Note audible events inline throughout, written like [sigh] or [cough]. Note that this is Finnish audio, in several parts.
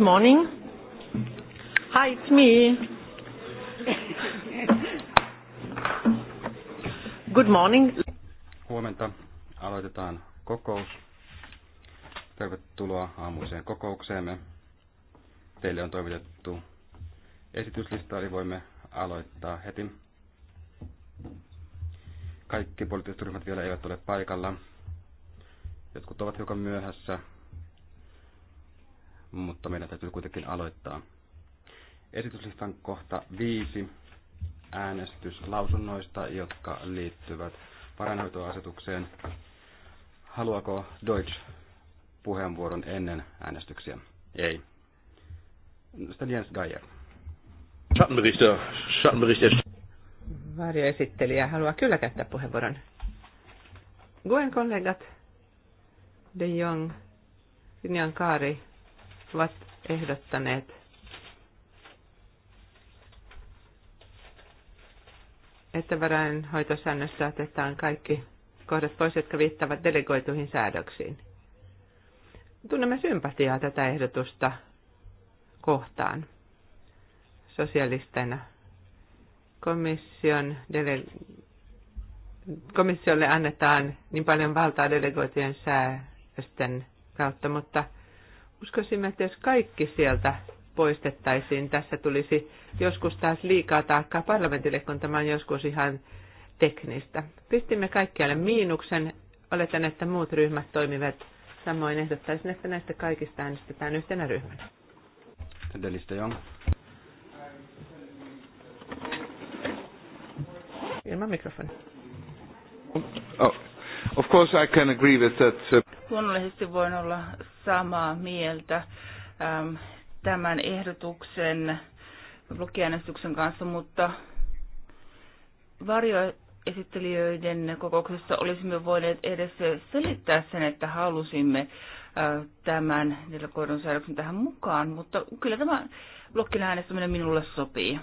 Good morning. Hi, it's me. Good morning. Huomenta. Aloitetaan kokous. Tervetuloa aamuiseen kokoukseemme. Teille on toimitettu esityslista, eli voimme aloittaa heti. Kaikki poliittiset ryhmät vielä eivät ole paikalla. Jotkut ovat hiukan myöhässä, mutta meidän täytyy kuitenkin aloittaa. Esityslistan kohta viisi äänestyslausunnoista, jotka liittyvät varainhoitoasetukseen. Haluaako Deutsch puheenvuoron ennen äänestyksiä? Ei. Sitten Jens Geier. Schattenberichter, Schattenberichter. Varjoesittelijä haluaa kyllä käyttää puheenvuoron. Guen kollegat, De Jong, Sinjan Kaari, ovat ehdottaneet, että varainhoitosäännössä otetaan kaikki kohdat pois, jotka viittavat delegoituihin säädöksiin. Tunnemme sympatiaa tätä ehdotusta kohtaan sosialisteina. Komission dele- komissiolle annetaan niin paljon valtaa delegoitujen säästen kautta, mutta – uskoisimme, että jos kaikki sieltä poistettaisiin, tässä tulisi joskus taas liikaa taakkaa parlamentille, kun tämä on joskus ihan teknistä. Pistimme kaikkialle miinuksen. Oletan, että muut ryhmät toimivat samoin. Ehdottaisin, että näistä kaikista äänestetään yhtenä ryhmänä. Edellistä jo. Ilman mikrofoni. Oh. Of course I can agree with that. Uh, Luonnollisesti voin olla samaa mieltä äm, tämän ehdotuksen blogiäänestyksen kanssa, mutta varjoesittelijöiden kokouksessa olisimme voineet edes selittää sen, että halusimme äh, tämän nelkoidon säädöksen tähän mukaan, mutta kyllä tämä blokkinäänestäminen minulle sopii.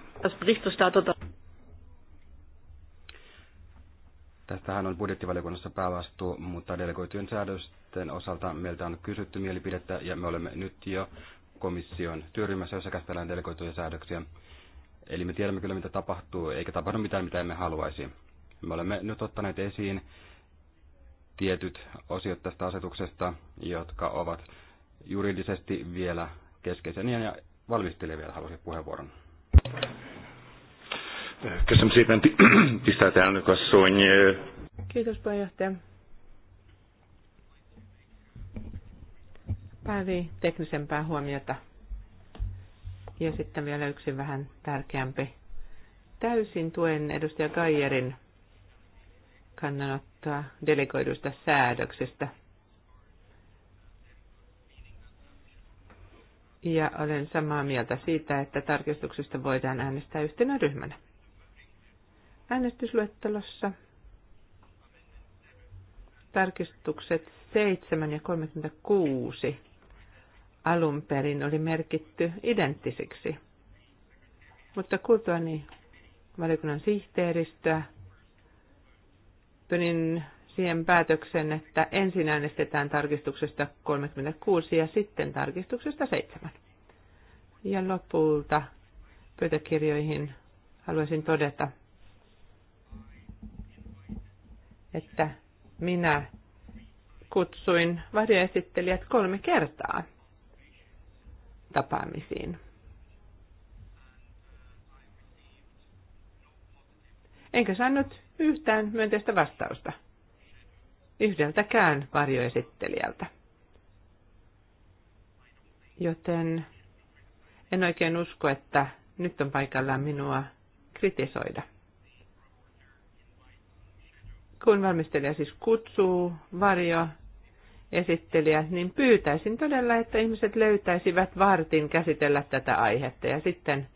Tästähän on budjettivaliokunnassa päävastuu, mutta delegoitujen säädösten osalta meiltä on kysytty mielipidettä ja me olemme nyt jo komission työryhmässä, jossa käsitellään delegoituja säädöksiä. Eli me tiedämme kyllä, mitä tapahtuu, eikä tapahdu mitään, mitä emme haluaisi. Me olemme nyt ottaneet esiin tietyt osiot tästä asetuksesta, jotka ovat juridisesti vielä keskeisen ja valmistelija vielä halusi puheenvuoron. Köszönöm szépen, [clears throat] tisztelt elnök asszony. Kiitos puheenjohtaja. Pari teknisempää huomiota. Ja sitten vielä yksi vähän tärkeämpi. Täysin tuen edustaja Gaijerin kannanottoa delegoidusta säädöksestä. Ja olen samaa mieltä siitä, että tarkistuksista voidaan äänestää yhtenä ryhmänä äänestysluettelossa. Tarkistukset 7 ja 36 alun perin oli merkitty identtisiksi. Mutta kuultuani valiokunnan sihteeristöä tulin siihen päätöksen, että ensin äänestetään tarkistuksesta 36 ja sitten tarkistuksesta 7. Ja lopulta pöytäkirjoihin haluaisin todeta, että minä kutsuin varjoesittelijät kolme kertaa tapaamisiin. Enkä saanut yhtään myönteistä vastausta yhdeltäkään varjoesittelijältä. Joten en oikein usko, että nyt on paikallaan minua kritisoida kun valmistelija siis kutsuu varjo esittelijä, niin pyytäisin todella, että ihmiset löytäisivät vartin käsitellä tätä aihetta ja sitten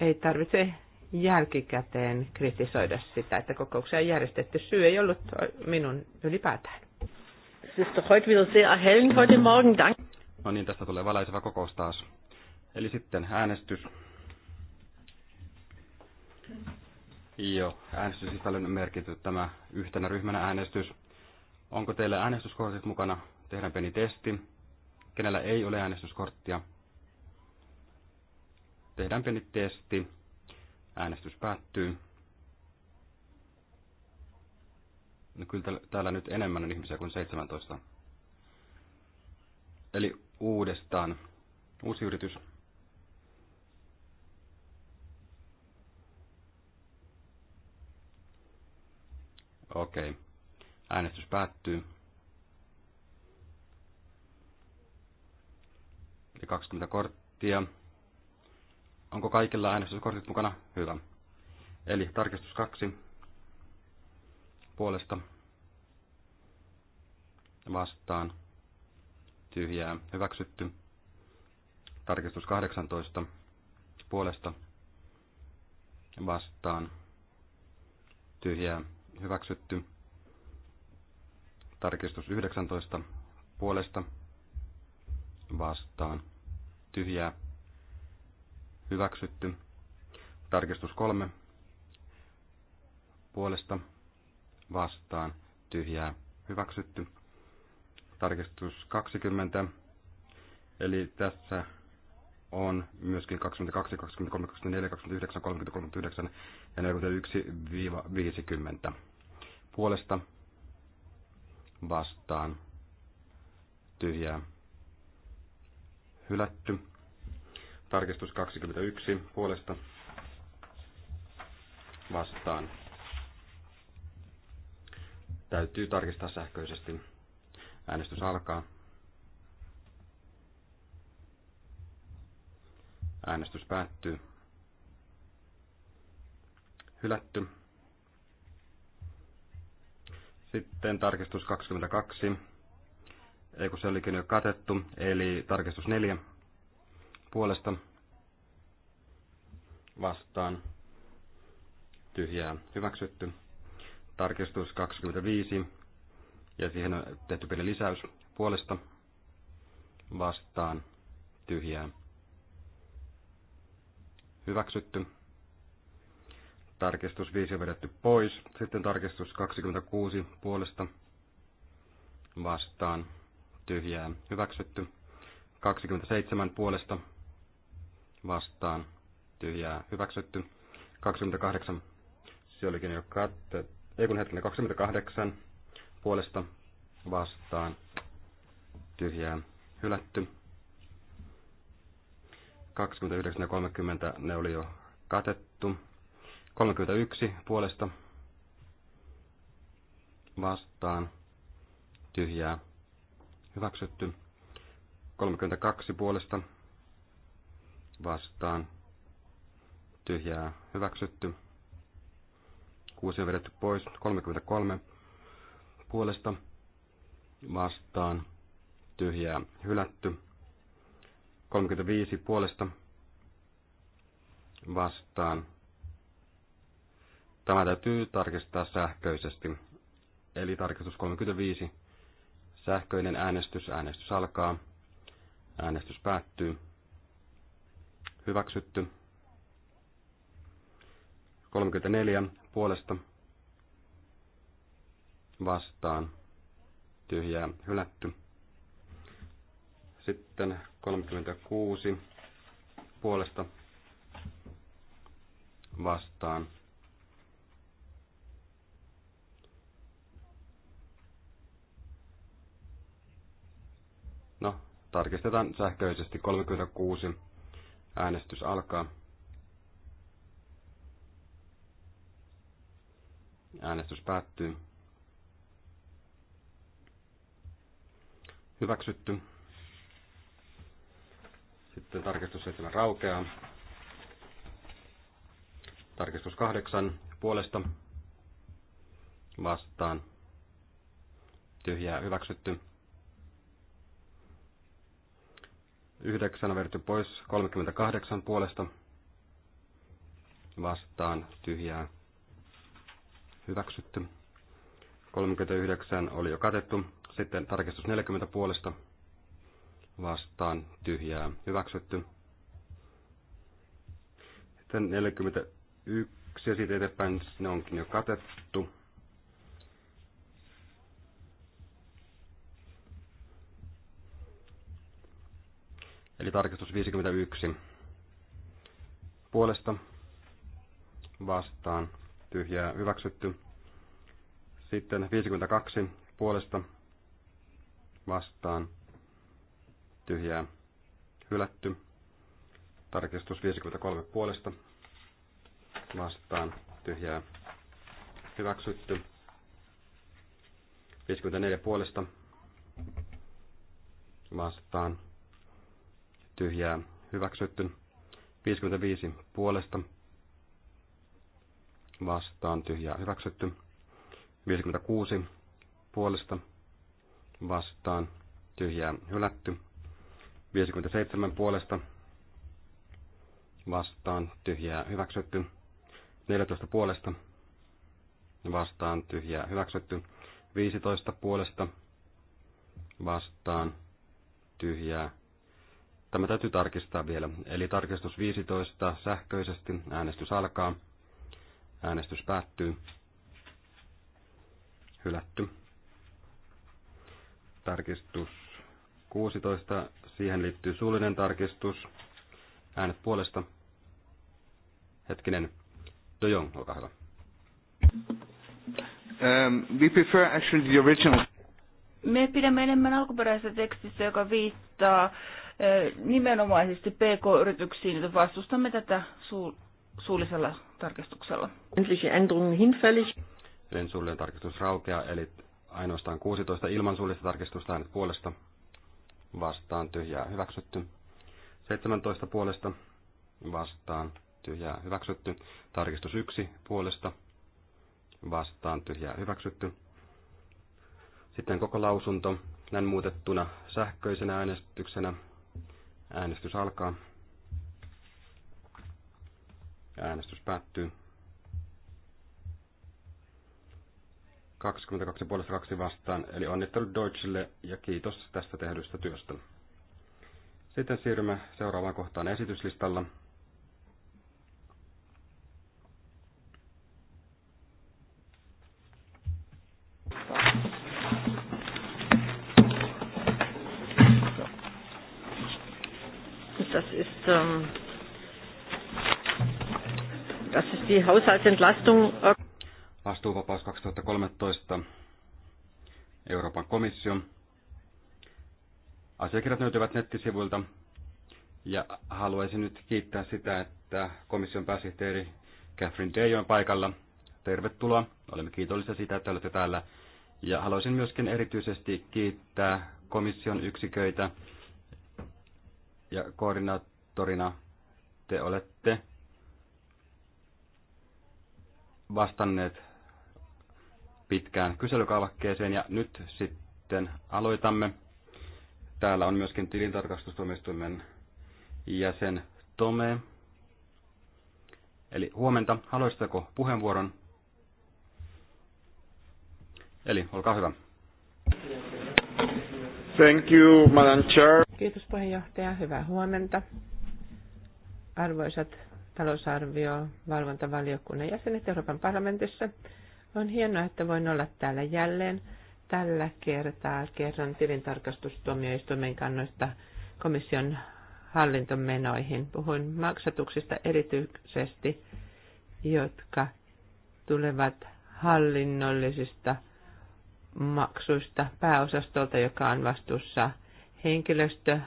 ei tarvitse jälkikäteen kritisoida sitä, että kokouksia on järjestetty. Syy ei ollut minun ylipäätään. No niin, tästä tulee valaiseva kokous taas. Eli sitten äänestys jo äänestyssisällön merkitty tämä yhtenä ryhmänä äänestys. Onko teillä äänestyskortit mukana? Tehdään pieni testi. Kenellä ei ole äänestyskorttia? Tehdään pieni testi. Äänestys päättyy. No kyllä täällä nyt enemmän on ihmisiä kuin 17. Eli uudestaan. Uusi yritys. Okei. Okay. Äänestys päättyy. Eli 20 korttia. Onko kaikilla äänestyskortit mukana? Hyvä. Eli tarkistus kaksi puolesta vastaan tyhjää hyväksytty. Tarkistus 18 puolesta vastaan tyhjää hyväksytty. Tarkistus 19 puolesta vastaan tyhjää hyväksytty. Tarkistus 3 puolesta vastaan tyhjää hyväksytty. Tarkistus 20. Eli tässä on myöskin 22, 23, 24, 29, 30, 39 ja 41-50 puolesta vastaan tyhjää hylätty. Tarkistus 21 puolesta vastaan. Täytyy tarkistaa sähköisesti. Äänestys alkaa. Äänestys päättyy hylätty. Sitten tarkistus 22, ei kun se olikin jo katettu, eli tarkistus 4 puolesta vastaan tyhjää hyväksytty. Tarkistus 25 ja siihen on tehty pieni lisäys puolesta vastaan tyhjää hyväksytty. Tarkistus 5 on vedetty pois. Sitten tarkistus 26 puolesta vastaan tyhjää hyväksytty. 27 puolesta vastaan tyhjää hyväksytty. 28, se olikin jo katte, ei kun hetkinen, 28 puolesta vastaan tyhjää hylätty. 29 ja 30 ne oli jo katettu. 31 puolesta vastaan tyhjää hyväksytty. 32 puolesta vastaan tyhjää hyväksytty. 6 on vedetty pois. 33 puolesta vastaan tyhjää hylätty. 35 puolesta vastaan Tämä täytyy tarkistaa sähköisesti. Eli tarkistus 35. Sähköinen äänestys. Äänestys alkaa. Äänestys päättyy. Hyväksytty. 34 puolesta vastaan tyhjää hylätty. Sitten 36 puolesta vastaan No, tarkistetaan sähköisesti 36. Äänestys alkaa. Äänestys päättyy. Hyväksytty. Sitten tarkistus 7 raukeaa. Tarkistus 8 puolesta vastaan. Tyhjää hyväksytty. 9 on vedetty pois, 38 puolesta vastaan tyhjää hyväksytty. 39 oli jo katettu. Sitten tarkistus 40 puolesta vastaan tyhjää hyväksytty. Sitten 41 ja siitä eteenpäin ne onkin jo katettu. Eli tarkistus 51. Puolesta vastaan tyhjää hyväksytty. Sitten 52 puolesta vastaan tyhjää hylätty. Tarkistus 53 puolesta vastaan tyhjää hyväksytty. 54 puolesta vastaan tyhjää hyväksytty. 55 puolesta vastaan tyhjää hyväksytty. 56 puolesta vastaan tyhjää hylätty. 57 puolesta vastaan tyhjää hyväksytty. 14 puolesta vastaan tyhjää hyväksytty. 15 puolesta vastaan tyhjää Tämä täytyy tarkistaa vielä. Eli tarkistus 15 sähköisesti. Äänestys alkaa. Äänestys päättyy. Hylätty. Tarkistus 16. Siihen liittyy suullinen tarkistus. Äänet puolesta. Hetkinen. De Jong, olkaa hyvä. Um, we prefer actually the original. Me pidämme enemmän alkuperäisestä tekstistä, joka viittaa Eh, nimenomaisesti PK-yrityksiin, että vastustamme tätä su- suullisella tarkistuksella. Eli suullinen tarkistus raukeaa, eli ainoastaan 16 ilman suullista tarkistusta äänet puolesta vastaan tyhjää hyväksytty. 17 puolesta vastaan tyhjää hyväksytty. Tarkistus 1 puolesta vastaan tyhjää hyväksytty. Sitten koko lausunto näin muutettuna sähköisenä äänestyksenä Äänestys alkaa. Äänestys päättyy. 22 puolesta 2 vastaan, eli onnittelut Deutschille ja kiitos tästä tehdystä työstä. Sitten siirrymme seuraavaan kohtaan esityslistalla. ähm, das ist die Haushaltsentlastung. Vastuuvapaus 2013, Euroopan komissio. Asiakirjat löytyvät nettisivuilta ja haluaisin nyt kiittää sitä, että komission pääsihteeri Catherine Day on paikalla. Tervetuloa. Olemme kiitollisia siitä, että olette täällä. Ja haluaisin myöskin erityisesti kiittää komission yksiköitä ja koordinaat koordinaattorina te olette vastanneet pitkään kyselykaavakkeeseen ja nyt sitten aloitamme. Täällä on myöskin tilintarkastustuomioistuimen jäsen Tome. Eli huomenta, haluaisitko puheenvuoron? Eli olkaa hyvä. Thank you, Madam Chair. Kiitos puheenjohtaja, hyvää huomenta arvoisat talousarvio valvontavaliokunnan jäsenet Euroopan parlamentissa. On hienoa, että voin olla täällä jälleen. Tällä kertaa kerron tilintarkastustuomioistuimen kannoista komission hallintomenoihin. Puhuin maksatuksista erityisesti, jotka tulevat hallinnollisista maksuista pääosastolta, joka on vastuussa henkilöstö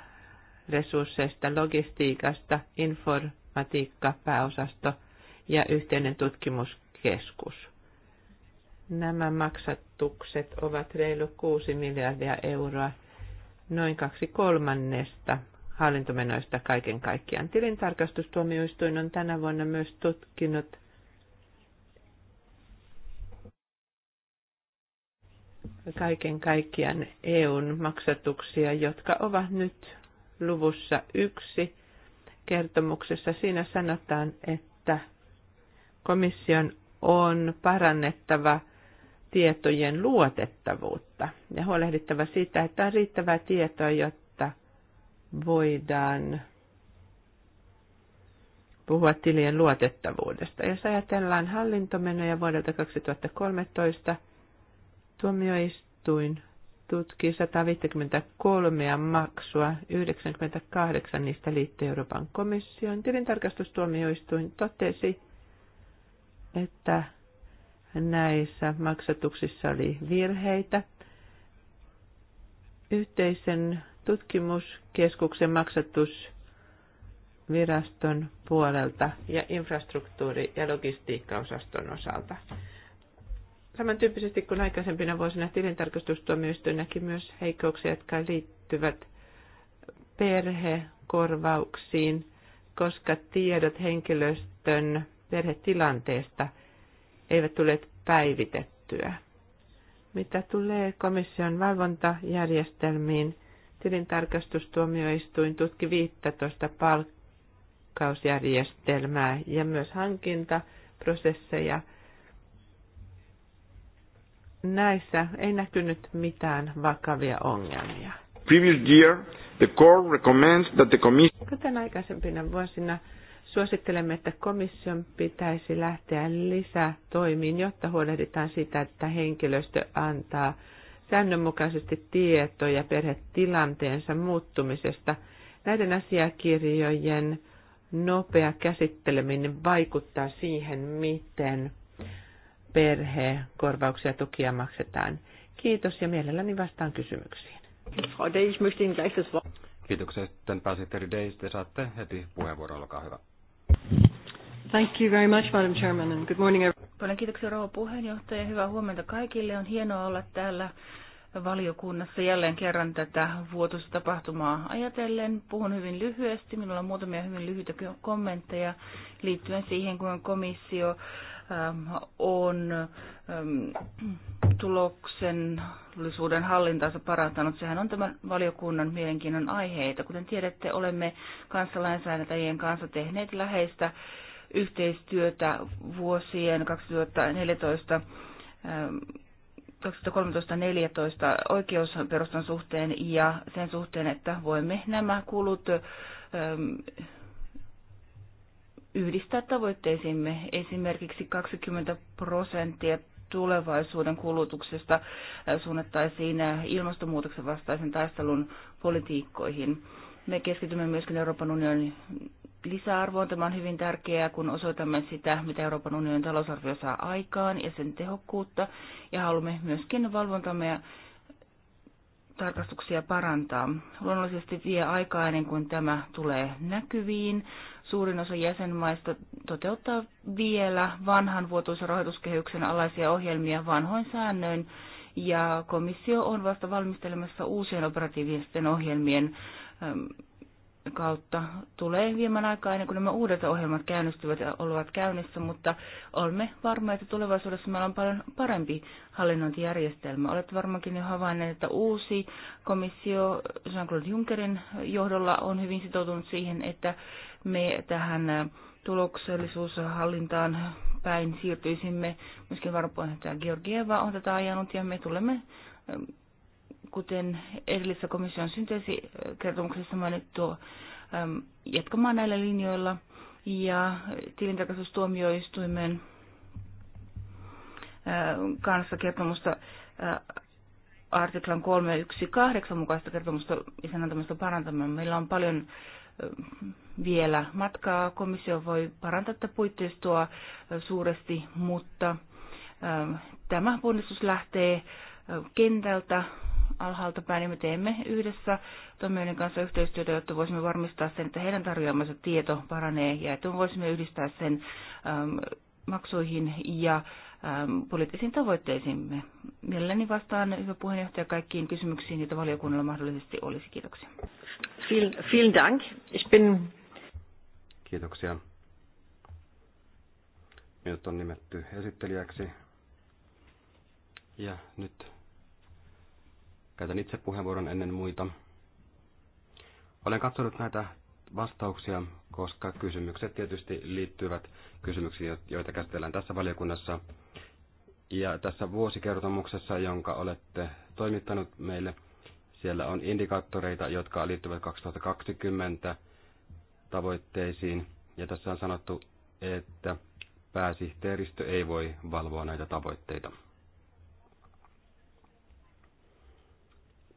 resursseista, logistiikasta, informatiikka, pääosasto ja yhteinen tutkimuskeskus. Nämä maksatukset ovat reilu 6 miljardia euroa, noin kaksi kolmannesta hallintomenoista kaiken kaikkiaan. Tilintarkastustuomioistuin on tänä vuonna myös tutkinut kaiken kaikkiaan EUn maksatuksia, jotka ovat nyt luvussa yksi kertomuksessa. Siinä sanotaan, että komission on parannettava tietojen luotettavuutta ja huolehdittava siitä, että on riittävää tietoa, jotta voidaan puhua tilien luotettavuudesta. Jos ajatellaan hallintomenoja vuodelta 2013, tuomioistuin tutki 153 maksua, 98 niistä liittyi Euroopan komission. Tilintarkastustuomioistuin totesi, että näissä maksatuksissa oli virheitä. Yhteisen tutkimuskeskuksen maksatusviraston puolelta ja infrastruktuuri- ja logistiikkaosaston osalta. Tämän kuin aikaisempina vuosina tilintarkastustuomioistuinnakin myös heikkouksia, jotka liittyvät perhekorvauksiin, koska tiedot henkilöstön perhetilanteesta eivät tule päivitettyä. Mitä tulee komission valvontajärjestelmiin, tilintarkastustuomioistuin tutki 15 palkkausjärjestelmää ja myös hankintaprosesseja – näissä ei näkynyt mitään vakavia ongelmia. Previous year, the core recommends that the commission... Kuten aikaisempina vuosina, suosittelemme, että komission pitäisi lähteä lisätoimiin, jotta huolehditaan sitä, että henkilöstö antaa säännönmukaisesti tietoja perhetilanteensa muuttumisesta. Näiden asiakirjojen nopea käsitteleminen vaikuttaa siihen, miten perhekorvauksia tukia maksetaan. Kiitos ja mielelläni vastaan kysymyksiin. Kiitoksia. Sitten pääsihteeri Deis, te saatte heti puheenvuoron, olkaa hyvä. Thank you very much, Madam Chairman, and good morning everyone. Paljon kiitoksia rouva puheenjohtaja. Hyvää huomenta kaikille. On hienoa olla täällä valiokunnassa jälleen kerran tätä vuotuista tapahtumaa ajatellen. Puhun hyvin lyhyesti. Minulla on muutamia hyvin lyhyitä kommentteja liittyen siihen, kun komissio Ähm, on ähm, tuloksellisuuden hallintaansa parantanut. Sehän on tämän valiokunnan mielenkiinnon aiheita. Kuten tiedätte, olemme kansalainsäädäntäjien kanssa tehneet läheistä yhteistyötä vuosien 2014 2013-2014 ähm, oikeusperustan suhteen ja sen suhteen, että voimme nämä kulut yhdistää tavoitteisiimme esimerkiksi 20 prosenttia tulevaisuuden kulutuksesta suunnattaisiin ilmastonmuutoksen vastaisen taistelun politiikkoihin. Me keskitymme myöskin Euroopan unionin lisäarvoon. Tämä on hyvin tärkeää, kun osoitamme sitä, mitä Euroopan unionin talousarvio saa aikaan ja sen tehokkuutta. Ja haluamme myöskin valvontamme ja tarkastuksia parantaa. Luonnollisesti vie aikaa ennen kuin tämä tulee näkyviin. Suurin osa jäsenmaista toteuttaa vielä vanhan vuotuisen rahoituskehyksen alaisia ohjelmia vanhoin säännöin, ja komissio on vasta valmistelemassa uusien operatiivisten ohjelmien kautta tulee viemään aikaa ennen kuin nämä uudet ohjelmat käynnistyvät ja ovat käynnissä, mutta olemme varma, että tulevaisuudessa meillä on paljon parempi hallinnointijärjestelmä. Olet varmaankin jo havainneet, että uusi komissio Jean-Claude Junckerin johdolla on hyvin sitoutunut siihen, että me tähän tuloksellisuushallintaan päin siirtyisimme. Myöskin varapuheenjohtaja Georgieva on tätä ajanut ja me tulemme kuten edellisessä komission synteesikertomuksessa mainittu, ähm, jatkamaan näillä linjoilla. Ja tilintarkastustuomioistuimen äh, kanssa kertomusta äh, artiklan 318 mukaista kertomusta isän antamasta parantamaan. Meillä on paljon äh, vielä matkaa. Komissio voi parantaa tätä puitteistoa suuresti, mutta tämä ponnistus lähtee kentältä alhaalta päin, niin me teemme yhdessä toimijoiden kanssa yhteistyötä, jotta voisimme varmistaa sen, että heidän tarjoamansa tieto paranee ja että me voisimme yhdistää sen äm, maksuihin ja äm, poliittisiin tavoitteisiimme. Mielelläni vastaan, hyvä puheenjohtaja, kaikkiin kysymyksiin, joita valiokunnalla mahdollisesti olisi. Kiitoksia. Vielen, vielen Dank. Ich bin... Kiitoksia. Minut on nimetty esittelijäksi. Ja nyt Käytän itse puheenvuoron ennen muita. Olen katsonut näitä vastauksia, koska kysymykset tietysti liittyvät kysymyksiin, joita käsitellään tässä valiokunnassa. Ja tässä vuosikertomuksessa, jonka olette toimittanut meille, siellä on indikaattoreita, jotka liittyvät 2020 tavoitteisiin. Ja tässä on sanottu, että pääsihteeristö ei voi valvoa näitä tavoitteita.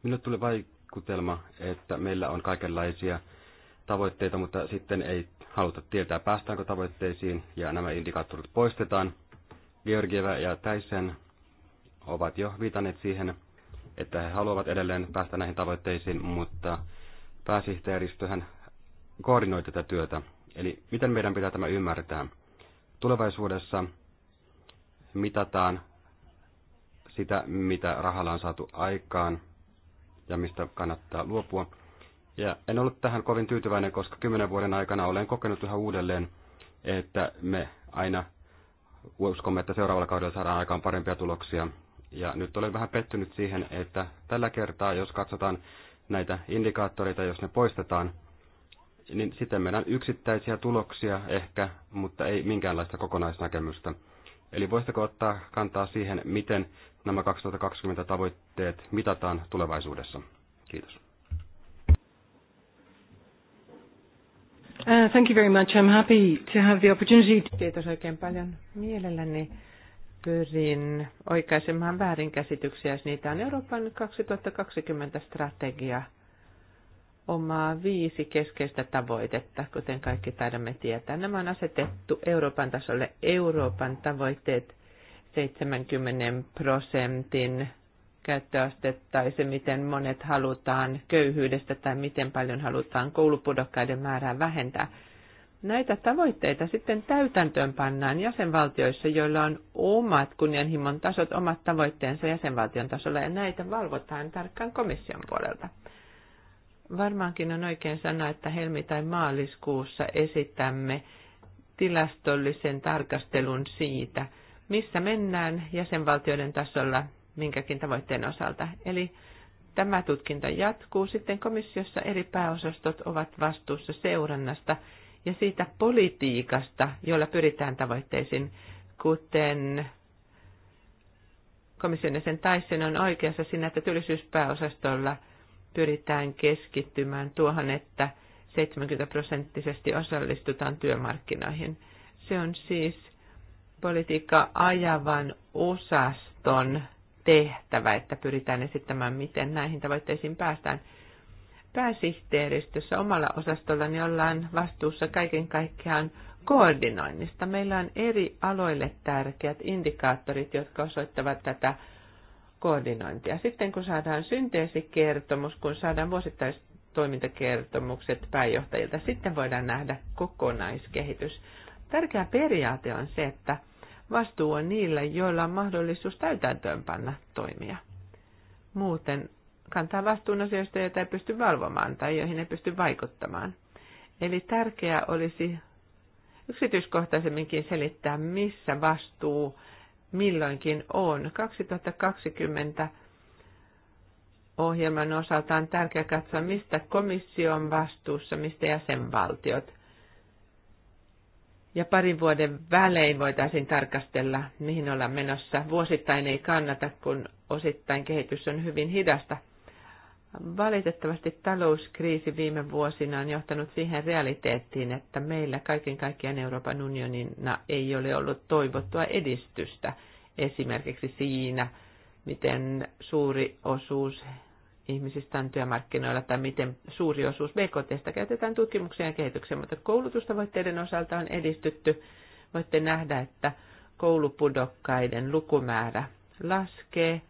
Minulle tuli vaikutelma, että meillä on kaikenlaisia tavoitteita, mutta sitten ei haluta tietää, päästäänkö tavoitteisiin, ja nämä indikaattorit poistetaan. Georgieva ja Täisen ovat jo viitanneet siihen, että he haluavat edelleen päästä näihin tavoitteisiin, mutta pääsihteeristöhän koordinoi tätä työtä. Eli miten meidän pitää tämä ymmärtää? Tulevaisuudessa mitataan sitä, mitä rahalla on saatu aikaan ja mistä kannattaa luopua. Ja en ollut tähän kovin tyytyväinen, koska kymmenen vuoden aikana olen kokenut yhä uudelleen, että me aina uskomme, että seuraavalla kaudella saadaan aikaan parempia tuloksia. Ja nyt olen vähän pettynyt siihen, että tällä kertaa, jos katsotaan näitä indikaattoreita, jos ne poistetaan, niin sitten meidän yksittäisiä tuloksia ehkä, mutta ei minkäänlaista kokonaisnäkemystä. Eli voisitteko ottaa kantaa siihen, miten nämä 2020 tavoitteet mitataan tulevaisuudessa? Kiitos. Uh, thank you very much. I'm happy to have the opportunity. Kiitos oikein paljon mielelläni. Pyrin oikaisemaan väärinkäsityksiä, jos niitä on Euroopan 2020 strategia – omaa viisi keskeistä tavoitetta, kuten kaikki taidamme tietää. Nämä on asetettu Euroopan tasolle Euroopan tavoitteet 70 prosentin käyttöaste tai se, miten monet halutaan köyhyydestä tai miten paljon halutaan koulupudokkaiden määrää vähentää. Näitä tavoitteita sitten täytäntöön pannaan jäsenvaltioissa, joilla on omat kunnianhimon tasot, omat tavoitteensa jäsenvaltion tasolla, ja näitä valvotaan tarkkaan komission puolelta. Varmaankin on oikein sanoa, että helmi- tai maaliskuussa esitämme tilastollisen tarkastelun siitä, missä mennään jäsenvaltioiden tasolla minkäkin tavoitteen osalta. Eli tämä tutkinta jatkuu. Sitten komissiossa eri pääosastot ovat vastuussa seurannasta ja siitä politiikasta, jolla pyritään tavoitteisiin, kuten komission jäsen Tyson on oikeassa siinä, että työllisyyspääosastolla – pyritään keskittymään tuohon, että 70 prosenttisesti osallistutaan työmarkkinoihin. Se on siis politiikka ajavan osaston tehtävä, että pyritään esittämään, miten näihin tavoitteisiin päästään. Pääsihteeristössä omalla osastollani ollaan vastuussa kaiken kaikkiaan koordinoinnista. Meillä on eri aloille tärkeät indikaattorit, jotka osoittavat tätä koordinointia. Sitten kun saadaan synteesikertomus, kun saadaan vuosittaiset toimintakertomukset pääjohtajilta, sitten voidaan nähdä kokonaiskehitys. Tärkeä periaate on se, että vastuu on niillä, joilla on mahdollisuus täytäntöönpanna toimia. Muuten kantaa vastuun asioista, joita ei pysty valvomaan tai joihin ei pysty vaikuttamaan. Eli tärkeää olisi yksityiskohtaisemminkin selittää, missä vastuu milloinkin on. 2020 ohjelman osalta on tärkeää katsoa, mistä komissio on vastuussa, mistä jäsenvaltiot. Ja parin vuoden välein voitaisiin tarkastella, mihin ollaan menossa. Vuosittain ei kannata, kun osittain kehitys on hyvin hidasta. Valitettavasti talouskriisi viime vuosina on johtanut siihen realiteettiin, että meillä kaiken kaikkiaan Euroopan unionina ei ole ollut toivottua edistystä esimerkiksi siinä, miten suuri osuus ihmisistä on työmarkkinoilla tai miten suuri osuus BKTstä käytetään tutkimukseen ja kehitykseen, mutta koulutustavoitteiden osalta on edistytty. Voitte nähdä, että koulupudokkaiden lukumäärä laskee –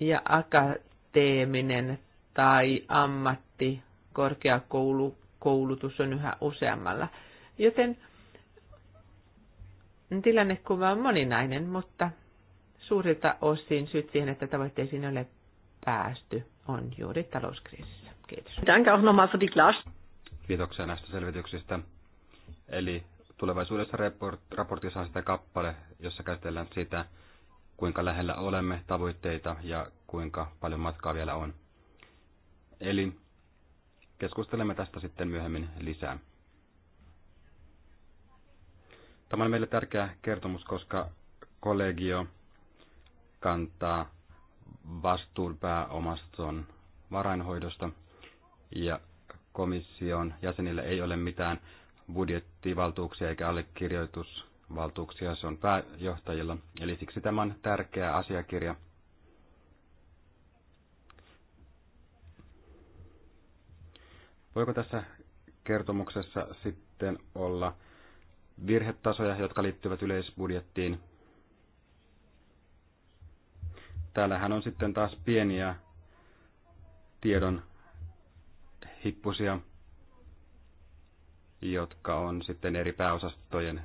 ja akateeminen tai ammatti korkeakoulutus on yhä useammalla. Joten tilannekuva on moninainen, mutta suurilta osin syyt siihen, että tavoitteisiin ei ole päästy, on juuri talouskriisissä. Kiitos. Danke auch nochmal für die Kiitoksia näistä selvityksistä. Eli tulevaisuudessa raportissa on sitä kappale, jossa käsitellään sitä, kuinka lähellä olemme tavoitteita ja kuinka paljon matkaa vielä on. Eli keskustelemme tästä sitten myöhemmin lisää. Tämä on meille tärkeä kertomus, koska kollegio kantaa vastuun pääomaston varainhoidosta ja komission jäsenille ei ole mitään budjettivaltuuksia eikä allekirjoitus valtuuksia, se on pääjohtajilla, eli siksi tämä on tärkeä asiakirja. Voiko tässä kertomuksessa sitten olla virhetasoja, jotka liittyvät yleisbudjettiin? Täällähän on sitten taas pieniä tiedon hippusia, jotka on sitten eri pääosastojen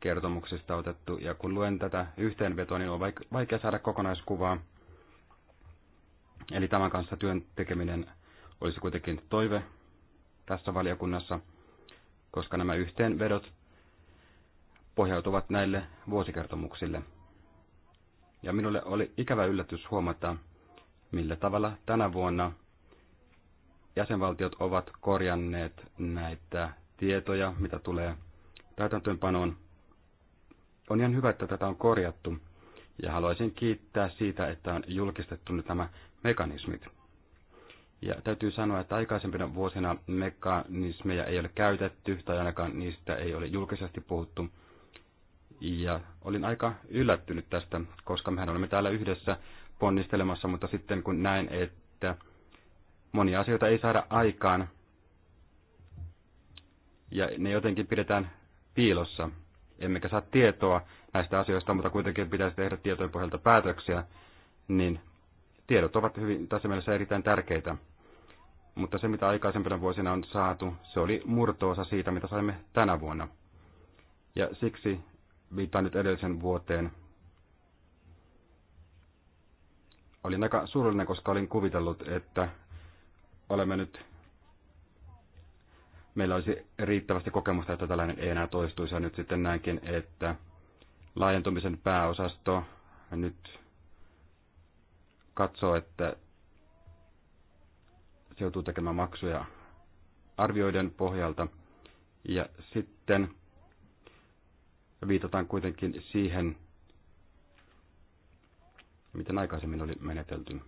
kertomuksista otettu, ja kun luen tätä yhteenvetoa, niin on vaikea saada kokonaiskuvaa. Eli tämän kanssa työn tekeminen olisi kuitenkin toive tässä valiokunnassa, koska nämä yhteenvedot pohjautuvat näille vuosikertomuksille. Ja minulle oli ikävä yllätys huomata, millä tavalla tänä vuonna jäsenvaltiot ovat korjanneet näitä tietoja, mitä tulee täytäntöönpanoon on ihan hyvä, että tätä on korjattu, ja haluaisin kiittää siitä, että on julkistettu nyt nämä mekanismit. Ja täytyy sanoa, että aikaisempina vuosina mekanismeja ei ole käytetty, tai ainakaan niistä ei ole julkisesti puhuttu. Ja olin aika yllättynyt tästä, koska mehän olemme täällä yhdessä ponnistelemassa, mutta sitten kun näin, että monia asioita ei saada aikaan, ja ne jotenkin pidetään piilossa, emmekä saa tietoa näistä asioista, mutta kuitenkin pitäisi tehdä tietojen pohjalta päätöksiä, niin tiedot ovat hyvin, tässä mielessä erittäin tärkeitä. Mutta se, mitä aikaisempina vuosina on saatu, se oli murtoosa siitä, mitä saimme tänä vuonna. Ja siksi viittaan nyt edellisen vuoteen. Olin aika surullinen, koska olin kuvitellut, että olemme nyt meillä olisi riittävästi kokemusta, että tällainen ei enää toistuisi. Ja nyt sitten näinkin, että laajentumisen pääosasto nyt katsoo, että se joutuu tekemään maksuja arvioiden pohjalta. Ja sitten viitataan kuitenkin siihen, miten aikaisemmin oli menetelty.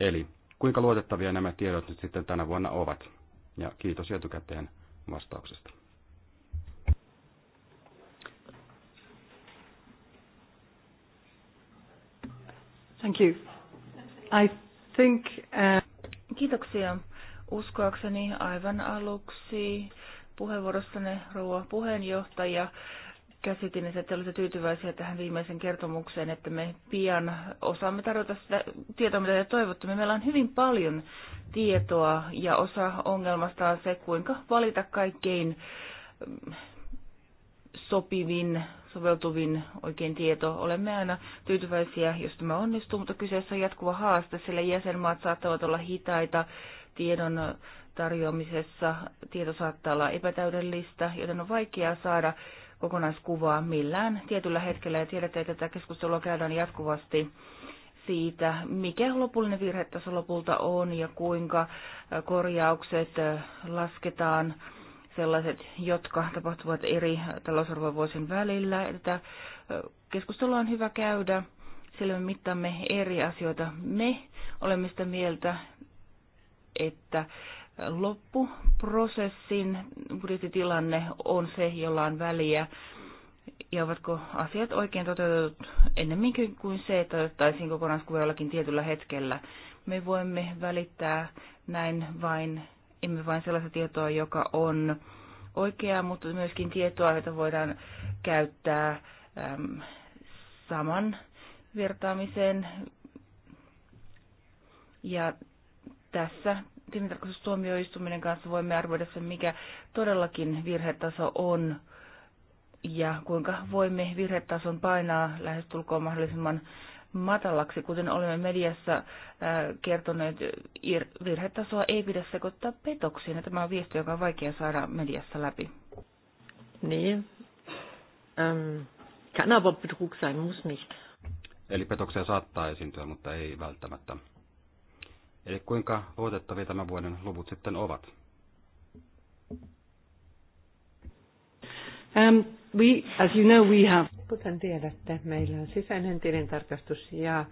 Eli kuinka luotettavia nämä tiedot nyt sitten tänä vuonna ovat? ja kiitos etukäteen vastauksesta. Thank you. I think, uh... Kiitoksia. Uskoakseni aivan aluksi puheenvuorossanne rouva puheenjohtaja käsitin, niin että te olette tyytyväisiä tähän viimeisen kertomukseen, että me pian osaamme tarjota sitä tietoa, mitä te toivotte. Meillä on hyvin paljon tietoa ja osa ongelmasta on se, kuinka valita kaikkein mm, sopivin, soveltuvin oikein tieto. Olemme aina tyytyväisiä, jos tämä onnistuu, mutta kyseessä on jatkuva haaste, sillä jäsenmaat saattavat olla hitaita tiedon tarjoamisessa. Tieto saattaa olla epätäydellistä, joten on vaikeaa saada kokonaiskuvaa millään tietyllä hetkellä. Ja tiedätte, että tätä keskustelua käydään jatkuvasti siitä, mikä lopullinen virhetaso lopulta on ja kuinka korjaukset lasketaan sellaiset, jotka tapahtuvat eri talousarvovuosien välillä. Tätä keskustelua on hyvä käydä, sillä me mittaamme eri asioita. Me olemme sitä mieltä, että loppuprosessin budjettitilanne on se, jolla on väliä. Ja ovatko asiat oikein toteutetut ennemminkin kuin se, että otettaisiin kokonaiskuva jollakin tietyllä hetkellä. Me voimme välittää näin vain, emme vain sellaista tietoa, joka on oikeaa, mutta myöskin tietoa, jota voidaan käyttää äm, saman vertaamiseen. Ja tässä tilintarkastustuomioistuminen kanssa voimme arvioida sen, mikä todellakin virhetaso on ja kuinka voimme virhetason painaa lähestulkoon mahdollisimman matalaksi. Kuten olemme mediassa äh, kertoneet, virhetasoa ei pidä sekoittaa petoksiin. tämä on viesti, joka on vaikea saada mediassa läpi. Niin. Ähm, kann aber Betrug sein, muss nicht. Eli petoksia saattaa esiintyä, mutta ei välttämättä. Eli kuinka luotettavia tämän vuoden luvut sitten ovat? Um, we, as you know, we have... Kuten tiedätte, meillä on sisäinen tilintarkastus ja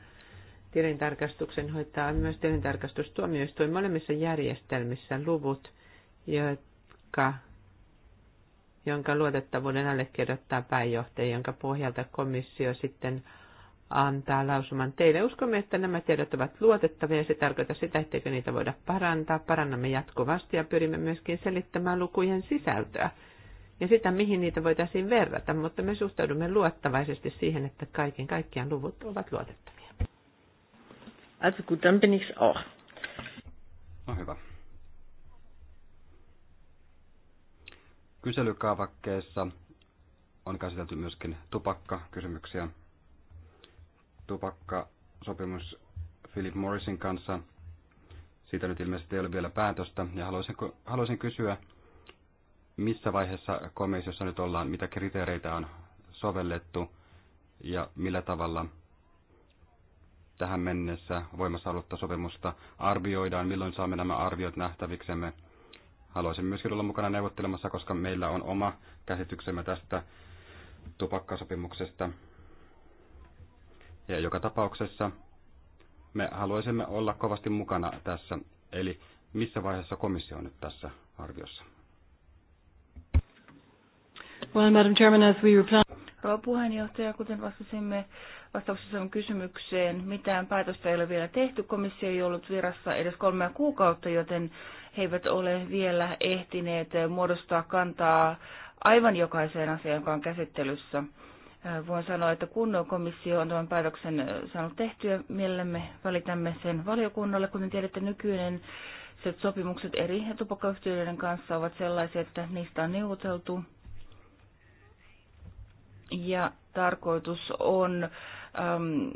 tilintarkastuksen hoitaa myös tilintarkastustuomioistuin molemmissa järjestelmissä luvut, jotka, jonka luotettavuuden allekirjoittaa pääjohtaja, jonka pohjalta komissio sitten antaa lausuman teille. Uskomme, että nämä tiedot ovat luotettavia ja se tarkoittaa sitä, etteikö niitä voida parantaa. Parannamme jatkuvasti ja pyrimme myöskin selittämään lukujen sisältöä ja sitä, mihin niitä voitaisiin verrata, mutta me suhtaudumme luottavaisesti siihen, että kaiken kaikkiaan luvut ovat luotettavia. Also gut, dann bin ich's auch. No hyvä. Kyselykaavakkeessa on käsitelty myöskin tupakkakysymyksiä tupakkasopimus Philip Morrisin kanssa. Siitä nyt ilmeisesti ei ole vielä päätöstä. Ja haluaisin, haluaisin kysyä, missä vaiheessa komissiossa nyt ollaan, mitä kriteereitä on sovellettu ja millä tavalla tähän mennessä voimassa ollutta sopimusta arvioidaan, milloin saamme nämä arviot nähtäviksemme. Haluaisin myöskin olla mukana neuvottelemassa, koska meillä on oma käsityksemme tästä tupakkasopimuksesta ja joka tapauksessa me haluaisimme olla kovasti mukana tässä. Eli missä vaiheessa komissio on nyt tässä arviossa? Well, Madam Chairman, as we reply... Rouva puheenjohtaja, kuten vastasimme vastauksessa kysymykseen, mitään päätöstä ei ole vielä tehty. Komissio ei ollut virassa edes kolmea kuukautta, joten he eivät ole vielä ehtineet muodostaa kantaa aivan jokaiseen asiaan, joka on käsittelyssä voin sanoa, että kun komissio on tämän päätöksen saanut tehtyä, mielemme välitämme sen valiokunnalle. Kuten tiedätte, nykyinen sopimukset eri tupakkayhtiöiden kanssa ovat sellaisia, että niistä on neuvoteltu. Ja tarkoitus on äm,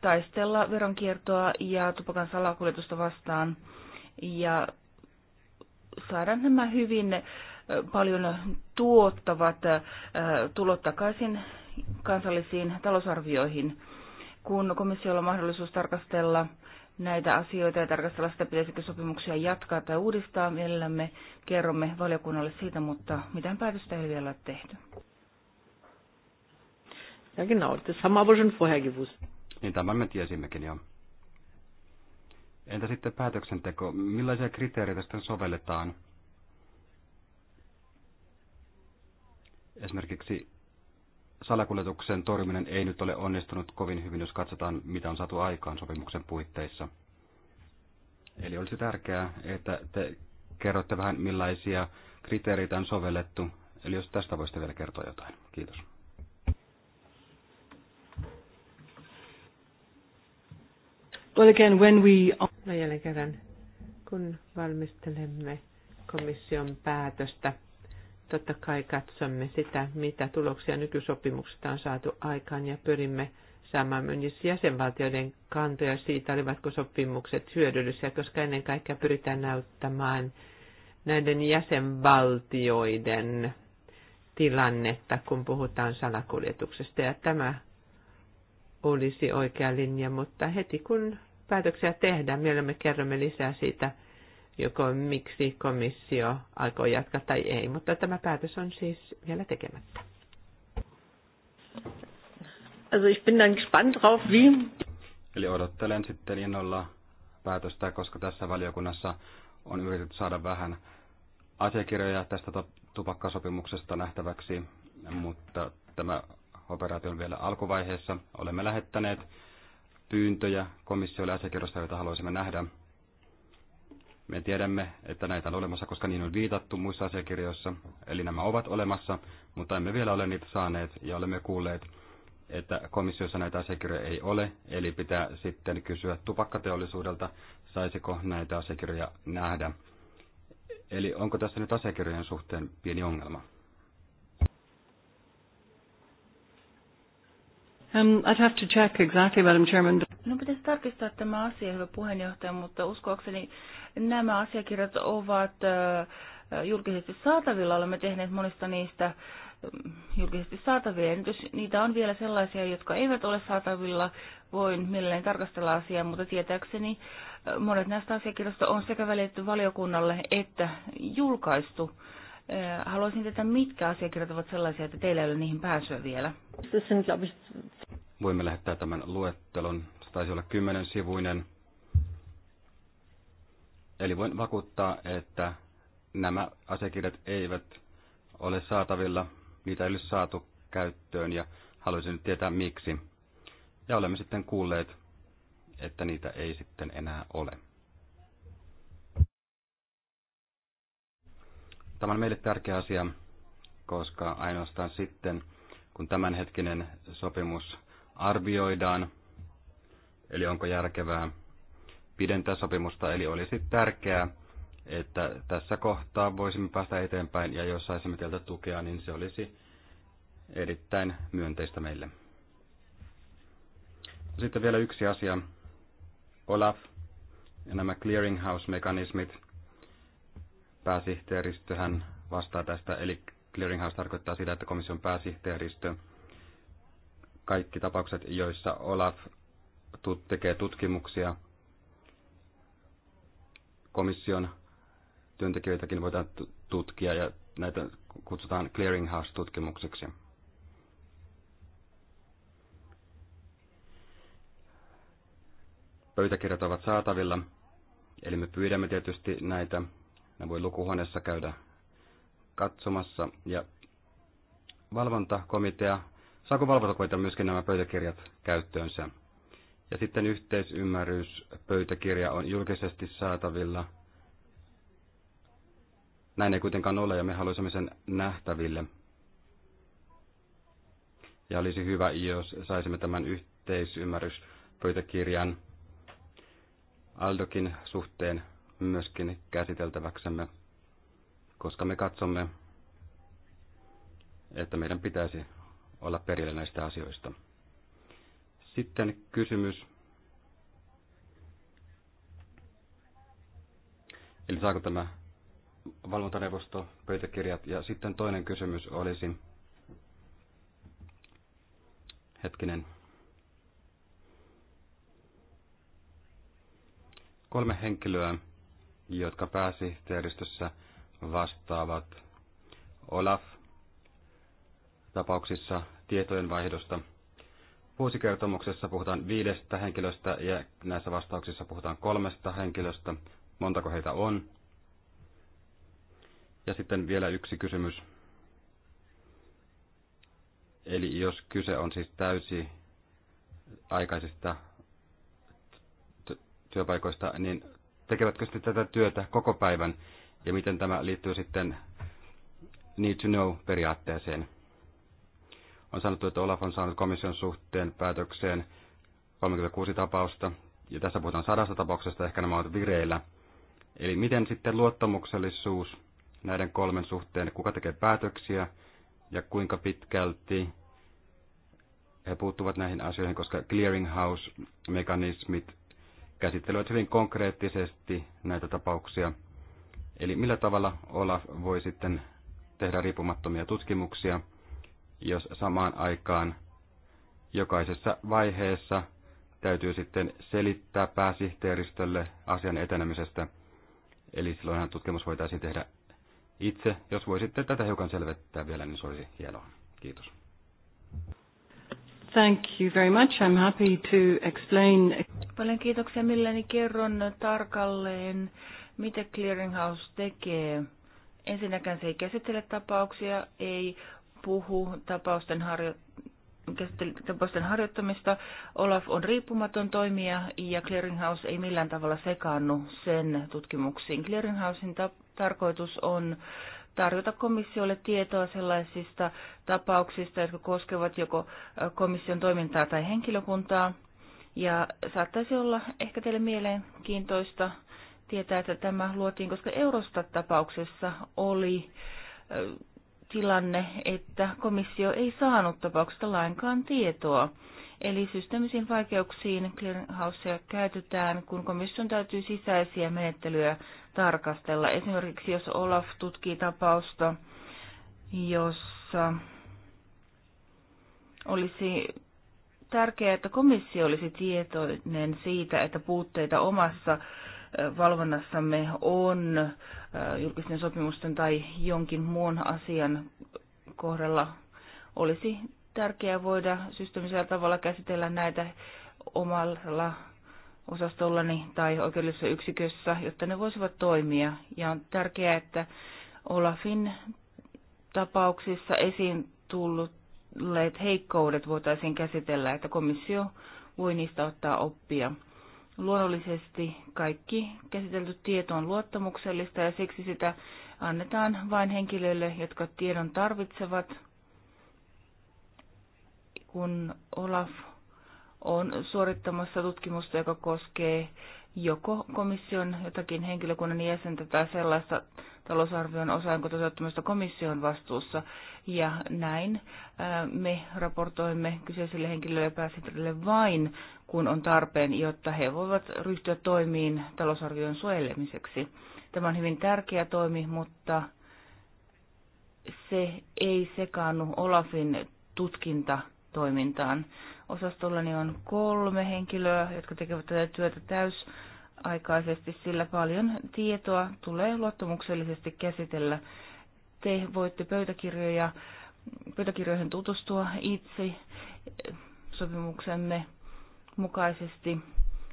taistella veronkiertoa ja tupakan salakuljetusta vastaan ja saada nämä hyvin paljon tuottavat äh, tulot takaisin kansallisiin talousarvioihin. Kun komissiolla on mahdollisuus tarkastella näitä asioita ja tarkastella sitä, pitäisikö sopimuksia jatkaa tai uudistaa, mielellämme kerromme valiokunnalle siitä, mutta mitään päätöstä ei vielä ole tehty. Ja genau, das haben wir schon vorher gewusst. Niin tämän me tiesimmekin jo. Entä sitten päätöksenteko? Millaisia kriteereitä sitten sovelletaan? Esimerkiksi salakuljetuksen torjuminen ei nyt ole onnistunut kovin hyvin, jos katsotaan, mitä on saatu aikaan sopimuksen puitteissa. Eli olisi tärkeää, että te kerrotte vähän, millaisia kriteereitä on sovellettu. Eli jos tästä voisitte vielä kertoa jotain. Kiitos. Well again, when we... No jälleen kerran, kun valmistelemme komission päätöstä totta kai katsomme sitä, mitä tuloksia nykysopimuksesta on saatu aikaan ja pyrimme saamaan myös jäsenvaltioiden kantoja siitä, olivatko sopimukset hyödyllisiä, koska ennen kaikkea pyritään näyttämään näiden jäsenvaltioiden tilannetta, kun puhutaan salakuljetuksesta. Ja tämä olisi oikea linja, mutta heti kun päätöksiä tehdään, mielemme kerromme lisää siitä, joko miksi komissio aikoo jatkaa tai ei, mutta tämä päätös on siis vielä tekemättä. Also ich bin dann gespannt drauf, wie... Eli odottelen sitten innolla päätöstä, koska tässä valiokunnassa on yritetty saada vähän asiakirjoja tästä tupakkasopimuksesta nähtäväksi, mutta tämä operaatio on vielä alkuvaiheessa. Olemme lähettäneet pyyntöjä komissiolle asiakirjoista, joita haluaisimme nähdä. Me tiedämme, että näitä on olemassa, koska niin on viitattu muissa asiakirjoissa, eli nämä ovat olemassa, mutta emme vielä ole niitä saaneet ja olemme kuulleet, että komissiossa näitä asiakirjoja ei ole, eli pitää sitten kysyä tupakkateollisuudelta, saisiko näitä asiakirjoja nähdä. Eli onko tässä nyt asiakirjojen suhteen pieni ongelma? Um, I'd have to check exactly, Madam Chairman. No pitäisi tarkistaa tämä asia, hyvä puheenjohtaja, mutta uskoakseni Nämä asiakirjat ovat julkisesti saatavilla. Olemme tehneet monista niistä julkisesti saatavia. nyt jos niitä on vielä sellaisia, jotka eivät ole saatavilla, voin mielelläni tarkastella asiaa, mutta tietääkseni monet näistä asiakirjoista on sekä välitetty valiokunnalle että julkaistu. Haluaisin tietää, mitkä asiakirjat ovat sellaisia, että teillä ei ole niihin pääsyä vielä. Voimme lähettää tämän luettelon. Se taisi olla kymmenen sivuinen Eli voin vakuuttaa, että nämä asiakirjat eivät ole saatavilla, niitä ei ole saatu käyttöön ja haluaisin nyt tietää miksi. Ja olemme sitten kuulleet, että niitä ei sitten enää ole. Tämä on meille tärkeä asia, koska ainoastaan sitten, kun tämänhetkinen sopimus arvioidaan, eli onko järkevää pidentää sopimusta, eli olisi tärkeää, että tässä kohtaa voisimme päästä eteenpäin ja jos saisimme teiltä tukea, niin se olisi erittäin myönteistä meille. Sitten vielä yksi asia. Olaf ja nämä clearinghouse-mekanismit. Pääsihteeristöhän vastaa tästä, eli clearinghouse tarkoittaa sitä, että komission pääsihteeristö kaikki tapaukset, joissa Olaf tekee tutkimuksia – komission työntekijöitäkin voidaan tutkia ja näitä kutsutaan clearinghouse-tutkimukseksi. Pöytäkirjat ovat saatavilla, eli me pyydämme tietysti näitä. Ne voi lukuhuoneessa käydä katsomassa. Ja valvontakomitea, saako valvontakomitea myöskin nämä pöytäkirjat käyttöönsä? Ja sitten yhteisymmärryspöytäkirja on julkisesti saatavilla. Näin ei kuitenkaan ole ja me haluaisimme sen nähtäville. Ja olisi hyvä, jos saisimme tämän yhteisymmärryspöytäkirjan Aldokin suhteen myöskin käsiteltäväksemme, koska me katsomme, että meidän pitäisi olla perillä näistä asioista. Sitten kysymys. Eli saako tämä valvontaneuvosto pöytäkirjat? Ja sitten toinen kysymys olisi, hetkinen, kolme henkilöä, jotka pääsihteeristössä vastaavat Olaf-tapauksissa tietojenvaihdosta – vuosikertomuksessa puhutaan viidestä henkilöstä ja näissä vastauksissa puhutaan kolmesta henkilöstä. Montako heitä on? Ja sitten vielä yksi kysymys. Eli jos kyse on siis täysi aikaisista työpaikoista, niin tekevätkö sitten tätä työtä koko päivän ja miten tämä liittyy sitten need to know periaatteeseen? On sanottu, tuota, että Olaf on saanut komission suhteen päätökseen 36 tapausta, ja tässä puhutaan sadasta tapauksesta, ehkä nämä ovat vireillä. Eli miten sitten luottamuksellisuus näiden kolmen suhteen, kuka tekee päätöksiä ja kuinka pitkälti he puuttuvat näihin asioihin, koska clearinghouse-mekanismit käsittelevät hyvin konkreettisesti näitä tapauksia. Eli millä tavalla Olaf voi sitten tehdä riippumattomia tutkimuksia jos samaan aikaan jokaisessa vaiheessa täytyy sitten selittää pääsihteeristölle asian etenemisestä. Eli silloinhan tutkimus voitaisiin tehdä itse. Jos voisitte tätä hiukan selvettää vielä, niin se olisi hienoa. Kiitos. Thank you very much. I'm happy to explain. Paljon kiitoksia. Milläni kerron tarkalleen, mitä Clearinghouse tekee. Ensinnäkään se ei käsittele tapauksia, ei puhu tapausten, harjo- tapausten harjoittamista. Olaf on riippumaton toimija ja Clearinghouse ei millään tavalla sekaannu sen tutkimuksiin. Clearinghousein ta- tarkoitus on tarjota komissiolle tietoa sellaisista tapauksista, jotka koskevat joko komission toimintaa tai henkilökuntaa. Ja saattaisi olla ehkä teille mielenkiintoista tietää, että tämä luotiin, koska Eurostat-tapauksessa oli tilanne, että komissio ei saanut tapauksesta lainkaan tietoa. Eli systeemisiin vaikeuksiin clearinghousea käytetään, kun komission täytyy sisäisiä menettelyjä tarkastella. Esimerkiksi jos Olaf tutkii tapausta, jossa olisi tärkeää, että komissio olisi tietoinen siitä, että puutteita omassa valvonnassamme on äh, julkisten sopimusten tai jonkin muun asian kohdalla, olisi tärkeää voida systeemisellä tavalla käsitellä näitä omalla osastollani tai oikeudellisessa yksikössä, jotta ne voisivat toimia. Ja on tärkeää, että Olafin tapauksissa esiin tulleet heikkoudet voitaisiin käsitellä, että komissio voi niistä ottaa oppia. Luonnollisesti kaikki käsitelty tieto on luottamuksellista ja siksi sitä annetaan vain henkilöille, jotka tiedon tarvitsevat. Kun Olaf on suorittamassa tutkimusta, joka koskee joko komission jotakin henkilökunnan jäsentä tai sellaista talousarvion osaanko toteuttamista komission vastuussa. Ja näin me raportoimme kyseiselle henkilölle ja pääsihteerille vain kun on tarpeen, jotta he voivat ryhtyä toimiin talousarvion suojelemiseksi. Tämä on hyvin tärkeä toimi, mutta se ei sekaannu Olafin tutkintatoimintaan. Osastollani on kolme henkilöä, jotka tekevät tätä työtä täysaikaisesti, sillä paljon tietoa tulee luottamuksellisesti käsitellä. Te voitte pöytäkirjoja, pöytäkirjoihin tutustua itse sopimuksemme mukaisesti,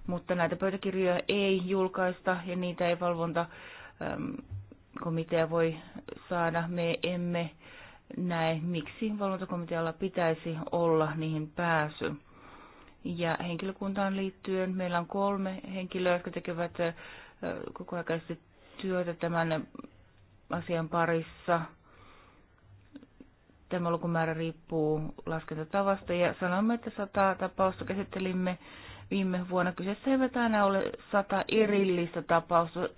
mutta näitä pöytäkirjoja ei julkaista ja niitä ei valvonta ähm, komitea voi saada. Me emme näe, miksi valvontakomitealla pitäisi olla niihin pääsy. Ja henkilökuntaan liittyen meillä on kolme henkilöä, jotka tekevät äh, kokoaikaisesti työtä tämän asian parissa. Tämä lukumäärä riippuu laskentatavasta ja sanomme, että 100 tapausta käsittelimme viime vuonna. Kyseessä eivät aina ole 100 erillistä tapausta,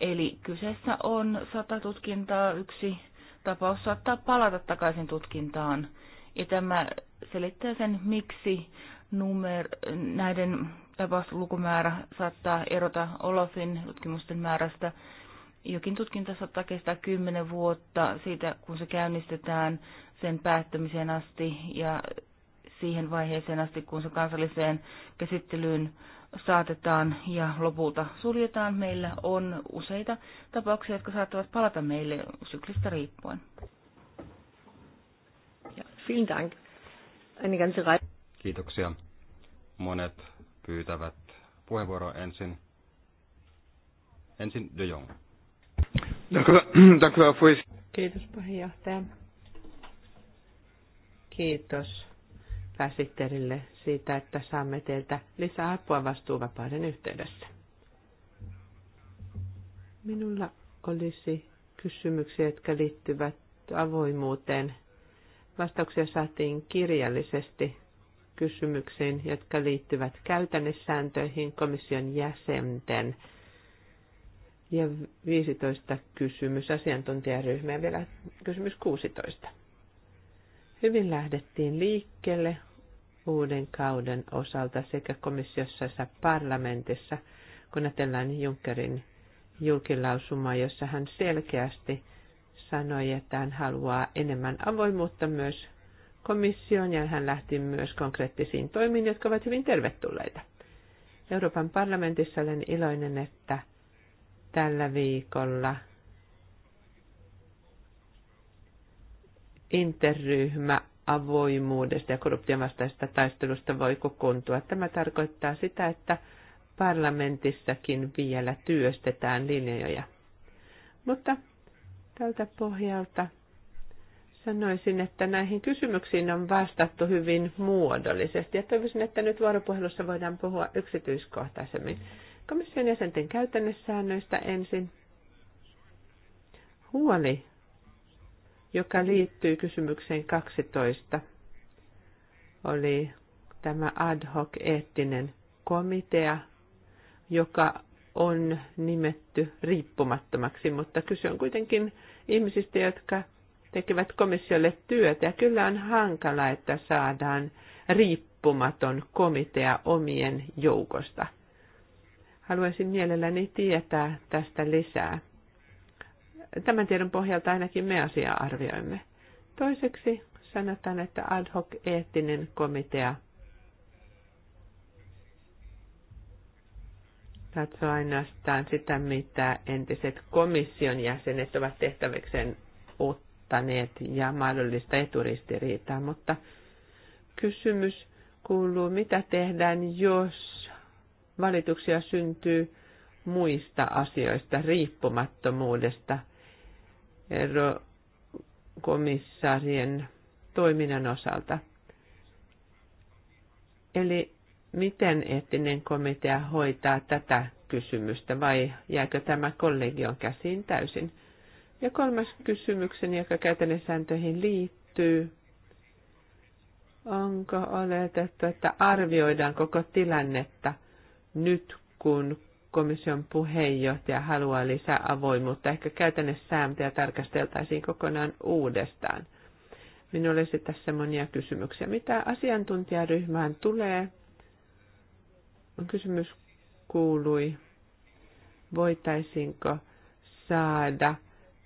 eli kyseessä on 100 tutkintaa. Yksi tapaus saattaa palata takaisin tutkintaan. Ja tämä selittää sen, miksi numer, näiden tapausten lukumäärä saattaa erota Olofin tutkimusten määrästä. Jokin tutkinta saattaa kestää 10 vuotta siitä, kun se käynnistetään sen päättymiseen asti ja siihen vaiheeseen asti, kun se kansalliseen käsittelyyn saatetaan ja lopulta suljetaan. Meillä on useita tapauksia, jotka saattavat palata meille syklistä riippuen. Ja, vielen dank. Eine ganze Reihe. Kiitoksia. Monet pyytävät puheenvuoroa ensin. Ensin De Jong. [clears throat] Kiitos puheenjohtaja. Kiitos pääsihteerille siitä, että saamme teiltä lisää apua vastuuvapauden yhteydessä. Minulla olisi kysymyksiä, jotka liittyvät avoimuuteen. Vastauksia saatiin kirjallisesti kysymyksiin, jotka liittyvät käytännössääntöihin komission jäsenten ja 15 kysymys asiantuntijaryhmä ja vielä kysymys 16. Hyvin lähdettiin liikkeelle uuden kauden osalta sekä komissiossa että parlamentissa, kun ajatellaan Junckerin julkilausumaa, jossa hän selkeästi sanoi, että hän haluaa enemmän avoimuutta myös komissioon ja hän lähti myös konkreettisiin toimiin, jotka ovat hyvin tervetulleita. Euroopan parlamentissa olen iloinen, että tällä viikolla interryhmä avoimuudesta ja korruption vastaisesta taistelusta voi kokoontua. Tämä tarkoittaa sitä, että parlamentissakin vielä työstetään linjoja. Mutta tältä pohjalta sanoisin, että näihin kysymyksiin on vastattu hyvin muodollisesti ja toivoisin, että nyt vuoropuhelussa voidaan puhua yksityiskohtaisemmin. Komission jäsenten käytännössäännöistä ensin. Huoli joka liittyy kysymykseen 12, oli tämä ad hoc eettinen komitea, joka on nimetty riippumattomaksi, mutta kyse on kuitenkin ihmisistä, jotka tekevät komissiolle työtä. Ja kyllä on hankala, että saadaan riippumaton komitea omien joukosta. Haluaisin mielelläni tietää tästä lisää tämän tiedon pohjalta ainakin me asiaa arvioimme. Toiseksi sanotaan, että ad hoc eettinen komitea katsoo ainoastaan sitä, mitä entiset komission jäsenet ovat tehtäväkseen ottaneet ja mahdollista eturistiriitaa, mutta kysymys kuuluu, mitä tehdään, jos valituksia syntyy muista asioista, riippumattomuudesta – komissaarien toiminnan osalta. Eli miten eettinen komitea hoitaa tätä kysymystä vai jääkö tämä kollegion käsiin täysin? Ja kolmas kysymykseni, joka sääntöihin liittyy, onko oletettu, että arvioidaan koko tilannetta nyt, kun komission puheenjohtaja haluaa lisää avoimuutta. Ehkä käytännössääntöjä tarkasteltaisiin kokonaan uudestaan. Minulla olisi tässä monia kysymyksiä. Mitä asiantuntijaryhmään tulee? Kysymys kuului, voitaisiinko saada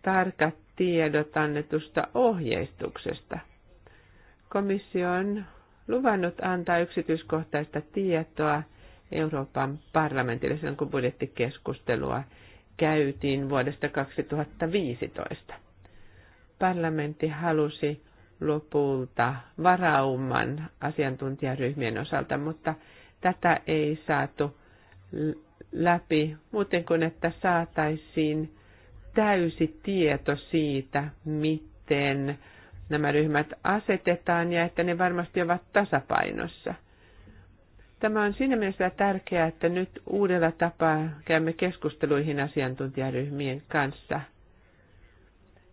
tarkat tiedot annetusta ohjeistuksesta. Komissio on luvannut antaa yksityiskohtaista tietoa – Euroopan parlamentille silloin, kun budjettikeskustelua käytiin vuodesta 2015. Parlamentti halusi lopulta varauman asiantuntijaryhmien osalta, mutta tätä ei saatu läpi muuten kuin, että saataisiin täysi tieto siitä, miten nämä ryhmät asetetaan ja että ne varmasti ovat tasapainossa – Tämä on siinä mielessä tärkeää, että nyt uudella tapaa käymme keskusteluihin asiantuntijaryhmien kanssa.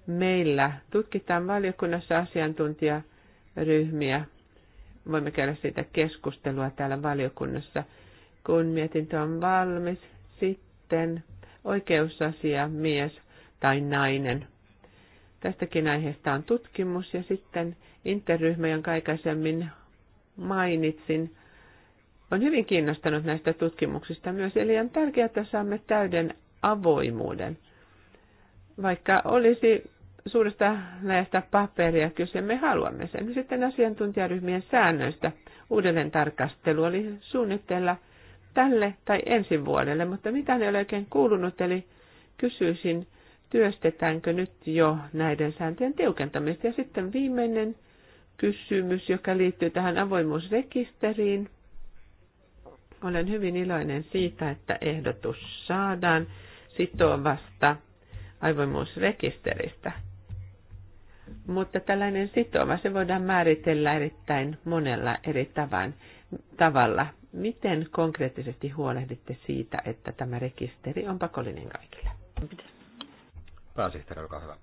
Meillä tutkitaan valiokunnassa asiantuntijaryhmiä. Voimme käydä siitä keskustelua täällä valiokunnassa. Kun mietintö on valmis, sitten oikeusasia mies tai nainen. Tästäkin aiheesta on tutkimus ja sitten interryhmä, jonka aikaisemmin mainitsin, on hyvin kiinnostanut näistä tutkimuksista myös. Eli on tärkeää, että saamme täyden avoimuuden. Vaikka olisi suuresta näistä paperia kyse, me haluamme sen. Sitten asiantuntijaryhmien säännöistä uudelleen tarkastelu oli suunnitteilla tälle tai ensi vuodelle, mutta mitä ne ole oikein kuulunut, eli kysyisin, työstetäänkö nyt jo näiden sääntöjen tiukentamista. Ja sitten viimeinen kysymys, joka liittyy tähän avoimuusrekisteriin. Olen hyvin iloinen siitä, että ehdotus saadaan sitovasta aivoimuusrekisteristä. Mutta tällainen sitova, se voidaan määritellä erittäin monella eri tavan, tavalla. Miten konkreettisesti huolehditte siitä, että tämä rekisteri on pakollinen kaikille? Pääsihteeri, olkaa hyvä.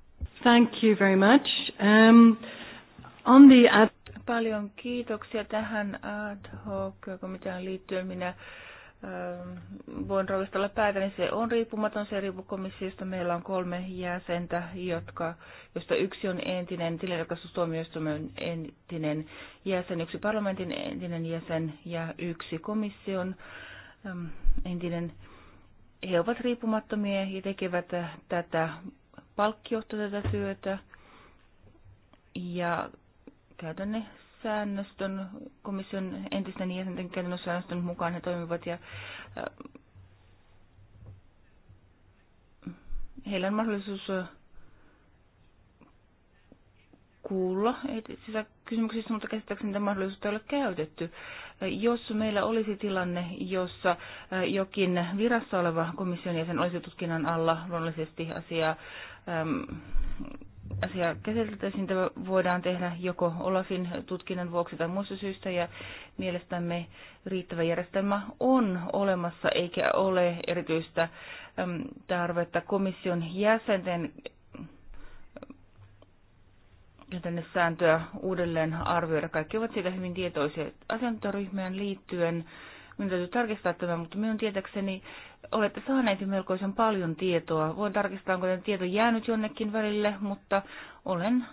Thank you very much. Um, on the Paljon kiitoksia tähän ad hoc komiteaan liittyen. Minä ähm, voin ravistella päätä, niin se on riippumaton, se riippukomissiosta. Meillä on kolme jäsentä, jotka, josta yksi on entinen tilintarkastustuomioistuimen entinen jäsen, yksi parlamentin entinen jäsen ja yksi komission ähm, entinen. He ovat riippumattomia ja tekevät tätä palkkiotta tätä työtä. Ja käytänne säännöstön, komission entisten jäsenten käytännön säännöstön mukaan he toimivat ja äh, heillä on mahdollisuus äh, kuulla eettisissä kysymyksissä, mutta käsittääkseni niitä mahdollisuutta ei ole käytetty. Jos meillä olisi tilanne, jossa äh, jokin virassa oleva komission jäsen olisi tutkinnan alla luonnollisesti asiaa ähm, asiaa käsiteltäisiin, tämä voidaan tehdä joko Olafin tutkinnan vuoksi tai muista syistä, ja mielestämme riittävä järjestelmä on olemassa, eikä ole erityistä tarvetta komission jäsenten tänne sääntöä uudelleen arvioida. Kaikki ovat siitä hyvin tietoisia asiantuntoryhmään liittyen. Minun täytyy tarkistaa tämä, mutta minun tietäkseni olette saaneet melkoisen paljon tietoa. Voin tarkistaa, onko tieto jäänyt jonnekin välille, mutta olen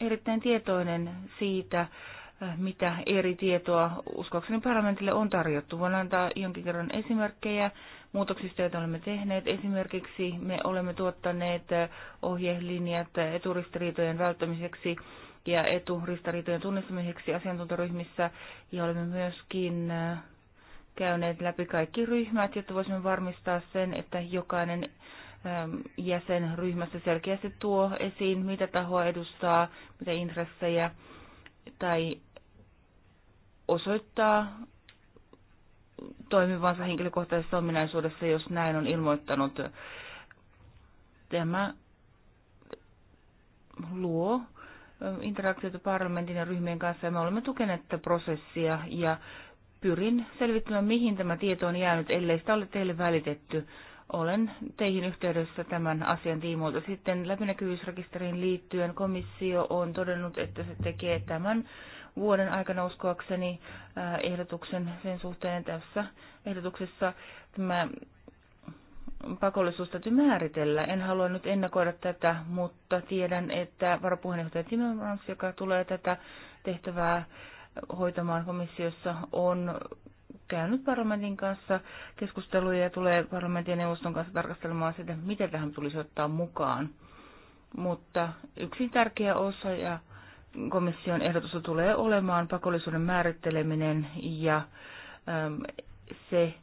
erittäin tietoinen siitä, äh, mitä eri tietoa uskoakseni parlamentille on tarjottu. Voin antaa jonkin kerran esimerkkejä muutoksista, joita olemme tehneet. Esimerkiksi me olemme tuottaneet äh, ohjelinjat eturistiriitojen välttämiseksi ja eturistariitojen tunnistamiseksi asiantuntoryhmissä ja olemme myöskin äh, käyneet läpi kaikki ryhmät, jotta voisimme varmistaa sen, että jokainen ähm, jäsen ryhmässä selkeästi tuo esiin, mitä tahoa edustaa, mitä intressejä tai osoittaa toimivansa henkilökohtaisessa ominaisuudessa, jos näin on ilmoittanut. Tämä luo äh, interaktiota parlamentin ja ryhmien kanssa ja me olemme tukeneet tätä prosessia ja pyrin selvittämään, mihin tämä tieto on jäänyt, ellei sitä ole teille välitetty. Olen teihin yhteydessä tämän asian tiimoilta. Sitten läpinäkyvyysrekisteriin liittyen komissio on todennut, että se tekee tämän vuoden aikana uskoakseni äh, ehdotuksen sen suhteen tässä ehdotuksessa. Tämä pakollisuus täytyy määritellä. En halua nyt ennakoida tätä, mutta tiedän, että varapuheenjohtaja Timmermans, joka tulee tätä tehtävää hoitamaan komissiossa, on käynyt parlamentin kanssa keskusteluja ja tulee parlamentin ja neuvoston kanssa tarkastelemaan sitä, mitä tähän tulisi ottaa mukaan. Mutta yksi tärkeä osa ja komission ehdotus tulee olemaan pakollisuuden määritteleminen ja se,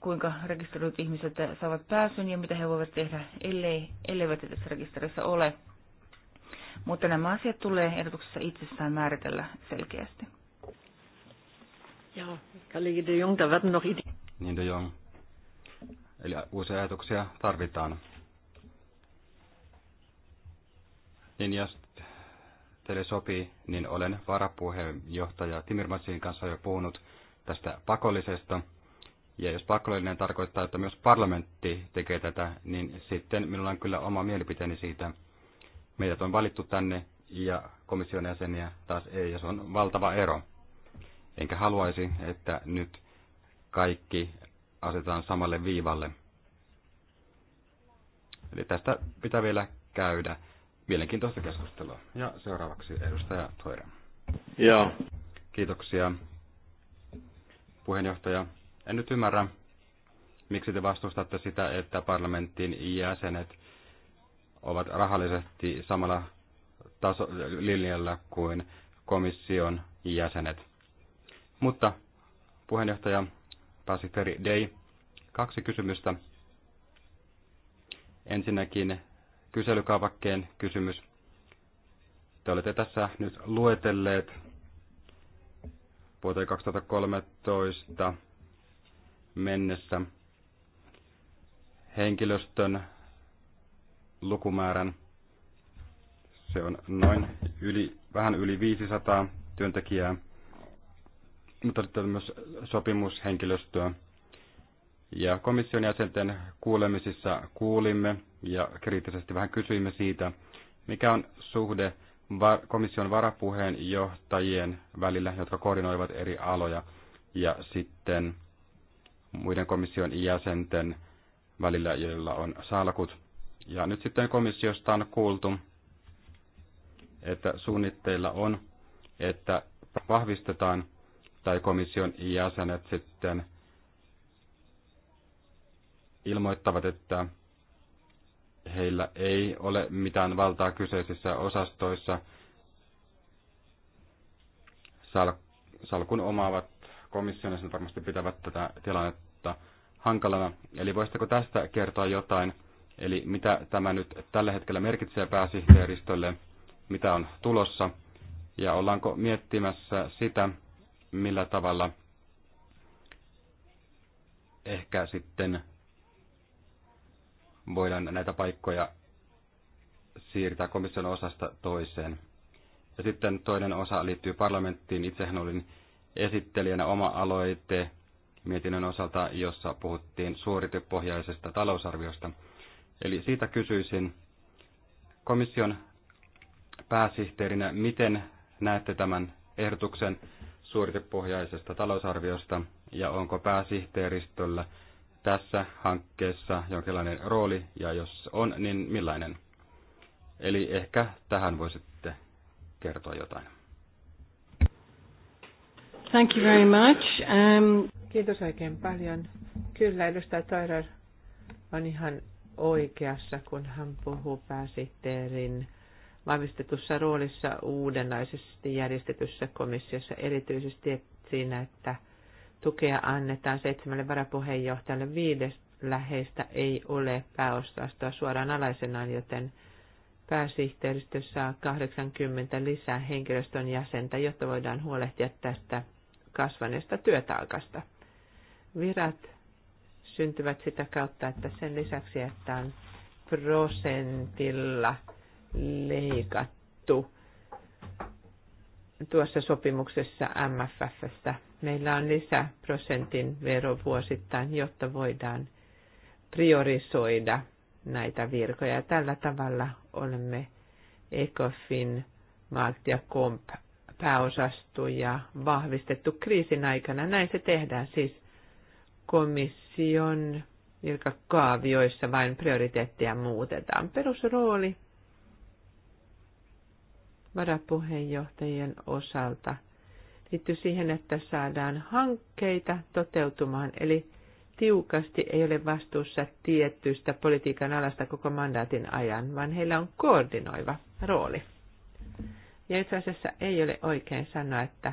kuinka rekisteröidyt ihmiset saavat pääsyn ja mitä he voivat tehdä, ellei, elleivät tässä rekisterissä ole mutta nämä asiat tulee ehdotuksessa itsessään määritellä selkeästi. Joo, Kollegi de Jong, da werden Niin de Jong. Eli uusia ajatuksia tarvitaan. Niin jos teille sopii, niin olen varapuheenjohtaja Timirmasin kanssa jo puhunut tästä pakollisesta. Ja jos pakollinen tarkoittaa, että myös parlamentti tekee tätä, niin sitten minulla on kyllä oma mielipiteeni siitä, Meidät on valittu tänne ja komission jäseniä taas ei, ja se on valtava ero. Enkä haluaisi, että nyt kaikki asetetaan samalle viivalle. Eli tästä pitää vielä käydä mielenkiintoista keskustelua. Ja seuraavaksi edustaja Toira. Joo. Kiitoksia, puheenjohtaja. En nyt ymmärrä, miksi te vastustatte sitä, että parlamentin jäsenet ovat rahallisesti samalla taso, linjalla kuin komission jäsenet. Mutta puheenjohtaja pääsihteeri Day, kaksi kysymystä. Ensinnäkin kyselykaavakkeen kysymys. Te olette tässä nyt luetelleet vuoteen 2013 mennessä henkilöstön lukumäärän. Se on noin yli, vähän yli 500 työntekijää, mutta sitten myös sopimushenkilöstöä. Ja komission jäsenten kuulemisissa kuulimme ja kriittisesti vähän kysyimme siitä, mikä on suhde komission varapuheenjohtajien välillä, jotka koordinoivat eri aloja, ja sitten muiden komission jäsenten välillä, joilla on salkut. Ja nyt sitten komissiosta on kuultu, että suunnitteilla on, että vahvistetaan tai komission jäsenet sitten ilmoittavat, että heillä ei ole mitään valtaa kyseisissä osastoissa. salkun omaavat komission varmasti pitävät tätä tilannetta hankalana. Eli voisitteko tästä kertoa jotain? Eli mitä tämä nyt tällä hetkellä merkitsee pääsihteeristölle, mitä on tulossa, ja ollaanko miettimässä sitä, millä tavalla ehkä sitten voidaan näitä paikkoja siirtää komission osasta toiseen. Ja sitten toinen osa liittyy parlamenttiin. Itsehän olin esittelijänä oma aloite mietinnön osalta, jossa puhuttiin suoritepohjaisesta talousarviosta. Eli siitä kysyisin komission pääsihteerinä, miten näette tämän ehdotuksen suoritepohjaisesta talousarviosta ja onko pääsihteeristöllä tässä hankkeessa jonkinlainen rooli ja jos on, niin millainen? Eli ehkä tähän voisitte kertoa jotain. Thank you very much. Um... Kiitos oikein paljon. Kyllä, edustaja Toirer on ihan oikeassa, kun hän puhuu pääsihteerin vahvistetussa roolissa uudenlaisesti järjestetyssä komissiossa, erityisesti siinä, että tukea annetaan seitsemälle varapuheenjohtajalle viides läheistä ei ole pääosastoa suoraan alaisenaan, joten pääsihteeristö saa 80 lisää henkilöstön jäsentä, jotta voidaan huolehtia tästä kasvaneesta työtaakasta. Virat syntyvät sitä kautta, että sen lisäksi, että on prosentilla leikattu tuossa sopimuksessa MFFstä. Meillä on lisäprosentin vero vuosittain, jotta voidaan priorisoida näitä virkoja. Tällä tavalla olemme ECOFIN, Markt ja Komp pääosastu ja vahvistettu kriisin aikana. Näin se tehdään siis komission virkakaavioissa vain prioriteetteja muutetaan. Perusrooli varapuheenjohtajien osalta liittyy siihen, että saadaan hankkeita toteutumaan, eli tiukasti ei ole vastuussa tiettyistä politiikan alasta koko mandaatin ajan, vaan heillä on koordinoiva rooli. Ja itse asiassa ei ole oikein sanoa, että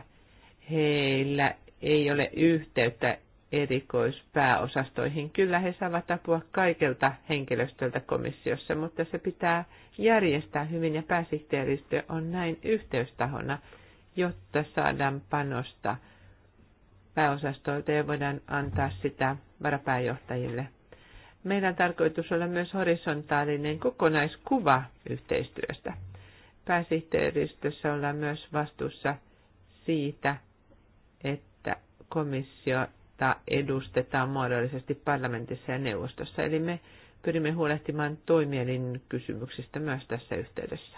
heillä ei ole yhteyttä erikoispääosastoihin. Kyllä he saavat apua kaikelta henkilöstöltä komissiossa, mutta se pitää järjestää hyvin ja pääsihteeristö on näin yhteystahona, jotta saadaan panosta pääosastoilta ja voidaan antaa sitä varapääjohtajille. Meidän tarkoitus olla myös horisontaalinen kokonaiskuva yhteistyöstä. Pääsihteeristössä ollaan myös vastuussa siitä, että komissio jota edustetaan muodollisesti parlamentissa ja neuvostossa. Eli me pyrimme huolehtimaan toimielin kysymyksistä myös tässä yhteydessä.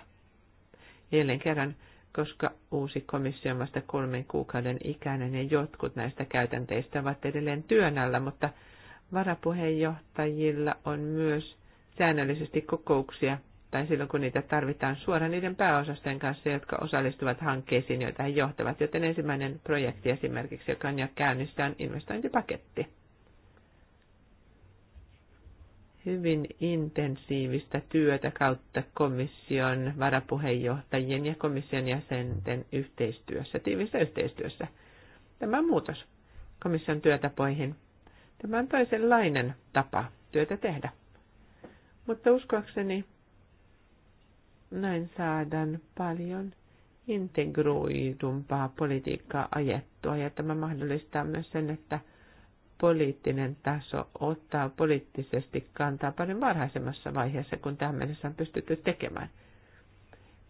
Jälleen kerran, koska uusi komissio on vasta kolmen kuukauden ikäinen ja jotkut näistä käytänteistä ovat edelleen työn alla, mutta varapuheenjohtajilla on myös säännöllisesti kokouksia tai silloin kun niitä tarvitaan suoraan niiden pääosasten kanssa, jotka osallistuvat hankkeisiin, joita he johtavat. Joten ensimmäinen projekti esimerkiksi, joka on jo käynnissä, on investointipaketti. Hyvin intensiivistä työtä kautta komission varapuheenjohtajien ja komission jäsenten yhteistyössä, tiivissä yhteistyössä. Tämä on muutos komission työtapoihin. Tämä on toisenlainen tapa työtä tehdä. Mutta uskoakseni näin saadaan paljon integroidumpaa politiikkaa ajettua ja tämä mahdollistaa myös sen, että poliittinen taso ottaa poliittisesti kantaa paljon varhaisemmassa vaiheessa, kun tähän mennessä on pystytty tekemään.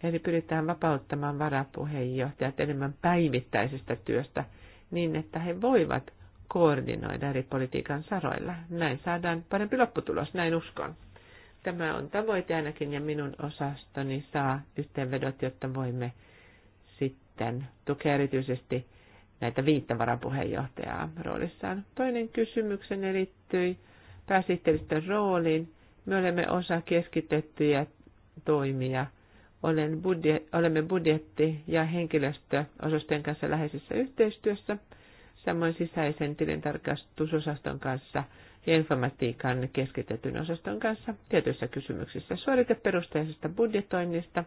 Eli pyritään vapauttamaan varapuheenjohtajat enemmän päivittäisestä työstä niin, että he voivat koordinoida eri politiikan saroilla. Näin saadaan parempi lopputulos, näin uskon. Tämä on tavoite ainakin ja minun osastoni saa yhteenvedot, jotta voimme sitten tukea erityisesti näitä viittä varapuheenjohtajaa roolissaan. Toinen kysymyksen liittyi pääsihteeristön rooliin. Me olemme osa keskitettyjä toimia. Olen budje, olemme budjetti- ja henkilöstöosastojen kanssa läheisessä yhteistyössä – samoin sisäisen tilintarkastusosaston kanssa ja informatiikan keskitetyn osaston kanssa tietyissä kysymyksissä suoriteperusteisesta budjetoinnista.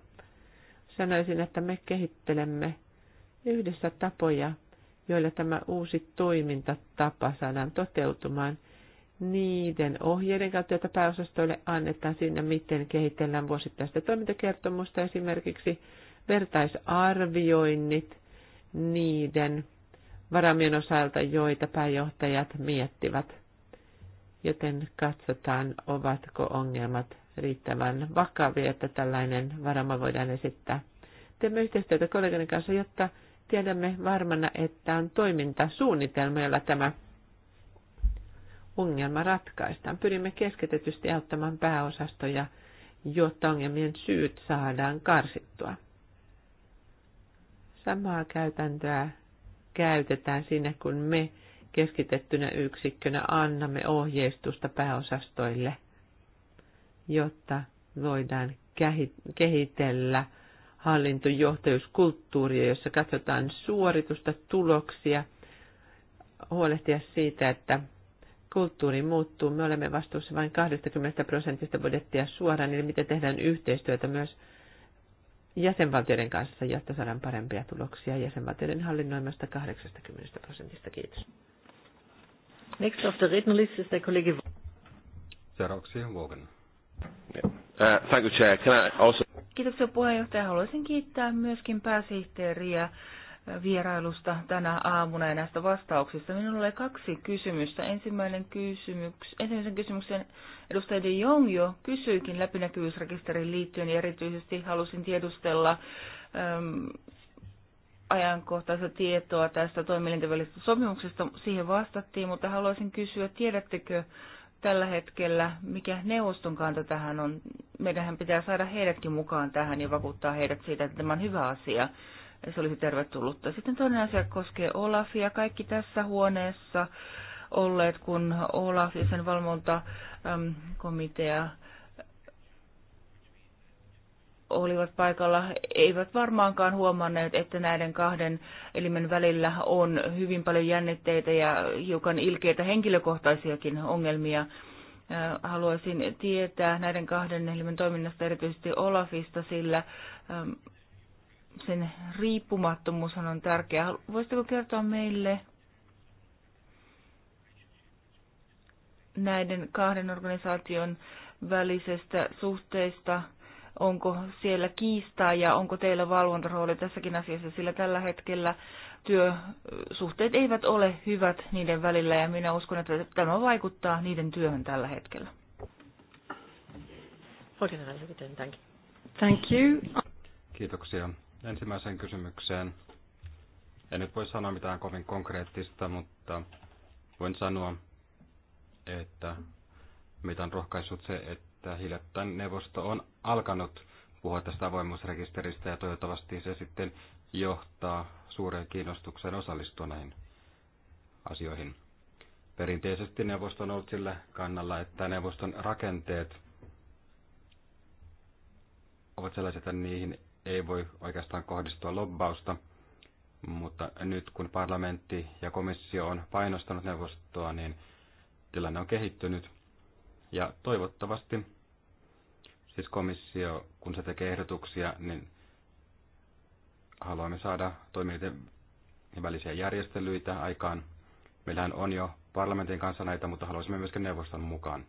Sanoisin, että me kehittelemme yhdessä tapoja, joilla tämä uusi toimintatapa saadaan toteutumaan niiden ohjeiden kautta, joita pääosastoille annetaan siinä, miten kehitellään vuosittaista toimintakertomusta, esimerkiksi vertaisarvioinnit niiden – varamien osalta, joita pääjohtajat miettivät. Joten katsotaan, ovatko ongelmat riittävän vakavia, että tällainen varama voidaan esittää. Teemme yhteistyötä kollegan kanssa, jotta tiedämme varmana, että on toimintasuunnitelma, jolla tämä ongelma ratkaistaan. Pyrimme keskitetysti auttamaan pääosastoja, jotta ongelmien syyt saadaan karsittua. Samaa käytäntöä käytetään siinä, kun me keskitettynä yksikkönä annamme ohjeistusta pääosastoille, jotta voidaan kehitellä hallintojohtajuuskulttuuria, jossa katsotaan suoritusta, tuloksia, huolehtia siitä, että kulttuuri muuttuu. Me olemme vastuussa vain 20 prosentista budjettia suoraan, eli miten tehdään yhteistyötä myös jäsenvaltioiden kanssa, jotta saadaan parempia tuloksia jäsenvaltioiden hallinnoimasta 80 prosentista. Kiitos. Next of the Rednerlist is the colleague. Seuraavaksi Wogan. Uh, thank you, Chair. Can I also... Kiitoksia puheenjohtaja. Haluaisin kiittää myöskin pääsihteeriä vierailusta tänä aamuna ja näistä vastauksista. Minulla oli kaksi kysymystä. Ensimmäinen kysymyks, ensimmäisen kysymyksen edustaja De Jong jo kysyikin läpinäkyvyysrekisteriin liittyen ja erityisesti halusin tiedustella äm, ajankohtaista tietoa tästä toimielinten välisestä sopimuksesta. Siihen vastattiin, mutta haluaisin kysyä, tiedättekö tällä hetkellä, mikä neuvoston kanta tähän on. Meidän pitää saada heidätkin mukaan tähän ja vakuuttaa heidät siitä, että tämä on hyvä asia se olisi tervetullutta. Sitten toinen asia koskee Olafia. Kaikki tässä huoneessa olleet, kun Olaf ja sen valvontakomitea olivat paikalla, eivät varmaankaan huomanneet, että näiden kahden elimen välillä on hyvin paljon jännitteitä ja hiukan ilkeitä henkilökohtaisiakin ongelmia. Haluaisin tietää näiden kahden elimen toiminnasta erityisesti Olafista, sillä sen riippumattomuus on tärkeää. Voisitteko kertoa meille näiden kahden organisaation välisestä suhteesta? Onko siellä kiistaa ja onko teillä valvontarooli tässäkin asiassa, sillä tällä hetkellä työsuhteet eivät ole hyvät niiden välillä ja minä uskon, että tämä vaikuttaa niiden työhön tällä hetkellä. Thank you. Kiitoksia ensimmäiseen kysymykseen. En nyt voi sanoa mitään kovin konkreettista, mutta voin sanoa, että mitä on rohkaissut se, että hiljattain neuvosto on alkanut puhua tästä avoimuusrekisteristä ja toivottavasti se sitten johtaa suureen kiinnostukseen osallistua näihin asioihin. Perinteisesti neuvosto on ollut sillä kannalla, että neuvoston rakenteet ovat sellaiset, että niihin ei voi oikeastaan kohdistua lobbausta, mutta nyt kun parlamentti ja komissio on painostanut neuvostoa, niin tilanne on kehittynyt. Ja toivottavasti, siis komissio, kun se tekee ehdotuksia, niin haluamme saada toimijoiden välisiä järjestelyitä aikaan. Meillähän on jo parlamentin kanssa näitä, mutta haluaisimme myöskin neuvoston mukaan.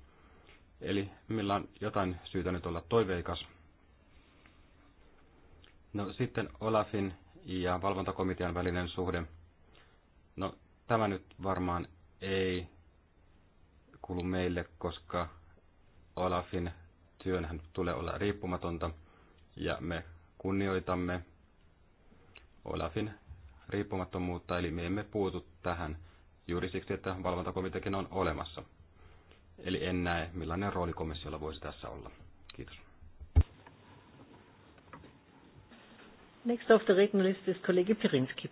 Eli meillä on jotain syytä nyt olla toiveikas No sitten Olafin ja valvontakomitean välinen suhde. No tämä nyt varmaan ei kuulu meille, koska Olafin työnhän tulee olla riippumatonta ja me kunnioitamme Olafin riippumattomuutta, eli me emme puutu tähän juuri siksi, että valvontakomiteakin on olemassa. Eli en näe, millainen rooli komissiolla voisi tässä olla. Kiitos. Next off the written list is Kollege Pirinski.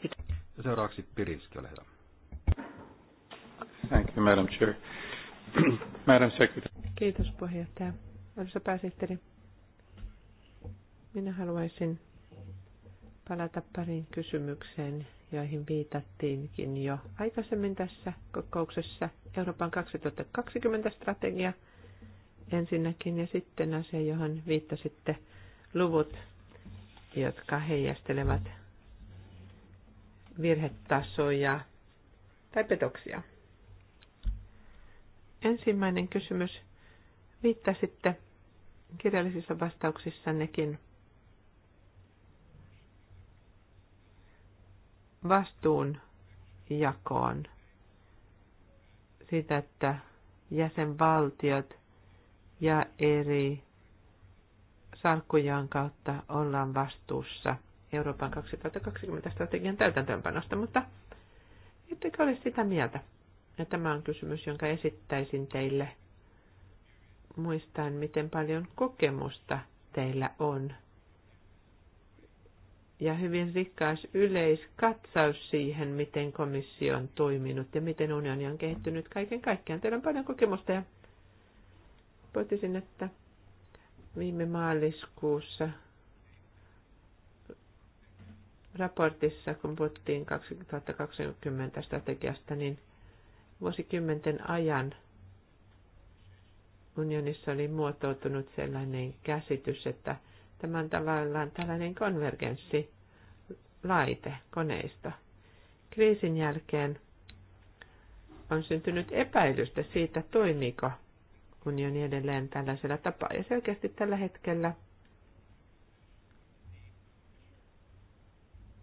seuraavaksi Pirinski, ole hyvä. Thank you, Madam Chair. [clears throat] Madam Secretary. Kiitos puheenjohtaja. Arvoisa pääsihteeri, minä haluaisin palata pariin kysymykseen, joihin viitattiinkin jo aikaisemmin tässä kokouksessa. Euroopan 2020-strategia ensinnäkin ja sitten asia, johon viittasitte luvut jotka heijastelevat virhetasoja tai petoksia. Ensimmäinen kysymys. Viittasitte kirjallisissa vastauksissannekin vastuun jakoon. Sitä, että jäsenvaltiot ja eri salkkujaan kautta ollaan vastuussa Euroopan 2020 strategian täytäntöönpanosta, mutta ettekö ole sitä mieltä? Ja tämä on kysymys, jonka esittäisin teille muistaen, miten paljon kokemusta teillä on. Ja hyvin rikkaas yleiskatsaus siihen, miten komissio on toiminut ja miten unioni on kehittynyt kaiken kaikkiaan. Teillä on paljon kokemusta ja pohtisin, että viime maaliskuussa raportissa, kun puhuttiin 2020 strategiasta, niin vuosikymmenten ajan unionissa oli muotoutunut sellainen käsitys, että tämän tavallaan tällainen konvergenssi laite koneista. Kriisin jälkeen on syntynyt epäilystä siitä, toimiko unioni edelleen tällaisella tapaa. Ja selkeästi tällä hetkellä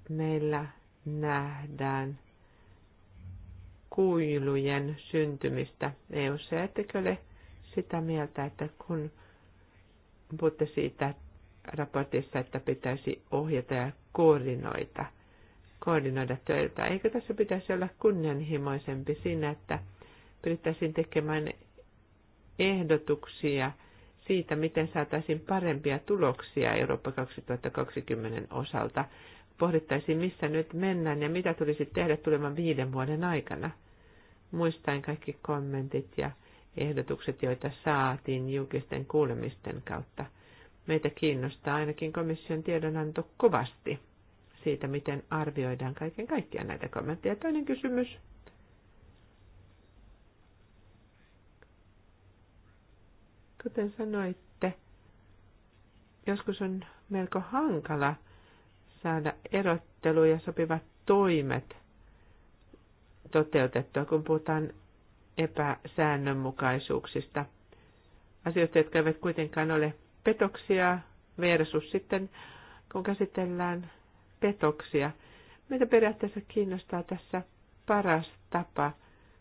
meillä nähdään kuilujen syntymistä EU-ssa. Ettekö ole sitä mieltä, että kun puhutte siitä raportissa, että pitäisi ohjata ja koordinoida, koordinoida töitä, eikö tässä pitäisi olla kunnianhimoisempi siinä, että pyrittäisiin tekemään ehdotuksia siitä, miten saataisiin parempia tuloksia Eurooppa 2020 osalta. Pohdittaisiin, missä nyt mennään ja mitä tulisi tehdä tulevan viiden vuoden aikana. Muistaen kaikki kommentit ja ehdotukset, joita saatiin julkisten kuulemisten kautta. Meitä kiinnostaa ainakin komission tiedonanto kovasti siitä, miten arvioidaan kaiken kaikkiaan näitä kommentteja. Toinen kysymys Kuten sanoitte, joskus on melko hankala saada erottelu ja sopivat toimet toteutettua, kun puhutaan epäsäännönmukaisuuksista. Asioita, jotka eivät kuitenkaan ole petoksia versus sitten, kun käsitellään petoksia. Meitä periaatteessa kiinnostaa tässä paras tapa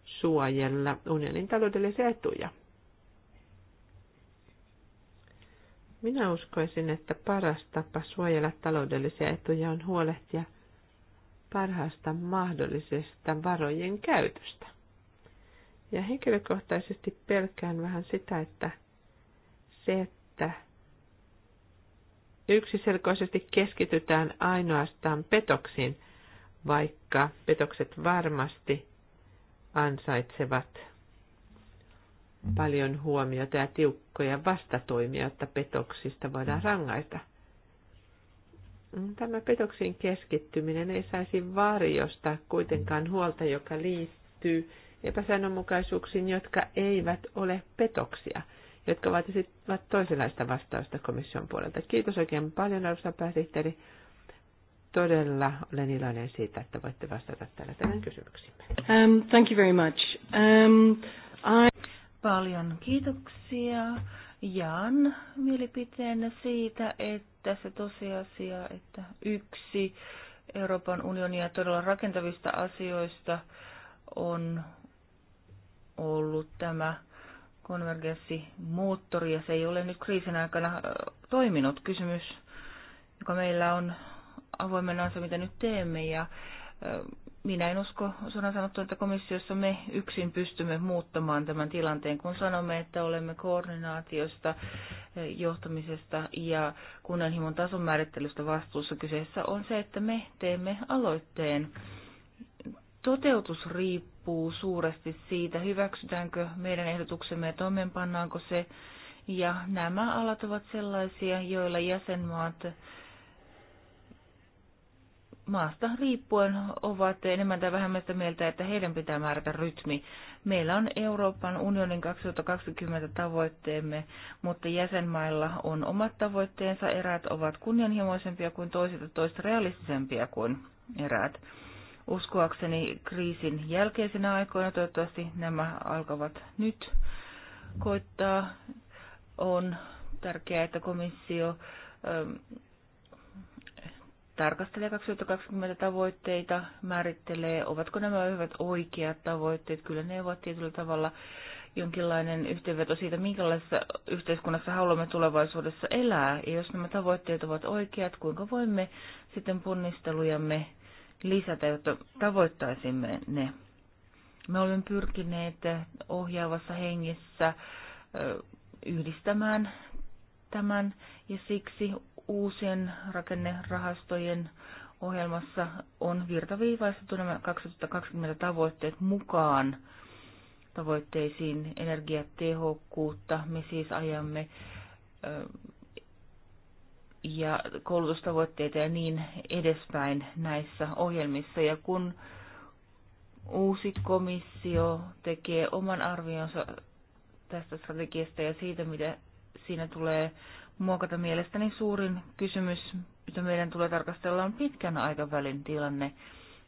suojella unionin taloudellisia etuja. Minä uskoisin, että paras tapa suojella taloudellisia etuja on huolehtia parhaasta mahdollisesta varojen käytöstä. Ja henkilökohtaisesti pelkään vähän sitä, että se, että yksiselkoisesti keskitytään ainoastaan petoksiin, vaikka petokset varmasti ansaitsevat Mm. paljon huomiota ja tiukkoja vastatoimia, että petoksista voidaan mm. rangaista. Mm, tämä petoksiin keskittyminen ei saisi varjosta kuitenkaan huolta, joka liittyy epäsäännönmukaisuuksiin, jotka eivät ole petoksia, jotka vaatisivat toisenlaista vastausta komission puolelta. Kiitos oikein paljon, arvoisa pääsihteeri. Todella olen iloinen siitä, että voitte vastata tällä tämän kysymyksiin. Um, thank you very much. Um, I... Paljon kiitoksia. Jaan mielipiteen siitä, että se tosiasia, että yksi Euroopan unionia todella rakentavista asioista on ollut tämä konvergenssimoottori, ja se ei ole nyt kriisin aikana toiminut. Kysymys, joka meillä on avoimena se, mitä nyt teemme, ja minä en usko, sanan sanottu, että komissiossa me yksin pystymme muuttamaan tämän tilanteen, kun sanomme, että olemme koordinaatiosta, eh, johtamisesta ja kunnanhimon tason määrittelystä vastuussa. Kyseessä on se, että me teemme aloitteen. Toteutus riippuu suuresti siitä, hyväksytäänkö meidän ehdotuksemme ja toimeenpannaanko se. Ja nämä alat ovat sellaisia, joilla jäsenmaat maasta riippuen ovat enemmän tai vähemmän sitä mieltä, että heidän pitää määrätä rytmi. Meillä on Euroopan unionin 2020 tavoitteemme, mutta jäsenmailla on omat tavoitteensa. Eräät ovat kunnianhimoisempia kuin toiset ja toiset realistisempia kuin eräät. Uskoakseni kriisin jälkeisenä aikoina, toivottavasti nämä alkavat nyt koittaa, on tärkeää, että komissio tarkastelee 2020 tavoitteita, määrittelee, ovatko nämä hyvät oikeat tavoitteet. Kyllä ne ovat tietyllä tavalla jonkinlainen yhteenveto siitä, minkälaisessa yhteiskunnassa haluamme tulevaisuudessa elää. Ja jos nämä tavoitteet ovat oikeat, kuinka voimme sitten ponnistelujamme lisätä, jotta tavoittaisimme ne. Me olemme pyrkineet ohjaavassa hengessä yhdistämään tämän ja siksi uusien rakennerahastojen ohjelmassa on virtaviivaistettu nämä 2020 tavoitteet mukaan tavoitteisiin energiatehokkuutta. Me siis ajamme ja koulutustavoitteita ja niin edespäin näissä ohjelmissa. Ja kun uusi komissio tekee oman arvionsa tästä strategiasta ja siitä, mitä siinä tulee muokata. Mielestäni suurin kysymys, jota meidän tulee tarkastella, on pitkän aikavälin tilanne.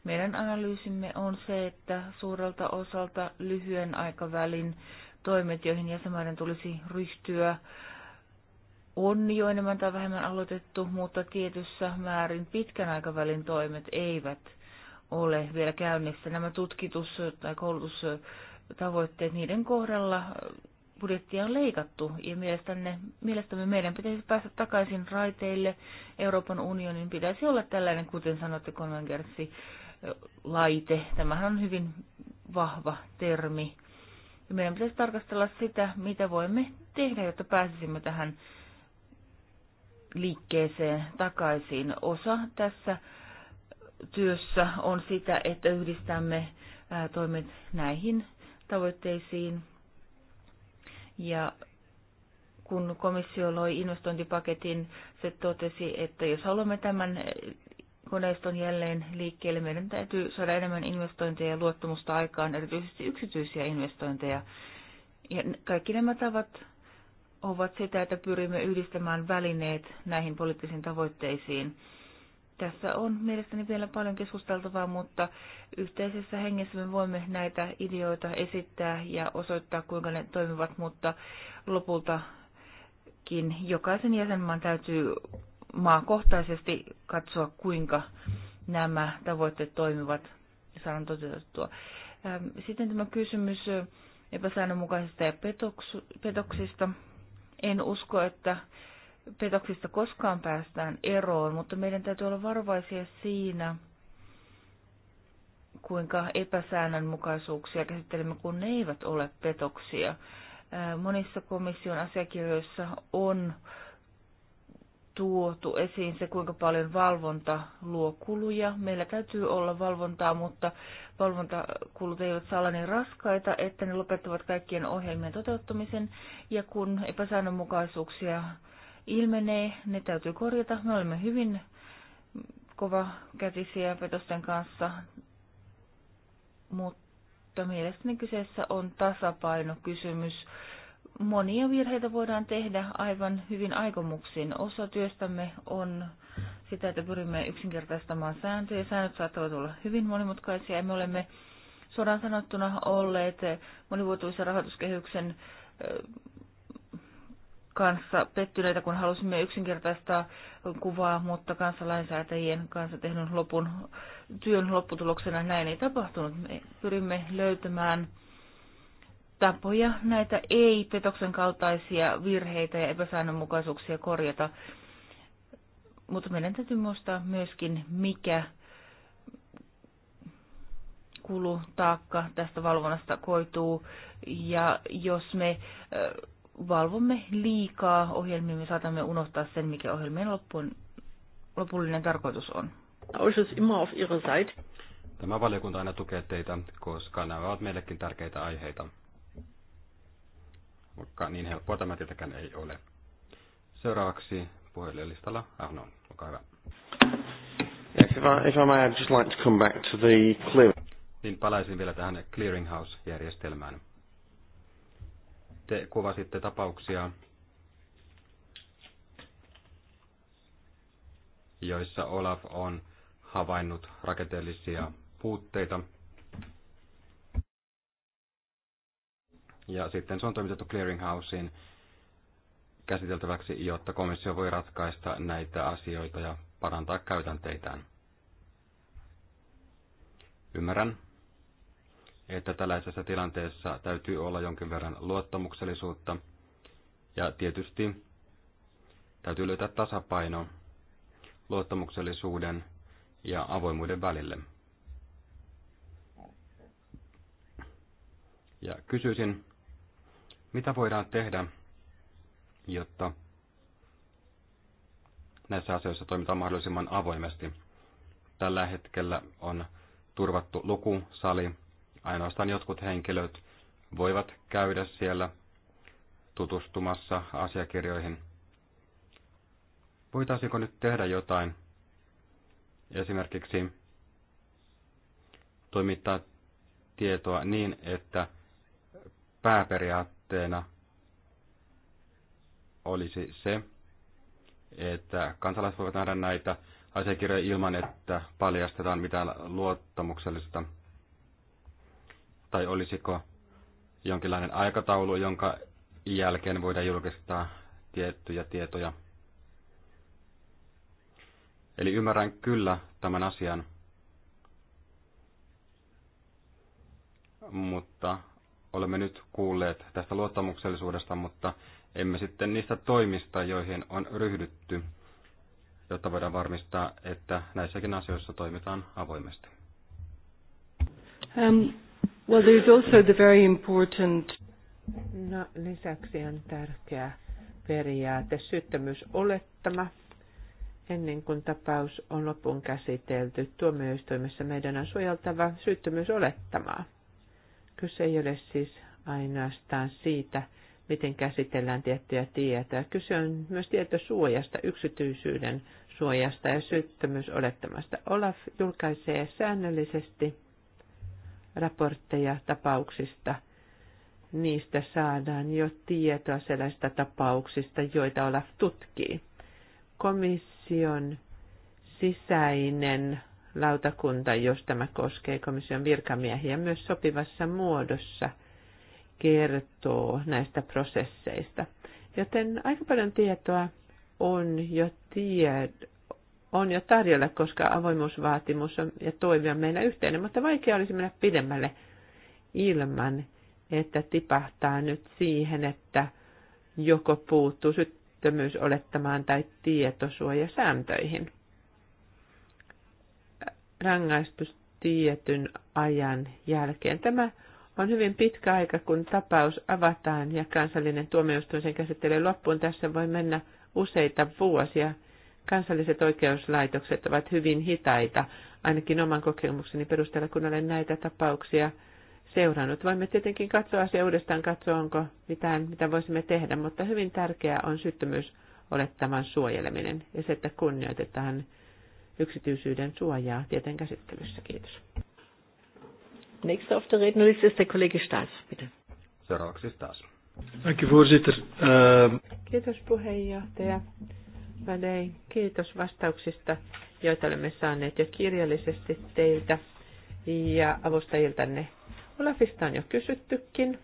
Meidän analyysimme on se, että suurelta osalta lyhyen aikavälin toimet, joihin jäsenmaiden tulisi ryhtyä, on jo enemmän tai vähemmän aloitettu, mutta tietyssä määrin pitkän aikavälin toimet eivät ole vielä käynnissä. Nämä tutkitus- tai koulutustavoitteet, niiden kohdalla budjettia on leikattu ja mielestämme, mielestämme meidän pitäisi päästä takaisin raiteille. Euroopan unionin pitäisi olla tällainen, kuten sanotte, konvergenssi laite. Tämähän on hyvin vahva termi. Ja meidän pitäisi tarkastella sitä, mitä voimme tehdä, jotta pääsisimme tähän liikkeeseen takaisin. Osa tässä työssä on sitä, että yhdistämme toimet näihin tavoitteisiin ja kun komissio loi investointipaketin, se totesi, että jos haluamme tämän koneiston jälleen liikkeelle, meidän täytyy saada enemmän investointeja ja luottamusta aikaan, erityisesti yksityisiä investointeja. Ja kaikki nämä tavat ovat sitä, että pyrimme yhdistämään välineet näihin poliittisiin tavoitteisiin. Tässä on mielestäni vielä paljon keskusteltavaa, mutta yhteisessä hengessä me voimme näitä ideoita esittää ja osoittaa, kuinka ne toimivat, mutta lopultakin jokaisen jäsenmaan täytyy maakohtaisesti katsoa, kuinka nämä tavoitteet toimivat ja saadaan toteutettua. Ähm, sitten tämä kysymys äh, epäsäännönmukaisista ja petoksista. En usko, että petoksista koskaan päästään eroon, mutta meidän täytyy olla varovaisia siinä, kuinka epäsäännönmukaisuuksia käsittelemme, kun ne eivät ole petoksia. Monissa komission asiakirjoissa on tuotu esiin se, kuinka paljon valvonta luo kuluja. Meillä täytyy olla valvontaa, mutta valvontakulut eivät saa olla niin raskaita, että ne lopettavat kaikkien ohjelmien toteuttamisen. Ja kun epäsäännönmukaisuuksia ilmenee, ne täytyy korjata. Me olemme hyvin kova kätisiä vetosten kanssa, mutta mielestäni kyseessä on tasapainokysymys. Monia virheitä voidaan tehdä aivan hyvin aikomuksiin. Osa työstämme on sitä, että pyrimme yksinkertaistamaan sääntöjä. Säännöt saattavat olla hyvin monimutkaisia ja me olemme suoraan sanottuna olleet monivuotuisen rahoituskehyksen kanssa pettyneitä, kun halusimme yksinkertaistaa kuvaa, mutta kansalainsäätäjien kanssa tehdyn lopun, työn lopputuloksena näin ei tapahtunut. Me pyrimme löytämään tapoja näitä ei-petoksen kaltaisia virheitä ja epäsäännönmukaisuuksia korjata. Mutta meidän täytyy muistaa myöskin, mikä kulutaakka tästä valvonnasta koituu. Ja jos me valvomme liikaa ohjelmia, me saatamme unohtaa sen, mikä ohjelmien loppuun, lopullinen tarkoitus on. Tämä valiokunta aina tukee teitä, koska nämä ovat meillekin tärkeitä aiheita. Vaikka niin helppoa tämä tietenkään ei ole. Seuraavaksi puhelijalistalla Arno, olkaa hyvä. Yes, if I, if I may, I'd just like to come back to the clearing. Niin palaisin vielä tähän clearinghouse-järjestelmään te kuvasitte tapauksia, joissa Olaf on havainnut rakenteellisia puutteita. Ja sitten se on toimitettu clearinghousein käsiteltäväksi, jotta komissio voi ratkaista näitä asioita ja parantaa käytänteitään. Ymmärrän, että tällaisessa tilanteessa täytyy olla jonkin verran luottamuksellisuutta. Ja tietysti täytyy löytää tasapaino luottamuksellisuuden ja avoimuuden välille. Ja kysyisin, mitä voidaan tehdä, jotta näissä asioissa toimitaan mahdollisimman avoimesti. Tällä hetkellä on turvattu lukusali Ainoastaan jotkut henkilöt voivat käydä siellä tutustumassa asiakirjoihin. Voitaisiinko nyt tehdä jotain? Esimerkiksi toimittaa tietoa niin, että pääperiaatteena olisi se, että kansalaiset voivat nähdä näitä asiakirjoja ilman, että paljastetaan mitään luottamuksellista tai olisiko jonkinlainen aikataulu, jonka jälkeen voidaan julkistaa tiettyjä tietoja. Eli ymmärrän kyllä tämän asian, mutta olemme nyt kuulleet tästä luottamuksellisuudesta, mutta emme sitten niistä toimista, joihin on ryhdytty, jotta voidaan varmistaa, että näissäkin asioissa toimitaan avoimesti. Um, Well, there's also the very important... No, lisäksi on tärkeä periaate syyttömyysolettama. Ennen kuin tapaus on lopun käsitelty tuomioistuimessa, meidän on suojeltava syyttömyysolettamaa. Kyse ei ole siis ainoastaan siitä, miten käsitellään tiettyjä tietoja. Kyse on myös tietosuojasta, yksityisyyden suojasta ja syyttömyysolettamasta. Olaf julkaisee säännöllisesti raportteja tapauksista. Niistä saadaan jo tietoa sellaisista tapauksista, joita Olaf tutkii. Komission sisäinen lautakunta, jos tämä koskee komission virkamiehiä myös sopivassa muodossa, kertoo näistä prosesseista. Joten aika paljon tietoa on jo tied- on jo tarjolla, koska avoimuusvaatimus on, ja toimi on meillä yhteinen, mutta vaikea olisi mennä pidemmälle ilman, että tipahtaa nyt siihen, että joko puuttuu syttömyys olettamaan tai tietosuojasääntöihin. Rangaistus tietyn ajan jälkeen. Tämä on hyvin pitkä aika, kun tapaus avataan ja kansallinen tuomioistuin sen käsittelee loppuun. Tässä voi mennä useita vuosia kansalliset oikeuslaitokset ovat hyvin hitaita, ainakin oman kokemukseni perusteella, kun olen näitä tapauksia seurannut. Voimme tietenkin katsoa asiaa uudestaan, katsoa onko mitään, mitä voisimme tehdä, mutta hyvin tärkeää on syttömyys olettavan suojeleminen ja se, että kunnioitetaan yksityisyyden suojaa tieten käsittelyssä. Kiitos. Nästa auf der Rednerliste ist der Kollege bitte. Seuraavaksi Staes. Thank you, ehm, Kiitos puheenjohtaja välein. kiitos vastauksista, joita olemme saaneet jo kirjallisesti teiltä ja avustajiltanne. Olafista on jo kysyttykin.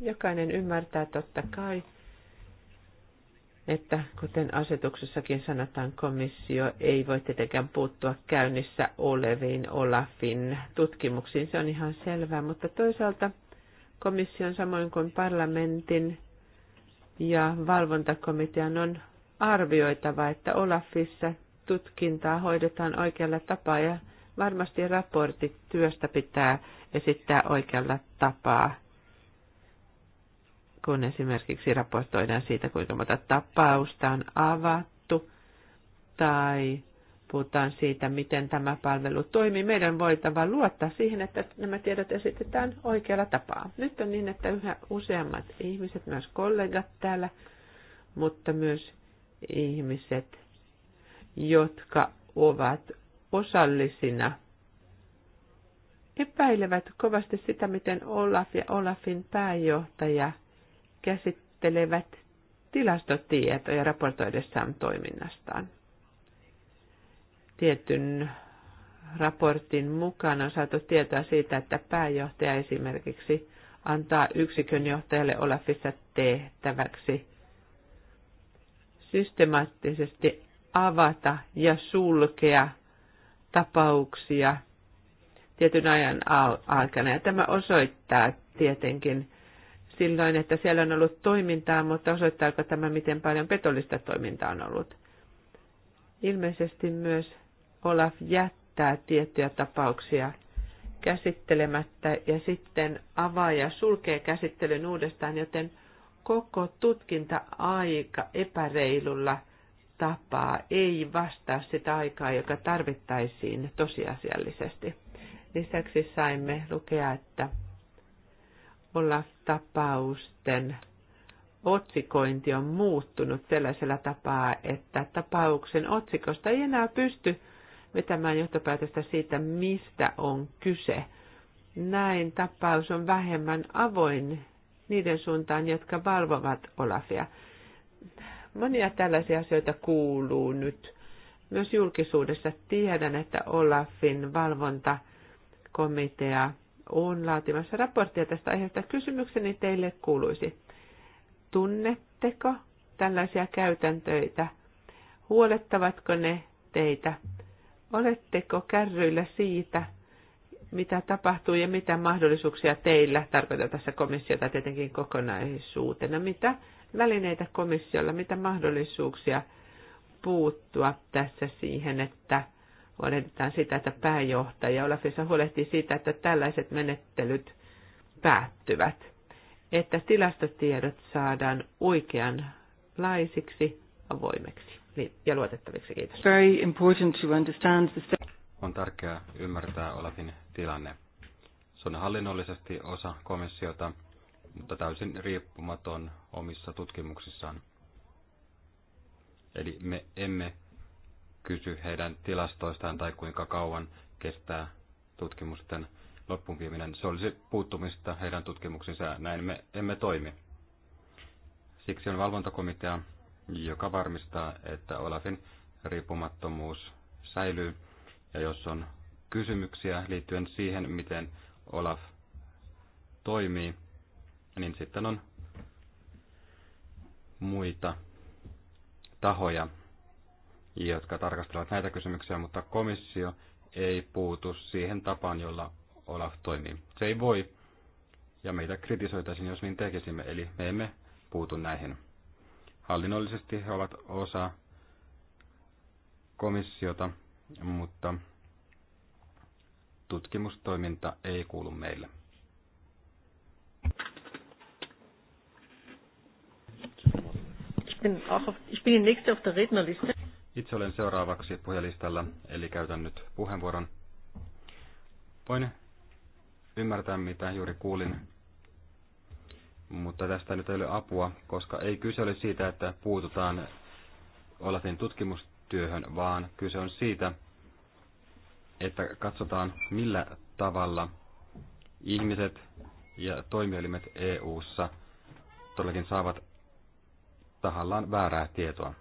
Jokainen ymmärtää totta kai, että kuten asetuksessakin sanotaan, komissio ei voi tietenkään puuttua käynnissä oleviin Olafin tutkimuksiin. Se on ihan selvää, mutta toisaalta komission samoin kuin parlamentin ja valvontakomitean on arvioitava, että Olafissa tutkintaa hoidetaan oikealla tapaa ja varmasti raportit työstä pitää esittää oikealla tapaa, kun esimerkiksi raportoidaan siitä, kuinka monta tapausta on avattu tai puhutaan siitä, miten tämä palvelu toimii. Meidän voitava luottaa siihen, että nämä tiedot esitetään oikealla tapaa. Nyt on niin, että yhä useammat ihmiset, myös kollegat täällä, mutta myös ihmiset, jotka ovat osallisina, epäilevät kovasti sitä, miten Olaf ja Olafin pääjohtaja käsittelevät tilastotietoja raportoidessaan toiminnastaan. Tietyn raportin mukaan on saatu tietoa siitä, että pääjohtaja esimerkiksi antaa yksikön johtajalle Olafissa tehtäväksi systemaattisesti avata ja sulkea tapauksia tietyn ajan aikana. Ja tämä osoittaa tietenkin silloin, että siellä on ollut toimintaa, mutta osoittaako tämä, miten paljon petollista toimintaa on ollut. Ilmeisesti myös Olaf jättää tiettyjä tapauksia käsittelemättä ja sitten avaa ja sulkee käsittelyn uudestaan, joten – koko tutkinta-aika epäreilulla tapaa ei vastaa sitä aikaa, joka tarvittaisiin tosiasiallisesti. Lisäksi saimme lukea, että olla tapausten otsikointi on muuttunut sellaisella tapaa, että tapauksen otsikosta ei enää pysty vetämään johtopäätöstä siitä, mistä on kyse. Näin tapaus on vähemmän avoin niiden suuntaan, jotka valvovat Olafia. Monia tällaisia asioita kuuluu nyt. Myös julkisuudessa tiedän, että Olafin valvontakomitea on laatimassa raporttia tästä aiheesta. Kysymykseni teille kuuluisi. Tunnetteko tällaisia käytäntöitä? Huolettavatko ne teitä? Oletteko kärryillä siitä, mitä tapahtuu ja mitä mahdollisuuksia teillä, tarkoitan tässä komissiota tietenkin kokonaisuutena, mitä välineitä komissiolla, mitä mahdollisuuksia puuttua tässä siihen, että huolehditaan sitä, että pääjohtaja Olafissa huolehtii siitä, että tällaiset menettelyt päättyvät, että tilastotiedot saadaan oikeanlaisiksi, avoimeksi ja luotettaviksi. Kiitos. Very important to understand the on tärkeää ymmärtää Olafin tilanne. Se on hallinnollisesti osa komissiota, mutta täysin riippumaton omissa tutkimuksissaan. Eli me emme kysy heidän tilastoistaan tai kuinka kauan kestää tutkimusten loppuviiminen. Se olisi puuttumista heidän tutkimuksensa, näin me emme toimi. Siksi on valvontakomitea, joka varmistaa, että Olafin riippumattomuus säilyy ja jos on kysymyksiä liittyen siihen, miten Olaf toimii, niin sitten on muita tahoja, jotka tarkastelevat näitä kysymyksiä, mutta komissio ei puutu siihen tapaan, jolla Olaf toimii. Se ei voi, ja meitä kritisoitaisiin, jos niin tekisimme, eli me emme puutu näihin. Hallinnollisesti he ovat osa komissiota, mutta tutkimustoiminta ei kuulu meille. Itse olen seuraavaksi puhelistalla, eli käytän nyt puheenvuoron. Voin ymmärtää, mitä juuri kuulin, mutta tästä nyt ei ole apua, koska ei kyse ole siitä, että puututaan Olafin tutkimus työhön, vaan kyse on siitä, että katsotaan millä tavalla ihmiset ja toimielimet EU:ssa todellakin saavat tahallaan väärää tietoa.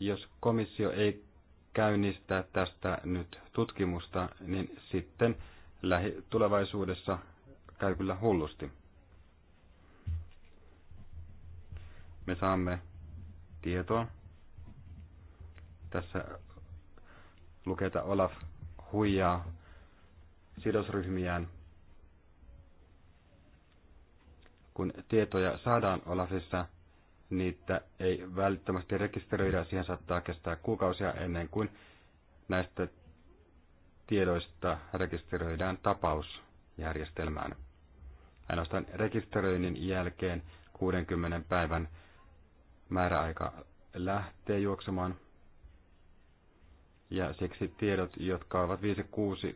Jos komissio ei käynnistä tästä nyt tutkimusta, niin sitten lähitulevaisuudessa käy kyllä hullusti. Me saamme tietoa. Tässä lukee, että Olaf huijaa sidosryhmiään. Kun tietoja saadaan Olafissa, niitä ei välittömästi rekisteröidä. Siihen saattaa kestää kuukausia ennen kuin näistä tiedoista rekisteröidään tapausjärjestelmään. Ainoastaan rekisteröinnin jälkeen 60 päivän määräaika lähtee juoksemaan. Ja siksi tiedot, jotka ovat 5-6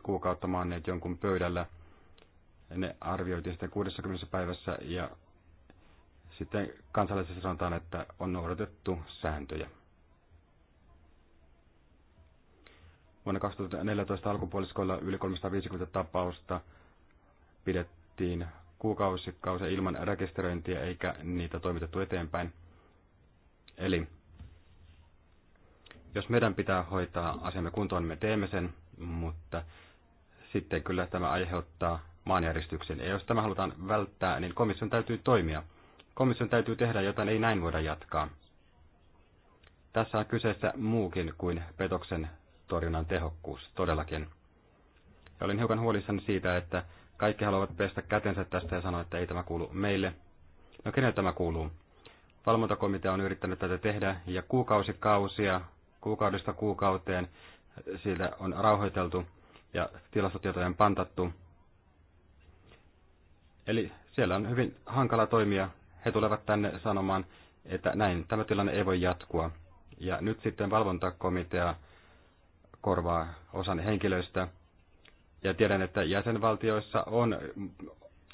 kuukautta maanneet jonkun pöydällä, ne arvioitiin sitten 60 päivässä ja sitten kansallisessa sanotaan, että on noudatettu sääntöjä. Vuonna 2014 alkupuoliskolla yli 350 tapausta pidettiin kuukausikausia ilman rekisteröintiä eikä niitä toimitettu eteenpäin. Eli jos meidän pitää hoitaa asiamme kuntoon, niin me teemme sen, mutta sitten kyllä tämä aiheuttaa maanjäristyksen. Ja jos tämä halutaan välttää, niin komission täytyy toimia. Komission täytyy tehdä jotain, ei näin voida jatkaa. Tässä on kyseessä muukin kuin petoksen torjunnan tehokkuus, todellakin. Ja olin hiukan huolissani siitä, että kaikki haluavat pestä kätensä tästä ja sanoa, että ei tämä kuulu meille. No kenelle tämä kuuluu? Valvontakomitea on yrittänyt tätä tehdä ja kuukausikausia, kuukaudesta kuukauteen siitä on rauhoiteltu ja tilastotietojen pantattu. Eli siellä on hyvin hankala toimia. He tulevat tänne sanomaan, että näin tämä tilanne ei voi jatkua. Ja nyt sitten valvontakomitea korvaa osan henkilöistä. Ja tiedän, että jäsenvaltioissa on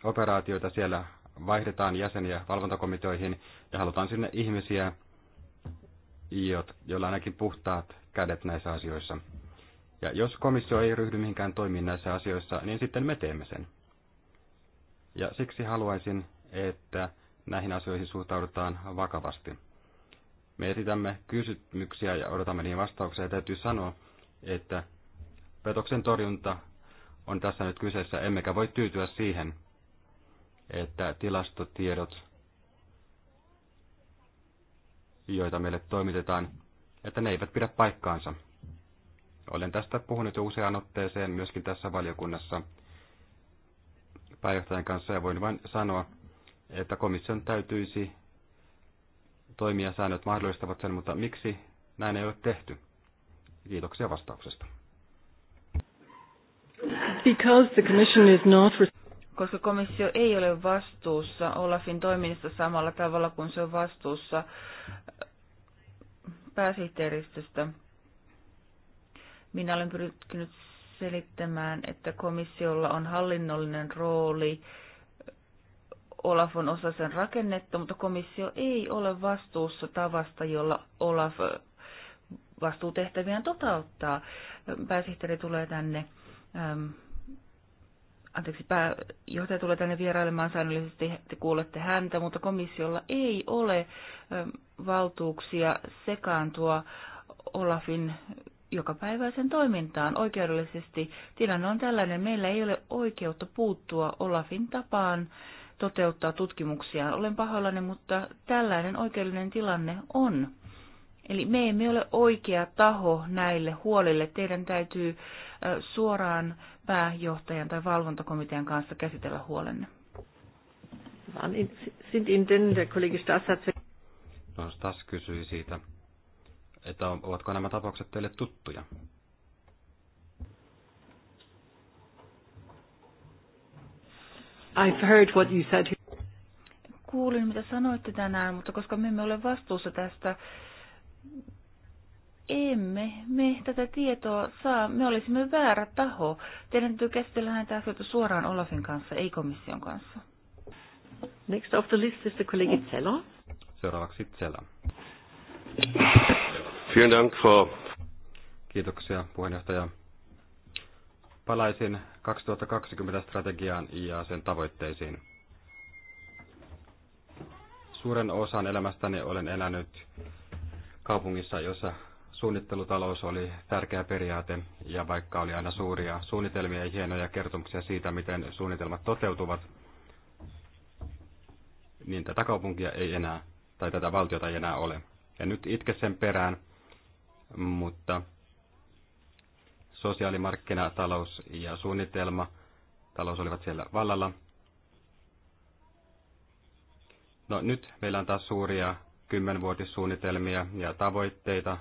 operaatioita siellä vaihdetaan jäseniä valvontakomiteoihin ja halutaan sinne ihmisiä, joilla ainakin puhtaat kädet näissä asioissa. Ja jos komissio ei ryhdy mihinkään toimiin näissä asioissa, niin sitten me teemme sen. Ja siksi haluaisin, että näihin asioihin suhtaudutaan vakavasti. Me esitämme kysymyksiä ja odotamme niihin vastauksia. Ja täytyy sanoa, että petoksen torjunta on tässä nyt kyseessä, emmekä voi tyytyä siihen, että tilastotiedot, joita meille toimitetaan, että ne eivät pidä paikkaansa. Olen tästä puhunut jo useaan otteeseen myöskin tässä valiokunnassa pääjohtajan kanssa ja voin vain sanoa, että komission täytyisi toimia säännöt mahdollistavat sen, mutta miksi näin ei ole tehty? Kiitoksia vastauksesta. Because the commission is not koska komissio ei ole vastuussa Olafin toiminnasta samalla tavalla kuin se on vastuussa äh, pääsihteeristöstä. Minä olen pyrkinyt selittämään, että komissiolla on hallinnollinen rooli, äh, Olaf on osa sen rakennetta, mutta komissio ei ole vastuussa tavasta, jolla Olaf äh, vastuutehtäviään toteuttaa. Pääsihteeri tulee tänne ähm, anteeksi, pääjohtaja tulee tänne vierailemaan säännöllisesti, te kuulette häntä, mutta komissiolla ei ole valtuuksia sekaantua Olafin jokapäiväisen toimintaan oikeudellisesti. Tilanne on tällainen, meillä ei ole oikeutta puuttua Olafin tapaan toteuttaa tutkimuksiaan. Olen pahoillani, mutta tällainen oikeudellinen tilanne on. Eli me emme ole oikea taho näille huolille. Teidän täytyy suoraan pääjohtajan tai valvontakomitean kanssa käsitellä huolenne? No, Stas kysyi siitä, että ovatko nämä tapaukset teille tuttuja? I've heard what you said. Kuulin, mitä sanoitte tänään, mutta koska me emme ole vastuussa tästä, emme me tätä tietoa saa. Me olisimme väärä taho. Teidän täytyy käsitellä näitä asioita suoraan Olafin kanssa, ei komission kanssa. Next of the list is the colleague Zeller. Seuraavaksi Zeller. Vielen Dank for... Kiitoksia puheenjohtaja. Palaisin 2020 strategiaan ja sen tavoitteisiin. Suuren osan elämästäni olen elänyt kaupungissa, jossa suunnittelutalous oli tärkeä periaate, ja vaikka oli aina suuria suunnitelmia ja hienoja kertomuksia siitä, miten suunnitelmat toteutuvat, niin tätä kaupunkia ei enää, tai tätä valtiota ei enää ole. Ja nyt itke sen perään, mutta sosiaalimarkkinatalous ja suunnitelma, talous olivat siellä vallalla. No nyt meillä on taas suuria kymmenvuotissuunnitelmia ja tavoitteita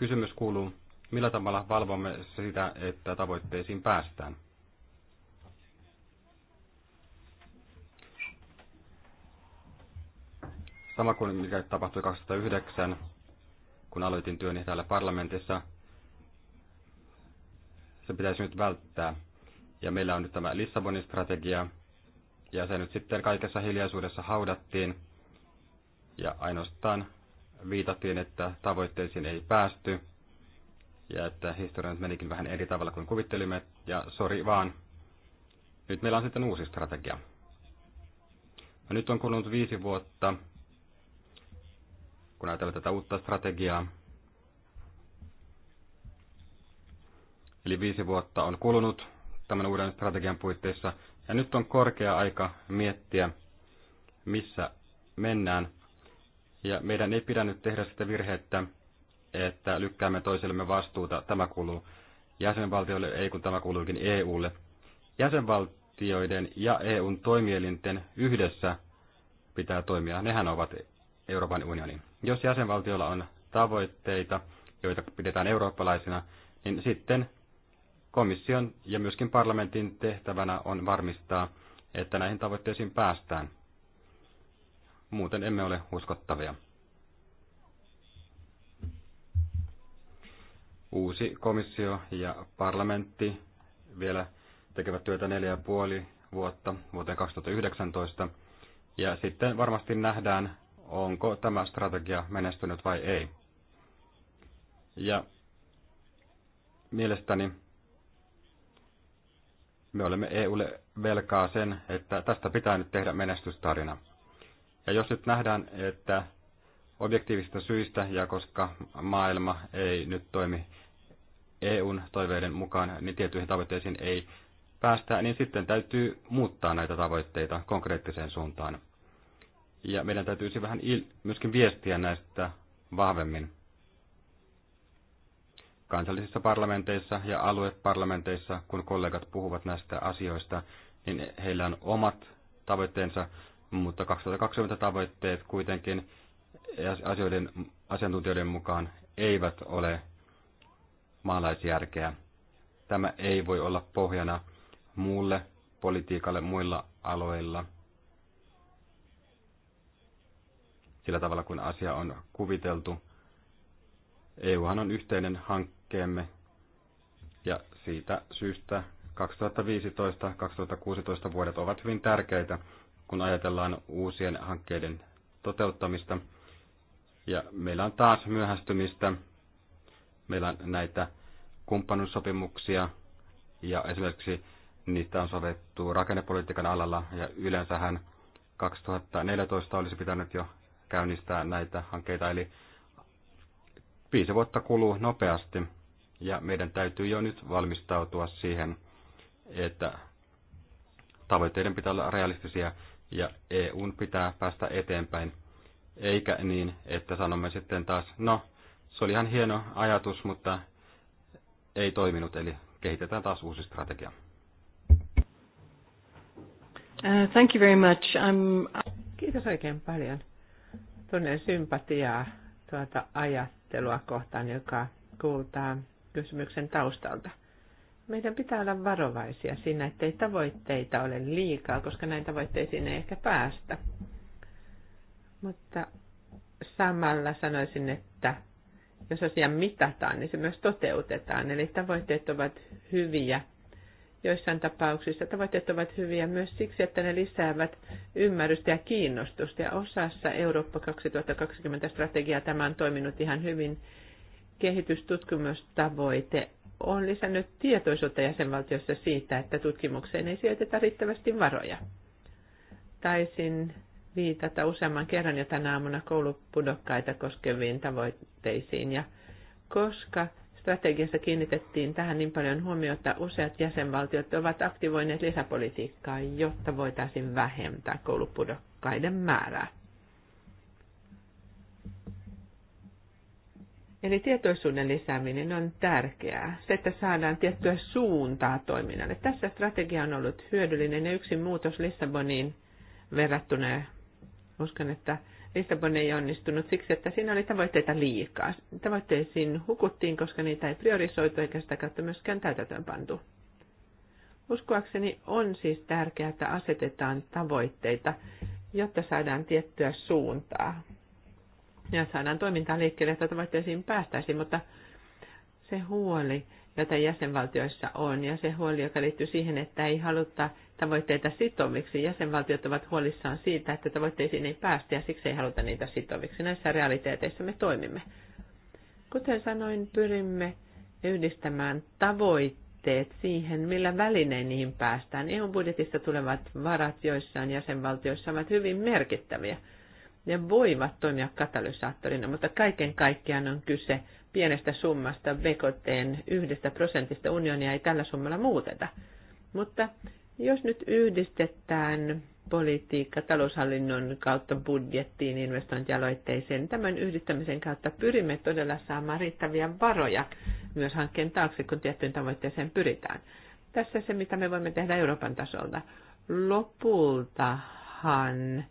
Kysymys kuuluu, millä tavalla valvomme sitä, että tavoitteisiin päästään? Sama kuin mikä tapahtui 2009, kun aloitin työni täällä parlamentissa, se pitäisi nyt välttää. Ja meillä on nyt tämä Lissabonin strategia, ja se nyt sitten kaikessa hiljaisuudessa haudattiin, ja ainoastaan viitattiin, että tavoitteisiin ei päästy ja että historia nyt menikin vähän eri tavalla kuin kuvittelimme. Ja sori vaan, nyt meillä on sitten uusi strategia. Ja no nyt on kulunut viisi vuotta, kun ajatellaan tätä uutta strategiaa. Eli viisi vuotta on kulunut tämän uuden strategian puitteissa. Ja nyt on korkea aika miettiä, missä mennään – ja meidän ei pidä nyt tehdä sitä virhettä, että lykkäämme toisillemme vastuuta. Tämä kuuluu jäsenvaltioille, ei kun tämä kuuluukin EUlle. Jäsenvaltioiden ja EUn toimielinten yhdessä pitää toimia. Nehän ovat Euroopan unionin. Jos jäsenvaltiolla on tavoitteita, joita pidetään eurooppalaisina, niin sitten komission ja myöskin parlamentin tehtävänä on varmistaa, että näihin tavoitteisiin päästään. Muuten emme ole uskottavia. Uusi komissio ja parlamentti vielä tekevät työtä neljä ja puoli vuotta vuoteen 2019. Ja sitten varmasti nähdään, onko tämä strategia menestynyt vai ei. Ja mielestäni me olemme EUlle velkaa sen, että tästä pitää nyt tehdä menestystarina. Ja jos nyt nähdään, että objektiivisista syistä ja koska maailma ei nyt toimi EUn toiveiden mukaan, niin tiettyihin tavoitteisiin ei päästä, niin sitten täytyy muuttaa näitä tavoitteita konkreettiseen suuntaan. Ja meidän täytyisi vähän il- myöskin viestiä näistä vahvemmin. Kansallisissa parlamenteissa ja alueparlamenteissa, kun kollegat puhuvat näistä asioista, niin heillä on omat tavoitteensa, mutta 2020 tavoitteet kuitenkin asioiden, asiantuntijoiden mukaan eivät ole maalaisjärkeä. Tämä ei voi olla pohjana muulle politiikalle muilla aloilla sillä tavalla kuin asia on kuviteltu. EUhan on yhteinen hankkeemme ja siitä syystä 2015-2016 vuodet ovat hyvin tärkeitä, kun ajatellaan uusien hankkeiden toteuttamista. Ja meillä on taas myöhästymistä. Meillä on näitä kumppanuussopimuksia ja esimerkiksi niistä on sovittu rakennepolitiikan alalla ja yleensähän 2014 olisi pitänyt jo käynnistää näitä hankkeita, eli viisi vuotta kuluu nopeasti ja meidän täytyy jo nyt valmistautua siihen, että tavoitteiden pitää olla realistisia ja EUn pitää päästä eteenpäin, eikä niin, että sanomme sitten taas, no, se oli ihan hieno ajatus, mutta ei toiminut, eli kehitetään taas uusi strategia. Uh, thank you very much. I'm... Kiitos oikein paljon. Tunnen sympatiaa tuota ajattelua kohtaan, joka kuultaa kysymyksen taustalta meidän pitää olla varovaisia siinä, ettei tavoitteita ole liikaa, koska näin tavoitteisiin ei ehkä päästä. Mutta samalla sanoisin, että jos asia mitataan, niin se myös toteutetaan. Eli tavoitteet ovat hyviä. Joissain tapauksissa tavoitteet ovat hyviä myös siksi, että ne lisäävät ymmärrystä ja kiinnostusta. Ja osassa Eurooppa 2020 strategiaa tämä on toiminut ihan hyvin. Kehitystutkimustavoite on lisännyt tietoisuutta jäsenvaltiossa siitä, että tutkimukseen ei sijoiteta riittävästi varoja. Taisin viitata useamman kerran jo tänä aamuna koulupudokkaita koskeviin tavoitteisiin. Ja koska strategiassa kiinnitettiin tähän niin paljon huomiota, useat jäsenvaltiot ovat aktivoineet lisäpolitiikkaa, jotta voitaisiin vähentää koulupudokkaiden määrää. Eli tietoisuuden lisääminen on tärkeää. Se, että saadaan tiettyä suuntaa toiminnalle. Tässä strategia on ollut hyödyllinen ja yksi muutos Lissaboniin verrattuna. Uskon, että Lissabon ei onnistunut siksi, että siinä oli tavoitteita liikaa. Tavoitteisiin hukuttiin, koska niitä ei priorisoitu eikä sitä kautta myöskään täytäntöön pantu. Uskoakseni on siis tärkeää, että asetetaan tavoitteita, jotta saadaan tiettyä suuntaa ja saadaan toimintaa liikkeelle, että tavoitteisiin päästäisiin, mutta se huoli, jota jäsenvaltioissa on, ja se huoli, joka liittyy siihen, että ei haluta tavoitteita sitoviksi. Jäsenvaltiot ovat huolissaan siitä, että tavoitteisiin ei päästä ja siksi ei haluta niitä sitoviksi. Näissä realiteeteissa me toimimme. Kuten sanoin, pyrimme yhdistämään tavoitteet siihen, millä välinein niihin päästään. EU-budjetista tulevat varat joissain jäsenvaltioissa ovat hyvin merkittäviä – ne voivat toimia katalysaattorina, mutta kaiken kaikkiaan on kyse pienestä summasta vekoteen yhdestä prosentista unionia ei tällä summalla muuteta. Mutta jos nyt yhdistetään politiikka taloushallinnon kautta budjettiin investointialoitteeseen, tämän yhdistämisen kautta pyrimme todella saamaan riittäviä varoja myös hankkeen taakse, kun tiettyyn tavoitteeseen pyritään. Tässä se, mitä me voimme tehdä Euroopan tasolta. Lopultahan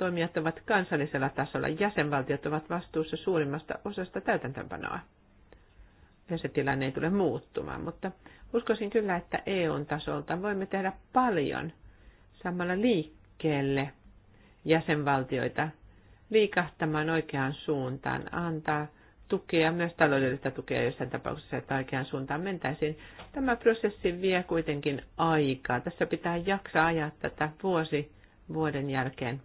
toimijat ovat kansallisella tasolla. Jäsenvaltiot ovat vastuussa suurimmasta osasta täytäntöönpanoa. Ja se tilanne ei tule muuttumaan, mutta uskoisin kyllä, että EUn tasolta voimme tehdä paljon samalla liikkeelle jäsenvaltioita liikahtamaan oikeaan suuntaan, antaa tukea, myös taloudellista tukea jossain tapauksessa, että oikeaan suuntaan mentäisiin. Tämä prosessi vie kuitenkin aikaa. Tässä pitää jaksaa ajaa tätä vuosi vuoden jälkeen.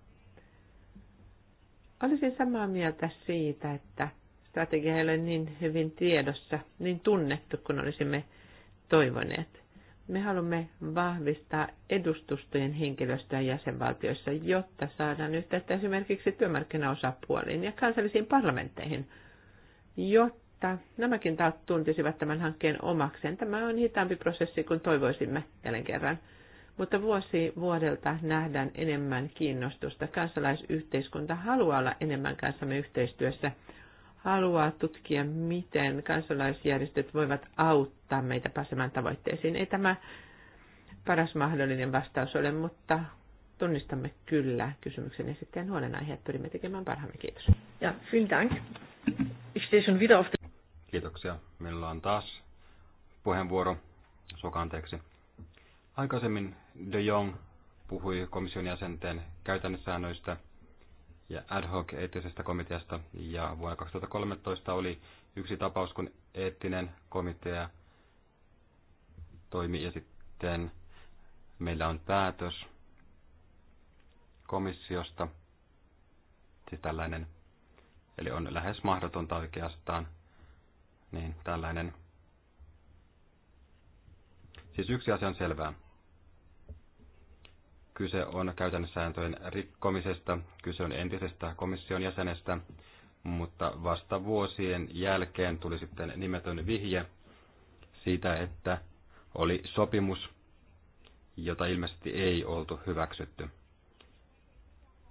Olisin samaa mieltä siitä, että strategia ei ole niin hyvin tiedossa, niin tunnettu kuin olisimme toivoneet. Me haluamme vahvistaa edustustojen henkilöstöä jäsenvaltioissa, jotta saadaan yhteyttä esimerkiksi työmarkkinaosapuoliin ja kansallisiin parlamentteihin, jotta nämäkin taut tuntisivat tämän hankkeen omakseen. Tämä on hitaampi prosessi kuin toivoisimme jälleen kerran mutta vuosi vuodelta nähdään enemmän kiinnostusta. Kansalaisyhteiskunta haluaa olla enemmän kanssamme yhteistyössä, haluaa tutkia, miten kansalaisjärjestöt voivat auttaa meitä pääsemään tavoitteisiin. Ei tämä paras mahdollinen vastaus ole, mutta tunnistamme kyllä kysymyksen esittäjän huolenaiheet. Pyrimme tekemään parhaamme. Kiitos. Ja, vielen dank. Ich stehe schon wieder auf der... Kiitoksia. Meillä on taas puheenvuoro. Sokanteeksi. Aikaisemmin de Jong puhui komission jäsenten käytännössäännöistä ja ad hoc eettisestä komiteasta. Ja vuonna 2013 oli yksi tapaus, kun eettinen komitea toimi ja sitten meillä on päätös komissiosta, siis tällainen, eli on lähes mahdotonta oikeastaan, niin tällainen. Siis yksi asia on selvää. Kyse on käytännössääntöjen rikkomisesta, kyse on entisestä komission jäsenestä, mutta vasta vuosien jälkeen tuli sitten nimetön vihje siitä, että oli sopimus, jota ilmeisesti ei oltu hyväksytty.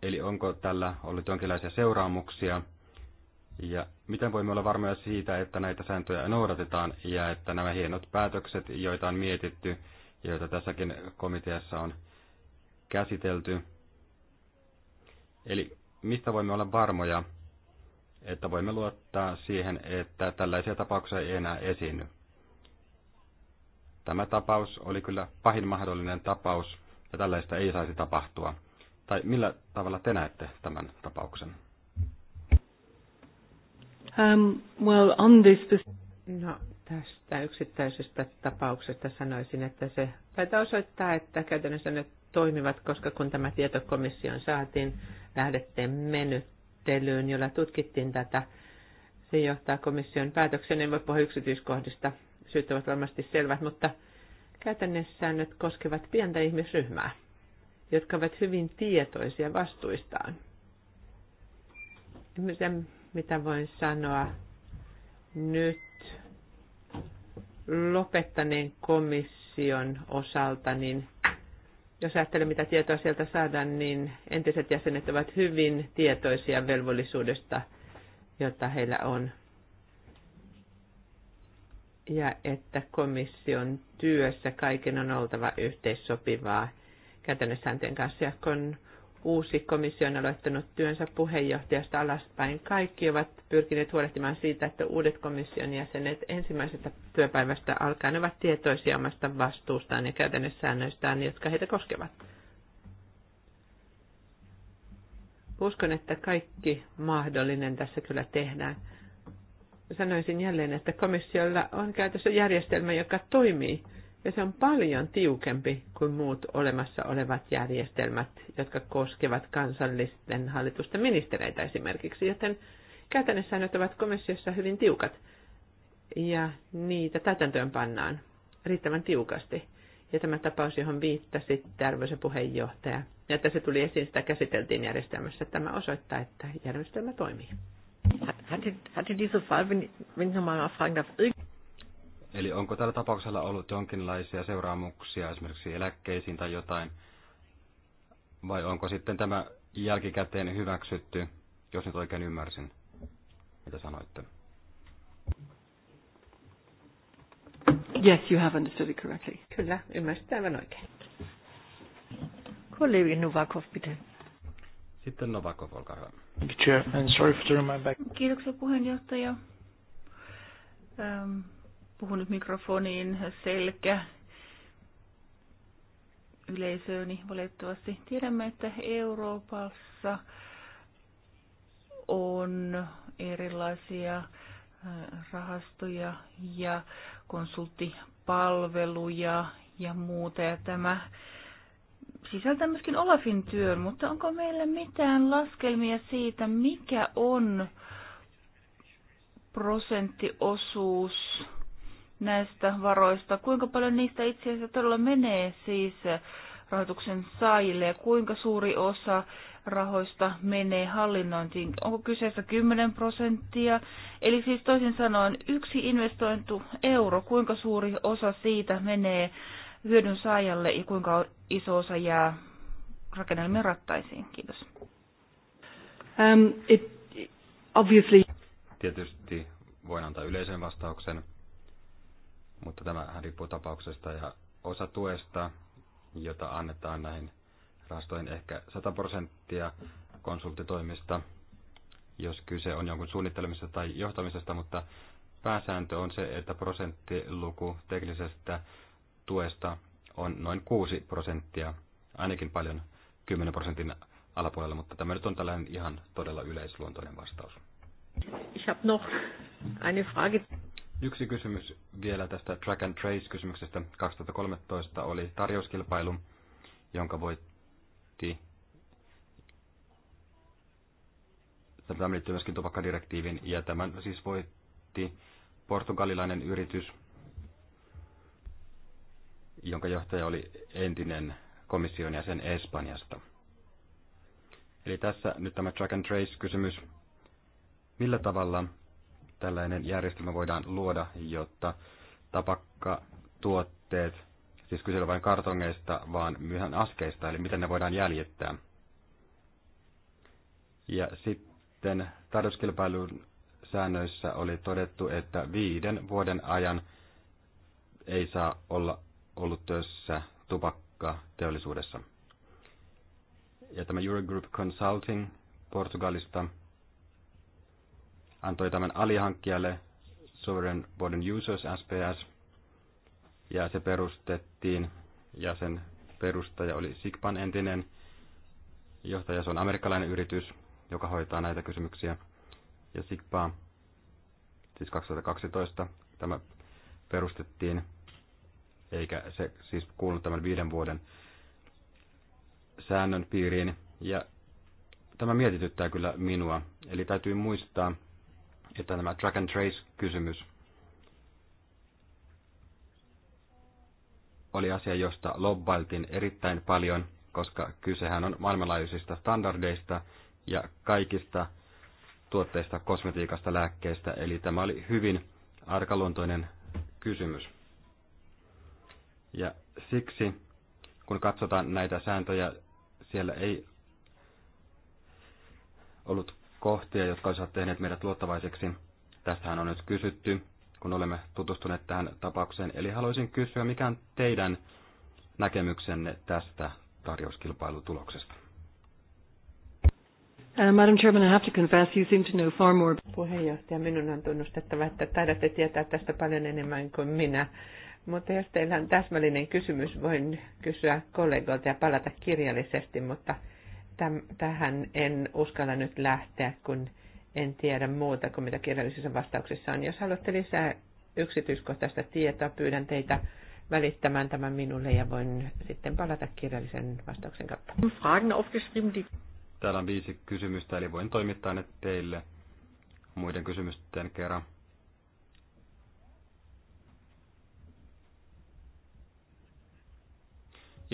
Eli onko tällä ollut jonkinlaisia seuraamuksia, ja miten voimme olla varmoja siitä, että näitä sääntöjä noudatetaan ja että nämä hienot päätökset, joita on mietitty ja joita tässäkin komiteassa on käsitelty. Eli mistä voimme olla varmoja, että voimme luottaa siihen, että tällaisia tapauksia ei enää esiinny. Tämä tapaus oli kyllä pahin mahdollinen tapaus, ja tällaista ei saisi tapahtua. Tai millä tavalla te näette tämän tapauksen? Um, well, on this... No, tästä yksittäisestä tapauksesta sanoisin, että se taitaa osoittaa, että käytännössä nyt toimivat, koska kun tämä tietokomission saatiin, lähdettiin menyttelyyn, jolla tutkittiin tätä. Se johtaa komission päätöksen, En voi puhua yksityiskohdista. Syyt ovat varmasti selvät, mutta käytännössä säännöt koskevat pientä ihmisryhmää, jotka ovat hyvin tietoisia vastuistaan. Se, mitä voin sanoa nyt lopettaneen komission osalta, niin jos ajattelee, mitä tietoa sieltä saadaan, niin entiset jäsenet ovat hyvin tietoisia velvollisuudesta, jota heillä on. Ja että komission työssä kaiken on oltava yhteissopivaa sääntöjen kanssa. Ja kun uusi komissio on aloittanut työnsä puheenjohtajasta alaspäin. Kaikki ovat pyrkineet huolehtimaan siitä, että uudet komission jäsenet ensimmäisestä työpäivästä alkaen ovat tietoisia omasta vastuustaan ja käytännössä säännöistään, jotka heitä koskevat. Uskon, että kaikki mahdollinen tässä kyllä tehdään. Sanoisin jälleen, että komissiolla on käytössä järjestelmä, joka toimii ja se on paljon tiukempi kuin muut olemassa olevat järjestelmät, jotka koskevat kansallisten hallitusten ministereitä esimerkiksi, joten käytännössä ne ovat komissiossa hyvin tiukat ja niitä täytäntöön pannaan riittävän tiukasti. Ja tämä tapaus, johon viittasi arvoisa puheenjohtaja, ja että se tuli esiin, sitä käsiteltiin järjestelmässä. Tämä osoittaa, että järjestelmä toimii. Hatte, hatte diese Fall, wenn, wenn ich nochmal nachfragen darf, Eli onko tällä tapauksella ollut jonkinlaisia seuraamuksia esimerkiksi eläkkeisiin tai jotain, vai onko sitten tämä jälkikäteen hyväksytty, jos nyt oikein ymmärsin, mitä sanoitte? Yes, you have understood it correctly. Kyllä, ymmärsit aivan oikein. Kollegi Novakov, pitää. Sitten Novakov, olkaa hyvä. Chair, and sorry for turning my back. Kiitoksia puheenjohtaja. Um, puhunut mikrofoniin, selkä, yleisööni valitettavasti. Tiedämme, että Euroopassa on erilaisia äh, rahastoja ja konsulttipalveluja ja muuta. Ja tämä sisältää myöskin Olafin työn, mutta onko meillä mitään laskelmia siitä, mikä on prosenttiosuus näistä varoista, kuinka paljon niistä itse asiassa todella menee siis rahoituksen saajille ja kuinka suuri osa rahoista menee hallinnointiin. Onko kyseessä 10 prosenttia? Eli siis toisin sanoen yksi investointu euro, kuinka suuri osa siitä menee hyödyn saajalle ja kuinka iso osa jää rakennelmien rattaisiin? Kiitos. Um, it, obviously. Tietysti voin antaa yleisen vastauksen mutta tämä riippuu tapauksesta ja osa tuesta, jota annetaan näihin rahastoihin, ehkä 100 prosenttia konsulttitoimista, jos kyse on jonkun suunnittelemisesta tai johtamisesta, mutta pääsääntö on se, että prosenttiluku teknisestä tuesta on noin 6 prosenttia, ainakin paljon 10 prosentin alapuolella, mutta tämä nyt on tällainen ihan todella yleisluontoinen vastaus. Ich habe noch eine Frage. Yksi kysymys vielä tästä track and trace kysymyksestä. 2013 oli tarjouskilpailu, jonka voitti Tämä liittyy myöskin tupakkadirektiivin ja tämän siis voitti portugalilainen yritys, jonka johtaja oli entinen komission jäsen Espanjasta. Eli tässä nyt tämä track and trace kysymys. Millä tavalla tällainen järjestelmä voidaan luoda, jotta tapakkatuotteet, siis kyse vain kartongeista, vaan myöhän askeista, eli miten ne voidaan jäljittää. Ja sitten tarjouskilpailun säännöissä oli todettu, että viiden vuoden ajan ei saa olla ollut töissä tupakkateollisuudessa. Ja tämä Eurogroup Consulting Portugalista antoi tämän alihankkijalle Sovereign Board Users, SPS, ja se perustettiin, ja sen perustaja oli Sigpan entinen johtaja, se on amerikkalainen yritys, joka hoitaa näitä kysymyksiä, ja Sigpa, siis 2012 tämä perustettiin, eikä se siis kuulunut tämän viiden vuoden säännön piiriin, ja tämä mietityttää kyllä minua, eli täytyy muistaa, että tämä track and trace-kysymys oli asia, josta lobbailtiin erittäin paljon, koska kysehän on maailmanlaajuisista standardeista ja kaikista tuotteista, kosmetiikasta, lääkkeistä, eli tämä oli hyvin arkaluontoinen kysymys. Ja siksi, kun katsotaan näitä sääntöjä, siellä ei ollut kohtia, jotka olisivat tehneet meidät luottavaiseksi. Tästähän on nyt kysytty, kun olemme tutustuneet tähän tapaukseen. Eli haluaisin kysyä, mikä on teidän näkemyksenne tästä tarjouskilpailutuloksesta? Uh, Madam Chairman, I have to confess, you seem to know far more. Puheenjohtaja, minun on tunnustettava, että taidatte tietää tästä paljon enemmän kuin minä. Mutta jos teillä on täsmällinen kysymys, voin kysyä kollegoilta ja palata kirjallisesti, mutta Täm, tähän en uskalla nyt lähteä, kun en tiedä muuta kuin mitä kirjallisissa vastauksissa on. Jos haluatte lisää yksityiskohtaista tietoa, pyydän teitä välittämään tämän minulle ja voin sitten palata kirjallisen vastauksen kautta. Täällä on viisi kysymystä, eli voin toimittaa ne teille muiden kysymysten kerran.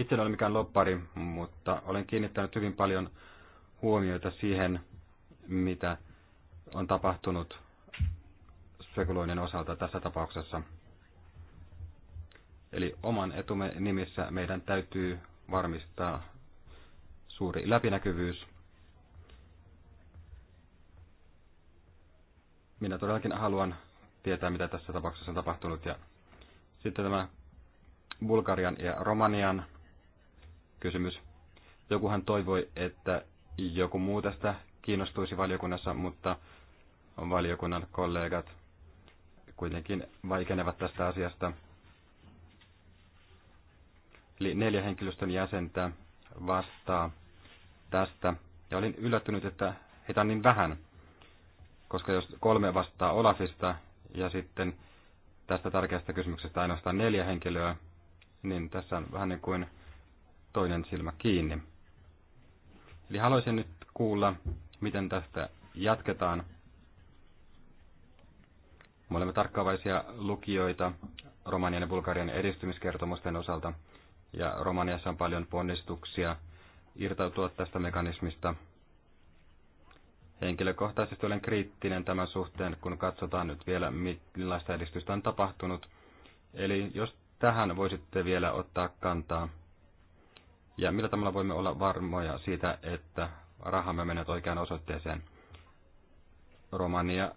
Itse en ole mikään loppari, mutta olen kiinnittänyt hyvin paljon huomioita siihen, mitä on tapahtunut spekuloinnin osalta tässä tapauksessa. Eli oman etumme nimissä meidän täytyy varmistaa suuri läpinäkyvyys. Minä todellakin haluan tietää, mitä tässä tapauksessa on tapahtunut. Ja sitten tämä Bulgarian ja Romanian kysymys. Jokuhan toivoi, että joku muu tästä kiinnostuisi valiokunnassa, mutta valiokunnan kollegat kuitenkin vaikenevat tästä asiasta. Eli neljä henkilöstön jäsentä vastaa tästä. Ja olin yllättynyt, että heitä on niin vähän, koska jos kolme vastaa Olafista ja sitten tästä tärkeästä kysymyksestä ainoastaan neljä henkilöä, niin tässä on vähän niin kuin toinen silmä kiinni. Eli haluaisin nyt kuulla, miten tästä jatketaan. Me olemme tarkkaavaisia lukijoita Romanian ja Bulgarian edistymiskertomusten osalta, ja Romaniassa on paljon ponnistuksia irtautua tästä mekanismista. Henkilökohtaisesti olen kriittinen tämän suhteen, kun katsotaan nyt vielä, millaista edistystä on tapahtunut. Eli jos tähän voisitte vielä ottaa kantaa ja millä tavalla voimme olla varmoja siitä, että rahamme menee oikeaan osoitteeseen. Romania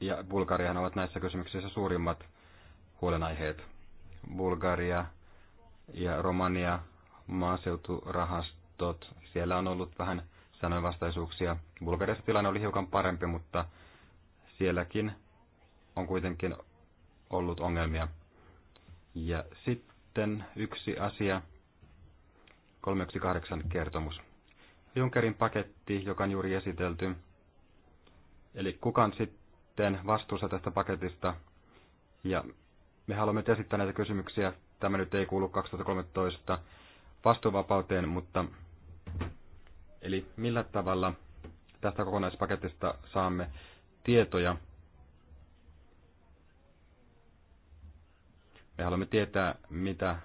ja Bulgariahan ovat näissä kysymyksissä suurimmat huolenaiheet. Bulgaria ja Romania, maaseuturahastot, siellä on ollut vähän sanoinvastaisuuksia. Bulgariassa tilanne oli hiukan parempi, mutta sielläkin on kuitenkin ollut ongelmia. Ja sitten yksi asia, 318 kertomus. Junkerin paketti, joka on juuri esitelty. Eli kuka on sitten vastuussa tästä paketista? Ja me haluamme esittää näitä kysymyksiä. Tämä nyt ei kuulu 2013 vastuuvapauteen, mutta eli millä tavalla tästä kokonaispaketista saamme tietoja? Me haluamme tietää, mitä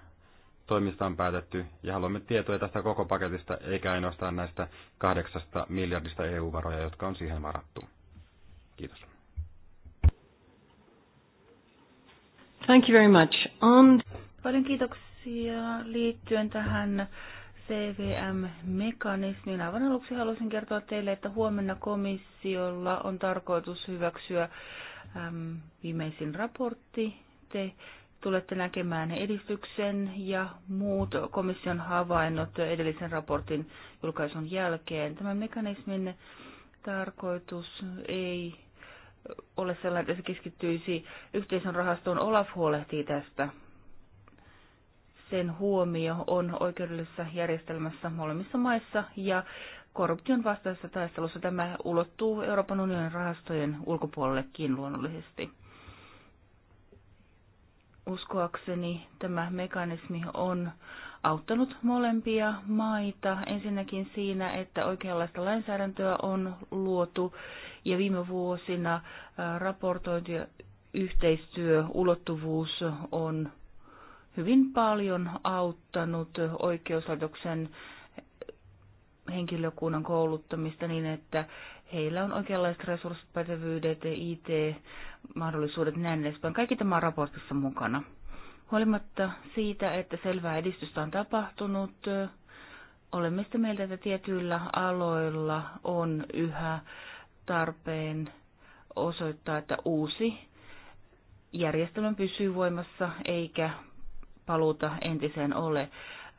toimista on päätetty ja haluamme tietoja tästä koko paketista eikä ainoastaan näistä kahdeksasta miljardista EU-varoja, jotka on siihen varattu. Kiitos. Thank you very much. On... Paljon kiitoksia liittyen tähän CVM-mekanismiin. Aivan aluksi haluaisin kertoa teille, että huomenna komissiolla on tarkoitus hyväksyä äm, viimeisin raportti. Te tulette näkemään edistyksen ja muut komission havainnot edellisen raportin julkaisun jälkeen. Tämän mekanismin tarkoitus ei ole sellainen, että se keskittyisi yhteisön rahastoon. Olaf huolehtii tästä. Sen huomio on oikeudellisessa järjestelmässä molemmissa maissa ja korruption vastaisessa taistelussa tämä ulottuu Euroopan unionin rahastojen ulkopuolellekin luonnollisesti uskoakseni tämä mekanismi on auttanut molempia maita. Ensinnäkin siinä, että oikeanlaista lainsäädäntöä on luotu ja viime vuosina raportointi ja yhteistyöulottuvuus on hyvin paljon auttanut oikeuslaitoksen henkilökunnan kouluttamista niin, että heillä on oikeanlaiset resurssipätevyydet, IT, mahdollisuudet näin edespäin. Kaikki tämä on raportissa mukana. Huolimatta siitä, että selvää edistystä on tapahtunut, olemme sitä mieltä, että tietyillä aloilla on yhä tarpeen osoittaa, että uusi järjestelmä pysyy voimassa eikä paluuta entiseen ole.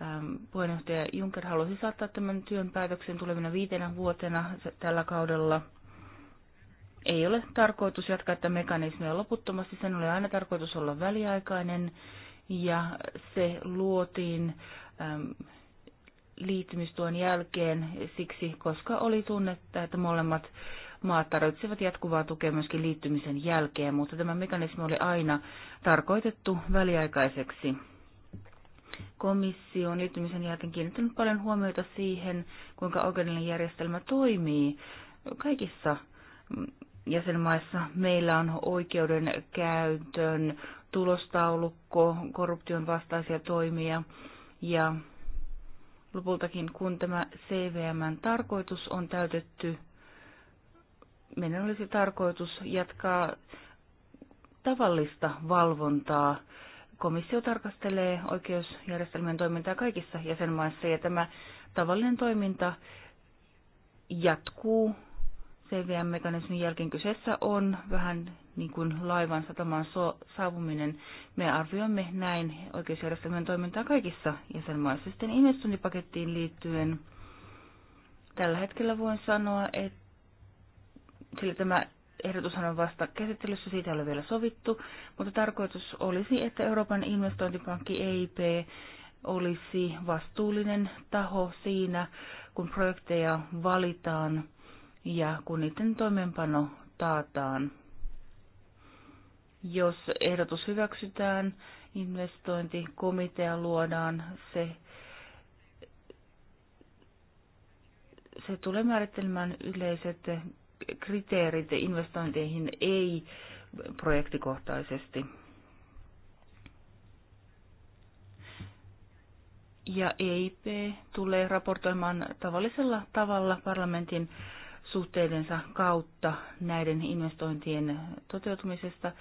Ähm, puheenjohtaja Juncker halusi saattaa tämän työn päätöksen tulevina viitenä vuotena tällä kaudella – ei ole tarkoitus jatkaa tätä mekanismia loputtomasti, sen oli aina tarkoitus olla väliaikainen ja se luotiin äm, liittymistuen jälkeen siksi, koska oli tunnetta, että molemmat maat tarvitsevat jatkuvaa tukea myöskin liittymisen jälkeen, mutta tämä mekanismi oli aina tarkoitettu väliaikaiseksi. Komissio on liittymisen jälkeen kiinnittänyt paljon huomiota siihen, kuinka oikeudellinen järjestelmä toimii kaikissa mm, jäsenmaissa meillä on oikeudenkäytön tulostaulukko, korruption vastaisia toimia ja lopultakin kun tämä CVMn tarkoitus on täytetty, meidän olisi tarkoitus jatkaa tavallista valvontaa. Komissio tarkastelee oikeusjärjestelmän toimintaa kaikissa jäsenmaissa ja tämä tavallinen toiminta jatkuu CVM-mekanismin jälkeen kyseessä on vähän niin kuin laivan satamaan so- saavuminen. Me arvioimme näin oikeusjärjestelmän toimintaa kaikissa jäsenmaissa. Sitten investointipakettiin liittyen tällä hetkellä voin sanoa, että sillä tämä ehdotushan on vasta käsittelyssä, siitä ei ole vielä sovittu, mutta tarkoitus olisi, että Euroopan investointipankki EIP olisi vastuullinen taho siinä, kun projekteja valitaan – ja kun niiden toimeenpano taataan. Jos ehdotus hyväksytään, investointikomitea luodaan, se, se tulee määrittelemään yleiset kriteerit investointeihin ei projektikohtaisesti. Ja EIP tulee raportoimaan tavallisella tavalla parlamentin äh, suhteidensa kautta näiden investointien toteutumisesta.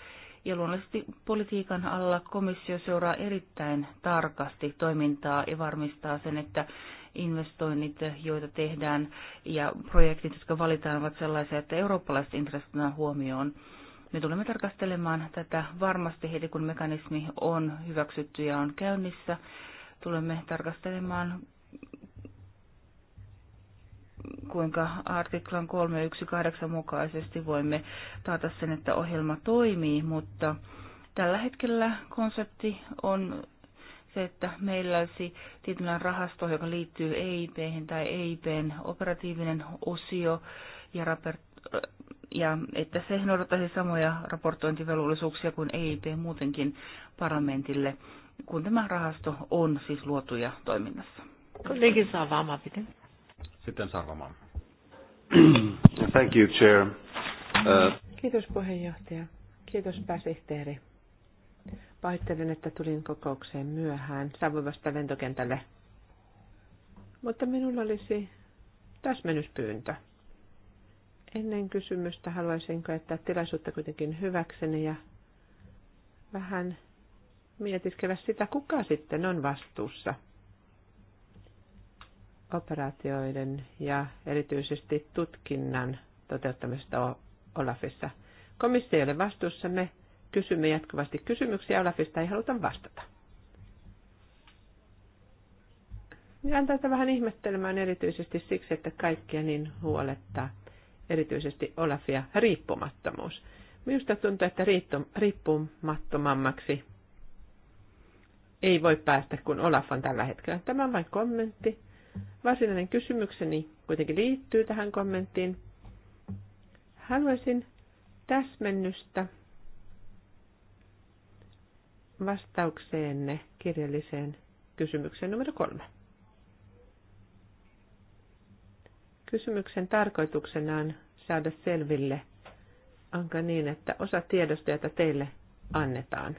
Ja luonnollisesti politiikan alla komissio seuraa erittäin tarkasti toimintaa ja varmistaa sen, että investoinnit, joita tehdään ja projektit, jotka valitaan, ovat sellaisia, että eurooppalaiset intressit huomioon. Me tulemme tarkastelemaan tätä varmasti heti, kun mekanismi on hyväksytty ja on käynnissä. Tulemme tarkastelemaan kuinka artiklan 318 mukaisesti voimme taata sen, että ohjelma toimii, mutta tällä hetkellä konsepti on se, että meillä olisi tietynlainen rahasto, joka liittyy EIP tai EIPn operatiivinen osio ja, rapert, ja että se noudattaisi samoja raportointivelvollisuuksia kuin EIP muutenkin parlamentille, kun tämä rahasto on siis luotuja toiminnassa. Kuitenkin saa vaan sitten Sarvamaa. [clears throat] Thank you, Chair. Uh... Kiitos puheenjohtaja. Kiitos pääsihteeri. Pahoittelen, että tulin kokoukseen myöhään saavuvasta lentokentälle. Mutta minulla olisi täsmennyspyyntö. Ennen kysymystä haluaisin käyttää tilaisuutta kuitenkin hyväkseni ja vähän mietiskellä sitä, kuka sitten on vastuussa – operaatioiden ja erityisesti tutkinnan toteuttamisesta Olafissa. Komissio ei ole vastuussa, me kysymme jatkuvasti kysymyksiä, Olafista ei haluta vastata. Ja tätä vähän ihmettelemään erityisesti siksi, että kaikkia niin huolettaa erityisesti Olafia riippumattomuus. Minusta tuntuu, että riippumattomammaksi ei voi päästä, kun Olaf on tällä hetkellä. Tämä on vain kommentti. Varsinainen kysymykseni kuitenkin liittyy tähän kommenttiin. Haluaisin täsmennystä vastaukseenne kirjalliseen kysymykseen numero kolme. Kysymyksen tarkoituksena on saada selville, onko niin, että osa tiedosta, jota teille annetaan,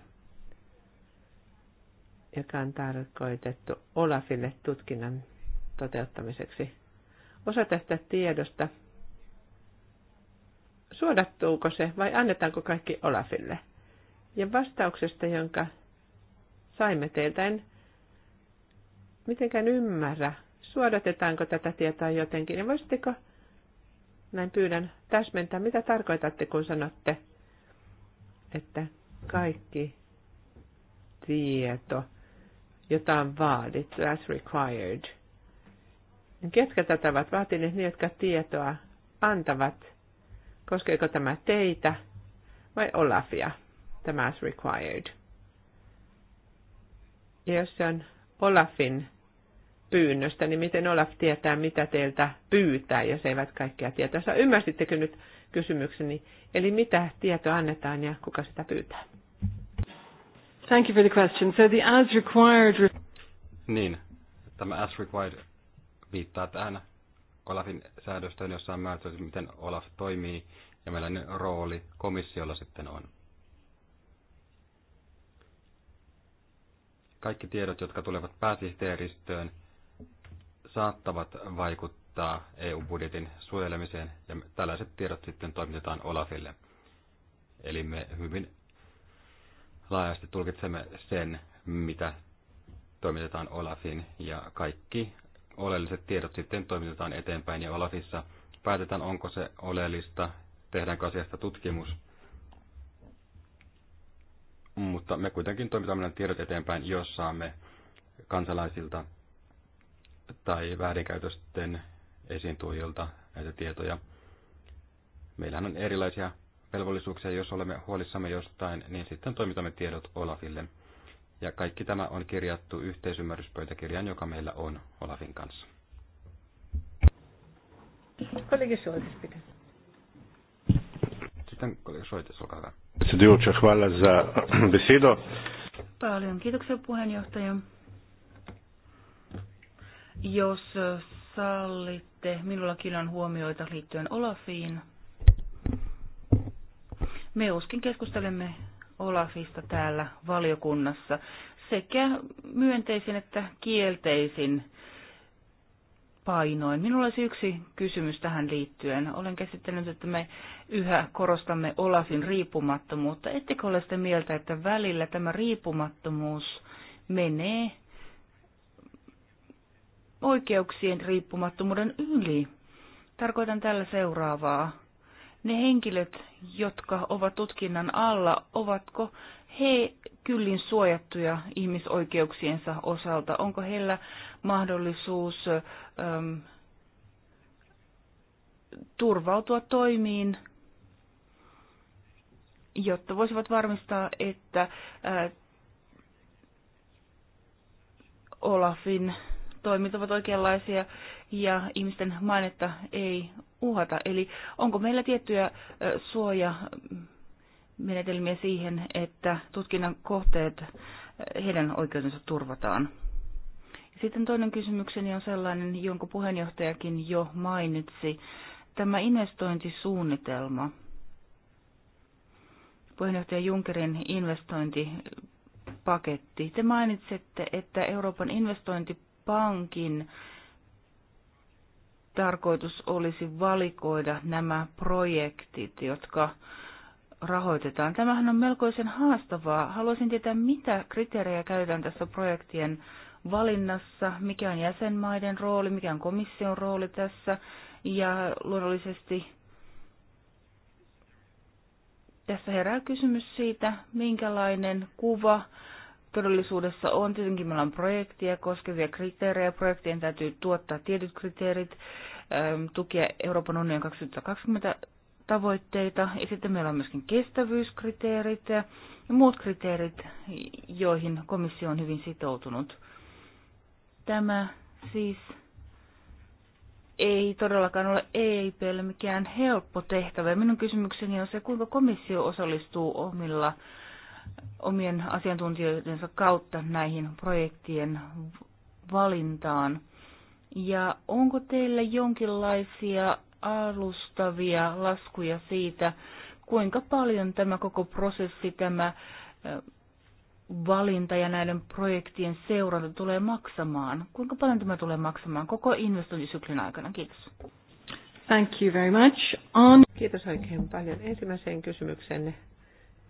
joka on tarkoitettu Olafille tutkinnan toteuttamiseksi. Osa tästä tiedosta, suodattuuko se vai annetaanko kaikki Olafille? Ja vastauksesta, jonka saimme teiltä, en mitenkään ymmärrä, suodatetaanko tätä tietoa jotenkin. Ja voisitteko, näin pyydän, täsmentää, mitä tarkoitatte, kun sanotte, että kaikki tieto, jota on vaadittu, as required – Ketkä tätä ovat vaatineet? Ne, jotka tietoa antavat. Koskeeko tämä teitä vai Olafia? Tämä is required. Ja jos se on Olafin pyynnöstä, niin miten Olaf tietää, mitä teiltä pyytää, jos eivät kaikkea tietoa saa. Ymmärsittekö nyt kysymykseni? Eli mitä tietoa annetaan ja kuka sitä pyytää? Thank you for the question. So the as required... Niin, tämä as required viittaa tähän Olafin säädöstöön, jossa määrin, miten Olaf toimii ja millainen rooli komissiolla sitten on. Kaikki tiedot, jotka tulevat pääsihteeristöön, saattavat vaikuttaa EU-budjetin suojelemiseen ja tällaiset tiedot sitten toimitetaan Olafille. Eli me hyvin laajasti tulkitsemme sen, mitä toimitetaan Olafin ja kaikki oleelliset tiedot sitten toimitetaan eteenpäin ja Olafissa päätetään, onko se oleellista, tehdäänkö asiasta tutkimus. Mutta me kuitenkin toimitamme nämä tiedot eteenpäin, jos saamme kansalaisilta tai väärinkäytösten esiintuojilta näitä tietoja. Meillähän on erilaisia velvollisuuksia, jos olemme huolissamme jostain, niin sitten toimitamme tiedot Olafille. Ja kaikki tämä on kirjattu yhteisymmärryspöytäkirjaan, joka meillä on Olafin kanssa. Sitten kollega Soitis, olkaa hyvä. [clears throat] Paljon kiitoksia puheenjohtaja. Jos sallitte, minullakin on huomioita liittyen Olafiin. Me uskin keskustelemme Olafista täällä valiokunnassa sekä myönteisin että kielteisin painoin. Minulla olisi yksi kysymys tähän liittyen. Olen käsittänyt, että me yhä korostamme Olafin riippumattomuutta. Ettekö ole sitä mieltä, että välillä tämä riippumattomuus menee oikeuksien riippumattomuuden yli? Tarkoitan tällä seuraavaa ne henkilöt, jotka ovat tutkinnan alla, ovatko he kyllin suojattuja ihmisoikeuksiensa osalta? Onko heillä mahdollisuus äm, turvautua toimiin, jotta voisivat varmistaa, että ää, äh, Olafin toimit ovat oikeanlaisia ja ihmisten mainetta ei uhata. Eli onko meillä tiettyjä suojamenetelmiä siihen, että tutkinnan kohteet, heidän oikeutensa turvataan? Sitten toinen kysymykseni on sellainen, jonka puheenjohtajakin jo mainitsi. Tämä investointisuunnitelma, puheenjohtaja Junckerin investointipaketti. Te mainitsette, että Euroopan investointipankin tarkoitus olisi valikoida nämä projektit, jotka rahoitetaan. Tämähän on melkoisen haastavaa. Haluaisin tietää, mitä kriteerejä käytetään tässä projektien valinnassa, mikä on jäsenmaiden rooli, mikä on komission rooli tässä ja luonnollisesti tässä herää kysymys siitä, minkälainen kuva todellisuudessa on. Tietenkin meillä on projektia koskevia kriteerejä. Projektien täytyy tuottaa tietyt kriteerit, ähm, tukea Euroopan unionin 2020 tavoitteita. Ja sitten meillä on myöskin kestävyyskriteerit ja muut kriteerit, joihin komissio on hyvin sitoutunut. Tämä siis ei todellakaan ole EIPlle mikään helppo tehtävä. Minun kysymykseni on se, kuinka komissio osallistuu omilla omien asiantuntijoidensa kautta näihin projektien valintaan. Ja onko teillä jonkinlaisia alustavia laskuja siitä, kuinka paljon tämä koko prosessi, tämä valinta ja näiden projektien seuranta tulee maksamaan? Kuinka paljon tämä tulee maksamaan koko investointisyklin aikana? Kiitos. Thank you very much. On... Kiitos oikein paljon ensimmäiseen kysymyksenne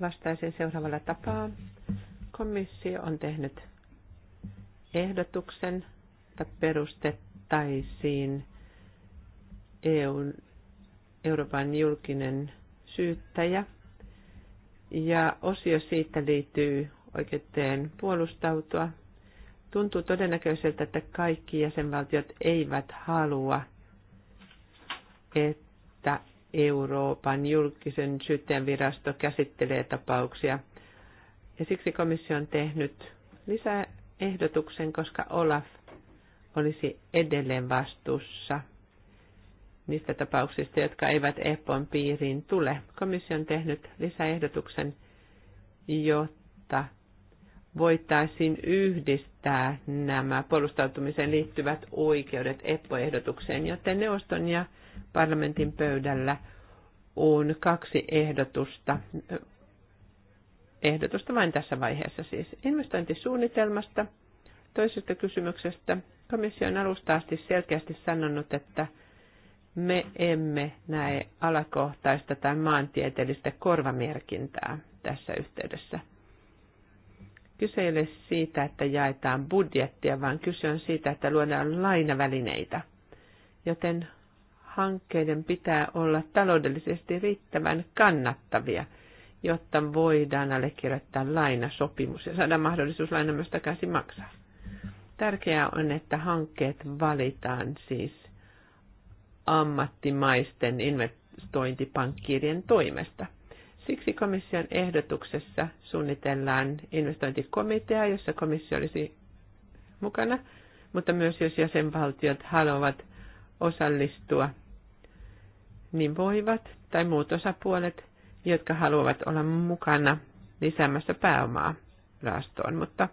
vastaisin seuraavalla tapaa. Komissio on tehnyt ehdotuksen, että perustettaisiin EUn, Euroopan julkinen syyttäjä. Ja osio siitä liittyy oikeuteen puolustautua. Tuntuu todennäköiseltä, että kaikki jäsenvaltiot eivät halua, että Euroopan julkisen syytteen virasto käsittelee tapauksia. Ja siksi komissio on tehnyt lisäehdotuksen, koska Olaf olisi edelleen vastuussa niistä tapauksista, jotka eivät EPOn piiriin tule. Komissio on tehnyt lisäehdotuksen, jotta voitaisiin yhdistää nämä puolustautumiseen liittyvät oikeudet epo ehdotukseen joten neuvoston ja parlamentin pöydällä on kaksi ehdotusta, ehdotusta vain tässä vaiheessa siis investointisuunnitelmasta. Toisesta kysymyksestä komissio on alusta asti selkeästi sanonut, että me emme näe alakohtaista tai maantieteellistä korvamerkintää tässä yhteydessä. Kyse ei ole siitä, että jaetaan budjettia, vaan kyse on siitä, että luodaan lainavälineitä. Joten hankkeiden pitää olla taloudellisesti riittävän kannattavia, jotta voidaan allekirjoittaa lainasopimus ja saada mahdollisuus laina myös takaisin maksaa. Tärkeää on, että hankkeet valitaan siis ammattimaisten investointipankkiirien toimesta. Siksi komission ehdotuksessa suunnitellaan investointikomitea, jossa komissio olisi mukana, mutta myös jos jäsenvaltiot haluavat osallistua niin voivat tai muut osapuolet, jotka haluavat olla mukana lisäämässä pääomaa rahastoon, mutta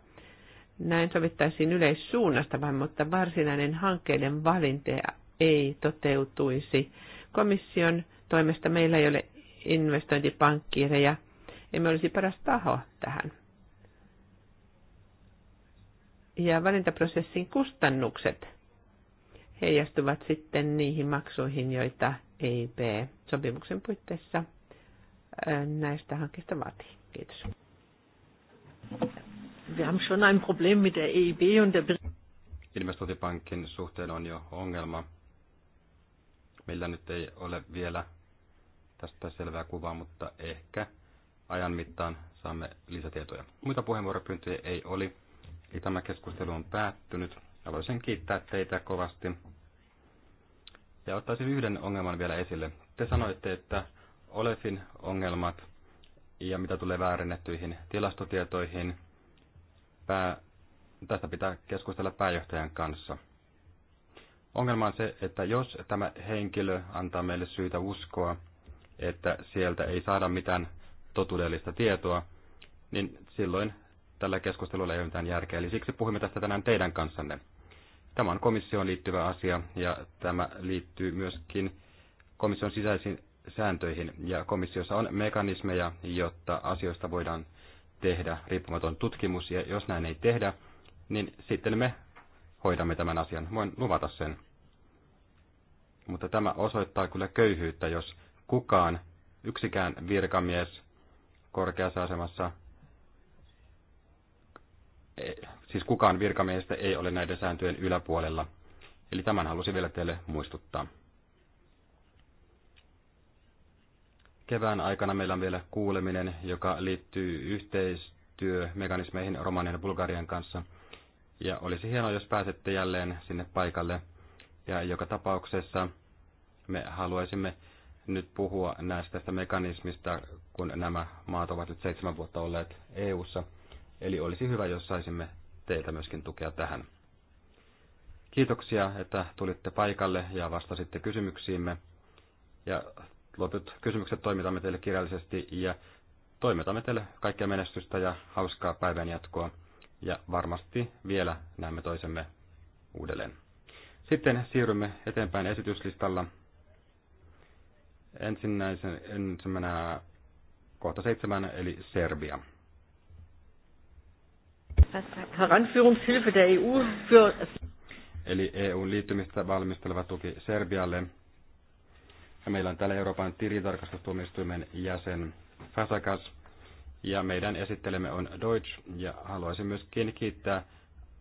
näin sovittaisiin yleissuunnasta vain, mutta varsinainen hankkeiden valinta ei toteutuisi. Komission toimesta meillä ei ole investointipankkiireja, emme olisi paras taho tähän. Ja valintaprosessin kustannukset heijastuvat sitten niihin maksuihin, joita EIP-sopimuksen puitteissa näistä hankkeista vaatii. Kiitos. Wir haben schon ein Problem mit der EIB und der Investointipankin suhteen on jo ongelma. Meillä nyt ei ole vielä tästä selvää kuvaa, mutta ehkä ajan mittaan saamme lisätietoja. Muita puheenvuoropyyntöjä ei oli. Eli tämä keskustelu on päättynyt. Haluaisin kiittää teitä kovasti ja ottaisin yhden ongelman vielä esille. Te sanoitte, että Olefin ongelmat ja mitä tulee väärennettyihin tilastotietoihin, pää, tästä pitää keskustella pääjohtajan kanssa. Ongelma on se, että jos tämä henkilö antaa meille syytä uskoa, että sieltä ei saada mitään totuudellista tietoa, niin silloin tällä keskustelulla ei ole mitään järkeä. Eli siksi puhumme tästä tänään teidän kanssanne. Tämä on komissioon liittyvä asia ja tämä liittyy myöskin komission sisäisiin sääntöihin. Ja komissiossa on mekanismeja, jotta asioista voidaan tehdä riippumaton tutkimus. Ja jos näin ei tehdä, niin sitten me hoidamme tämän asian. Voin luvata sen. Mutta tämä osoittaa kyllä köyhyyttä, jos kukaan, yksikään virkamies korkeassa asemassa siis kukaan virkamiehistä ei ole näiden sääntöjen yläpuolella. Eli tämän halusin vielä teille muistuttaa. Kevään aikana meillä on vielä kuuleminen, joka liittyy yhteistyömekanismeihin Romanian ja Bulgarian kanssa. Ja olisi hienoa, jos pääsette jälleen sinne paikalle. Ja joka tapauksessa me haluaisimme nyt puhua näistä tästä mekanismista, kun nämä maat ovat nyt seitsemän vuotta olleet EU:ssa. Eli olisi hyvä, jos saisimme teiltä myöskin tukea tähän. Kiitoksia, että tulitte paikalle ja vastasitte kysymyksiimme. Ja loput kysymykset toimitamme teille kirjallisesti ja toimitamme teille kaikkea menestystä ja hauskaa päivän jatkoa. Ja varmasti vielä näemme toisemme uudelleen. Sitten siirrymme eteenpäin esityslistalla. Ensimmäisenä kohta seitsemän, eli Serbia. Heranführungshilfe der EU für... Eli EUn liittymistä valmisteleva tuki Serbialle. Ja meillä on täällä Euroopan tilintarkastustuomistuimen jäsen Fasakas. Ja meidän esittelemme on Deutsch. Ja haluaisin myöskin kiittää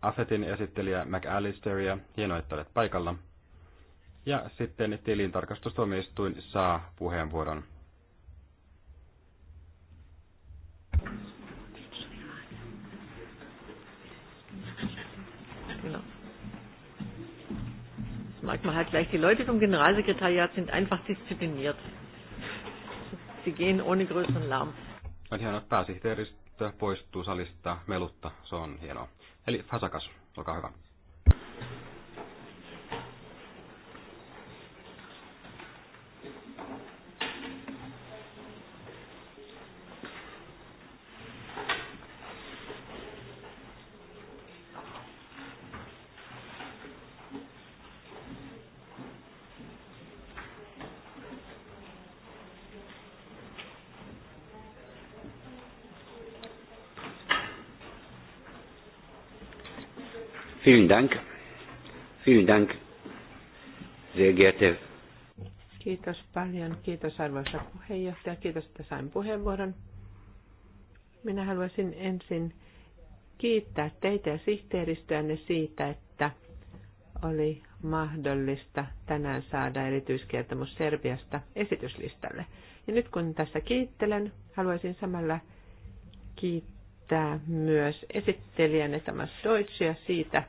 Afetin esittelijä McAllisteria. Hienoa, että olet paikalla. Ja sitten tilintarkastustuomioistuin saa puheenvuoron. merkt man halt gleich, die Leute vom Generalsekretariat sind einfach diszipliniert. Sie gehen ohne größeren Lärm. On hienoa, että pääsihteeristö poistuu salista melutta. Se on hienoa. Eli Fasakas, olkaa hyvä. Vielen Dank. Vielen Dank, sehr geehrte. Kiitos paljon. Kiitos arvoisa puheenjohtaja. Kiitos, että sain puheenvuoron. Minä haluaisin ensin kiittää teitä ja sihteeristöänne siitä, että oli mahdollista tänään saada erityiskertomus Serbiasta esityslistalle. Ja nyt kun tässä kiittelen, haluaisin samalla kiittää myös esittelijänne Thomas Deutschia siitä,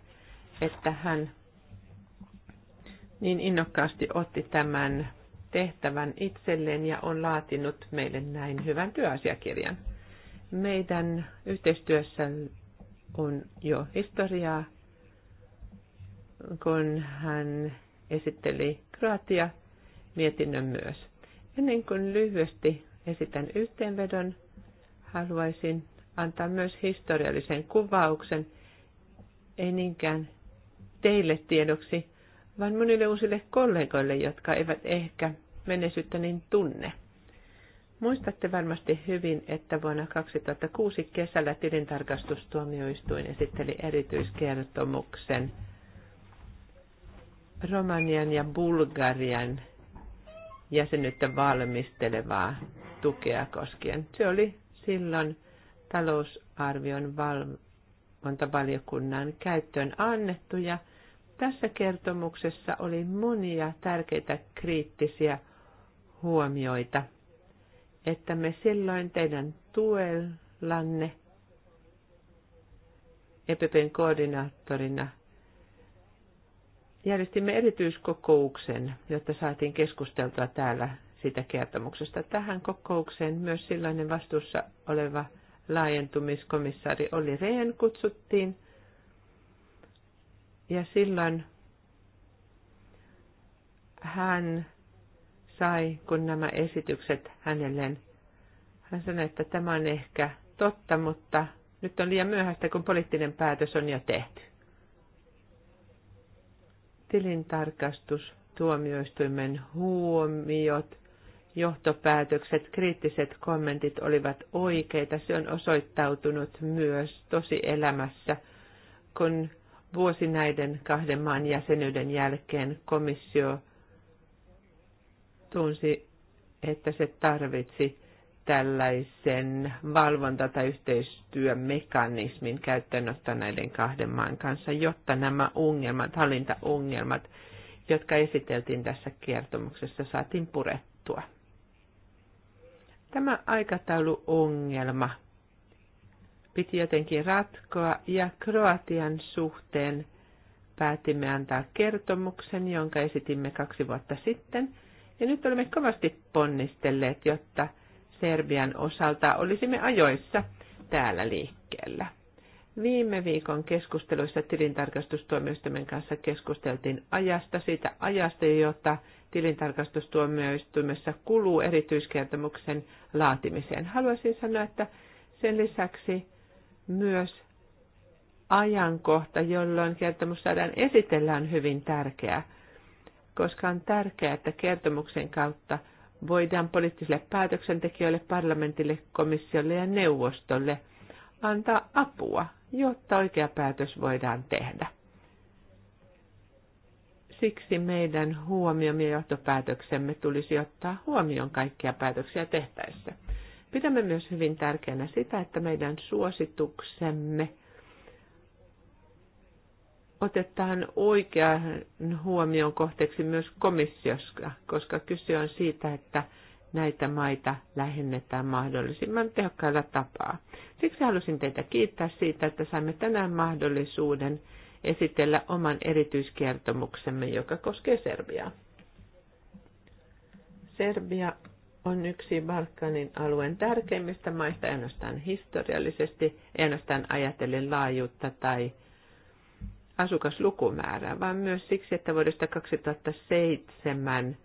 että hän niin innokkaasti otti tämän tehtävän itselleen ja on laatinut meille näin hyvän työasiakirjan. Meidän yhteistyössä on jo historiaa, kun hän esitteli Kroatia mietinnön myös. Ennen kuin lyhyesti esitän yhteenvedon, haluaisin antaa myös historiallisen kuvauksen, ei niinkään teille tiedoksi, vaan monille uusille kollegoille, jotka eivät ehkä menesyttä niin tunne. Muistatte varmasti hyvin, että vuonna 2006 kesällä tilintarkastustuomioistuin esitteli erityiskertomuksen Romanian ja Bulgarian jäsenyyttä valmistelevaa tukea koskien. Se oli silloin talousarvion valvontavaliokunnan käyttöön annettu ja tässä kertomuksessa oli monia tärkeitä kriittisiä huomioita, että me silloin teidän tuellanne EPPn koordinaattorina järjestimme erityiskokouksen, jotta saatiin keskusteltua täällä siitä kertomuksesta. Tähän kokoukseen myös silloinen vastuussa oleva laajentumiskomissaari oli Rehn kutsuttiin – ja silloin hän sai, kun nämä esitykset hänelle hän sanoi, että tämä on ehkä totta, mutta nyt on liian myöhäistä, kun poliittinen päätös on jo tehty. Tilintarkastus, tuomioistuimen huomiot, johtopäätökset, kriittiset kommentit olivat oikeita. Se on osoittautunut myös tosi elämässä kun vuosi näiden kahden maan jäsenyyden jälkeen komissio tunsi, että se tarvitsi tällaisen valvonta- tai yhteistyömekanismin käyttöönotto näiden kahden maan kanssa, jotta nämä ongelmat, hallintaongelmat, jotka esiteltiin tässä kertomuksessa, saatiin purettua. Tämä aikatauluongelma piti jotenkin ratkoa ja Kroatian suhteen päätimme antaa kertomuksen, jonka esitimme kaksi vuotta sitten. Ja nyt olemme kovasti ponnistelleet, jotta Serbian osalta olisimme ajoissa täällä liikkeellä. Viime viikon keskusteluissa tilintarkastustuomioistuimen kanssa keskusteltiin ajasta, siitä ajasta, jota tilintarkastustuomioistuimessa kuluu erityiskertomuksen laatimiseen. Haluaisin sanoa, että sen lisäksi myös ajankohta, jolloin kertomus saadaan esitellään hyvin tärkeä, koska on tärkeää, että kertomuksen kautta voidaan poliittisille päätöksentekijöille, parlamentille, komissiolle ja neuvostolle antaa apua, jotta oikea päätös voidaan tehdä. Siksi meidän huomiomme ja johtopäätöksemme tulisi ottaa huomioon kaikkia päätöksiä tehtäessä. Pidämme myös hyvin tärkeänä sitä, että meidän suosituksemme otetaan oikean huomion kohteeksi myös komissiossa, koska kyse on siitä, että näitä maita lähennetään mahdollisimman tehokkaalla tapaa. Siksi halusin teitä kiittää siitä, että saimme tänään mahdollisuuden esitellä oman erityiskertomuksemme, joka koskee Serbiaa. Serbia on yksi Balkanin alueen tärkeimmistä maista, ainoastaan historiallisesti, ainoastaan ajatellen laajuutta tai asukaslukumäärää, vaan myös siksi, että vuodesta 2007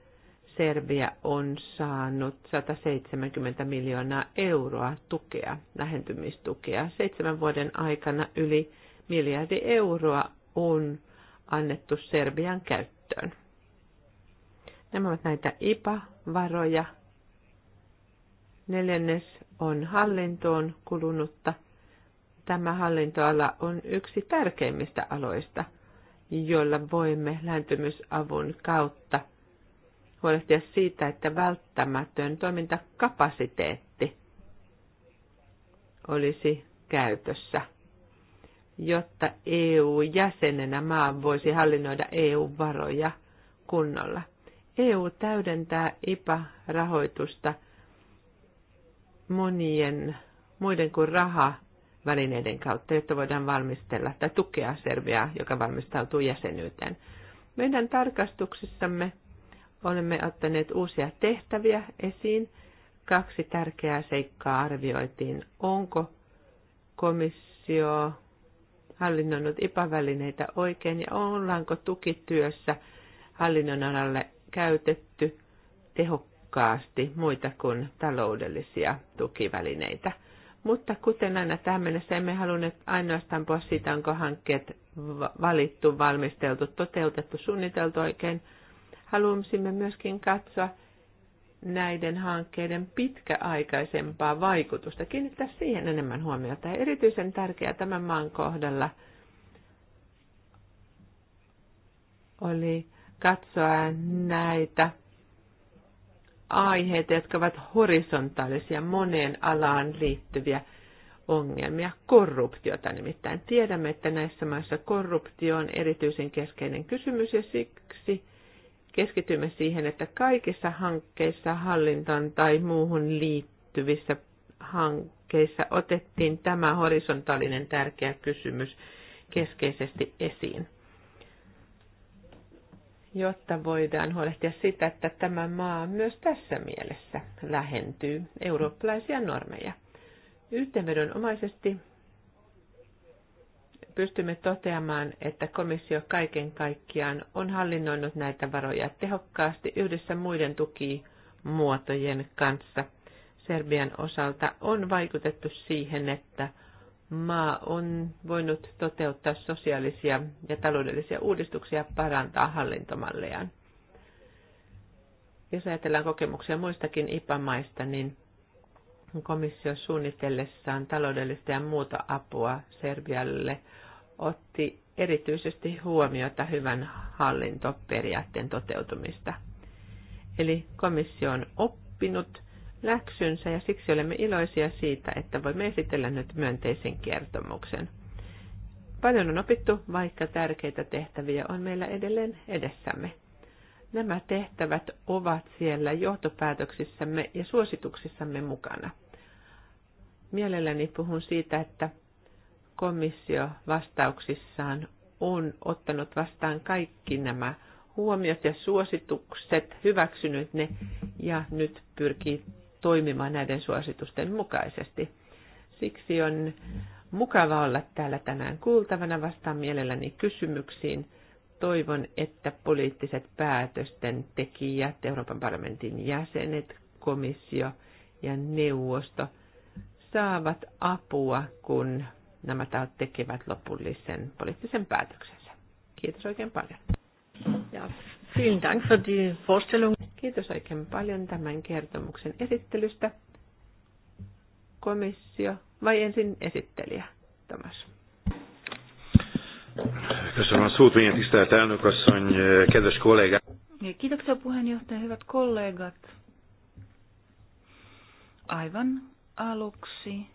Serbia on saanut 170 miljoonaa euroa tukea, lähentymistukea. Seitsemän vuoden aikana yli miljardi euroa on annettu Serbian käyttöön. Nämä ovat näitä IPA-varoja, Neljännes on hallintoon kulunutta. Tämä hallintoala on yksi tärkeimmistä aloista, joilla voimme lähentymysavun kautta huolehtia siitä, että välttämätön toimintakapasiteetti olisi käytössä, jotta EU-jäsenenä maa voisi hallinnoida EU-varoja kunnolla. EU täydentää IPA-rahoitusta – monien muiden kuin raha välineiden kautta, jotta voidaan valmistella tai tukea Serbiaa, joka valmistautuu jäsenyyteen. Meidän tarkastuksissamme olemme ottaneet uusia tehtäviä esiin. Kaksi tärkeää seikkaa arvioitiin. Onko komissio hallinnonnut IPA-välineitä oikein ja ollaanko tukityössä hallinnon alalle käytetty tehokkaasti? tehokkaasti muita kuin taloudellisia tukivälineitä. Mutta kuten aina tähän mennessä emme halunneet ainoastaan puhua siitä, onko hankkeet valittu, valmisteltu, toteutettu, suunniteltu oikein. Halusimme myöskin katsoa näiden hankkeiden pitkäaikaisempaa vaikutusta, kiinnittää siihen enemmän huomiota. Ja erityisen tärkeää tämän maan kohdalla oli katsoa näitä aiheita, jotka ovat horisontaalisia moneen alaan liittyviä ongelmia, korruptiota nimittäin. Tiedämme, että näissä maissa korruptio on erityisen keskeinen kysymys ja siksi keskitymme siihen, että kaikissa hankkeissa hallintaan tai muuhun liittyvissä hankkeissa otettiin tämä horisontaalinen tärkeä kysymys keskeisesti esiin jotta voidaan huolehtia sitä, että tämä maa myös tässä mielessä lähentyy eurooppalaisia normeja. Yhteenvedonomaisesti pystymme toteamaan, että komissio kaiken kaikkiaan on hallinnoinut näitä varoja tehokkaasti yhdessä muiden tukimuotojen kanssa. Serbian osalta on vaikutettu siihen, että maa on voinut toteuttaa sosiaalisia ja taloudellisia uudistuksia parantaa hallintomallejaan. Jos ajatellaan kokemuksia muistakin IPA-maista, niin komissio suunnitellessaan taloudellista ja muuta apua Serbialle otti erityisesti huomiota hyvän hallintoperiaatteen toteutumista. Eli komissio on oppinut läksynsä ja siksi olemme iloisia siitä, että voimme esitellä nyt myönteisen kertomuksen. Paljon on opittu, vaikka tärkeitä tehtäviä on meillä edelleen edessämme. Nämä tehtävät ovat siellä johtopäätöksissämme ja suosituksissamme mukana. Mielelläni puhun siitä, että komissio vastauksissaan on ottanut vastaan kaikki nämä huomiot ja suositukset, hyväksynyt ne ja nyt pyrkii toimimaan näiden suositusten mukaisesti. Siksi on mukava olla täällä tänään kuultavana. Vastaan mielelläni kysymyksiin. Toivon, että poliittiset päätösten tekijät, Euroopan parlamentin jäsenet, komissio ja neuvosto saavat apua, kun nämä tahot tekevät lopullisen poliittisen päätöksensä. Kiitos oikein paljon. Ja, vielen Dank für die Vorstellung. Kiitos oikein paljon tämän kertomuksen esittelystä. Komissio vai ensin esittelijä, Tomas? Köszönöm a szót, milyen tisztelt kedves kollégák! Kiitoksia puheenjohtaja, hyvät kollegat. Aivan aluksi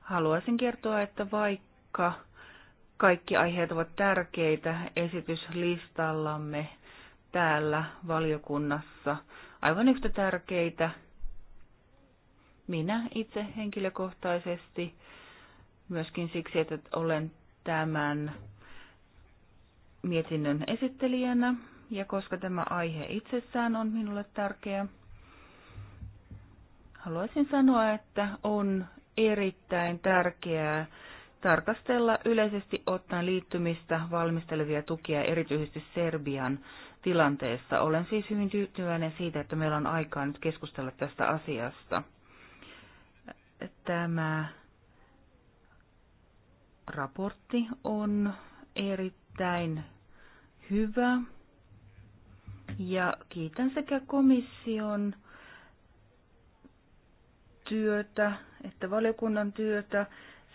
haluaisin kertoa, että vaikka kaikki aiheet ovat tärkeitä esityslistallamme, täällä valiokunnassa aivan yhtä tärkeitä. Minä itse henkilökohtaisesti myöskin siksi, että olen tämän mietinnön esittelijänä ja koska tämä aihe itsessään on minulle tärkeä, haluaisin sanoa, että on erittäin tärkeää tarkastella yleisesti ottaen liittymistä valmistelevia tukia erityisesti Serbian tilanteessa. Olen siis hyvin tyytyväinen siitä, että meillä on aikaa nyt keskustella tästä asiasta. Tämä raportti on erittäin hyvä ja kiitän sekä komission työtä että valiokunnan työtä.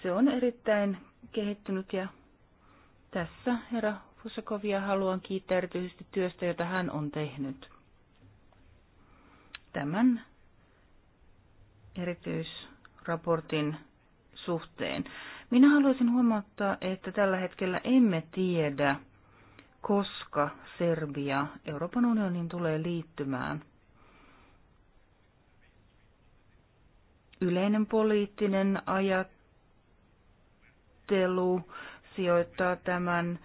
Se on erittäin kehittynyt ja tässä herra Kusakovia haluan kiittää erityisesti työstä, jota hän on tehnyt. Tämän erityisraportin suhteen. Minä haluaisin huomauttaa, että tällä hetkellä emme tiedä, koska Serbia Euroopan unionin tulee liittymään. Yleinen poliittinen ajattelu sijoittaa tämän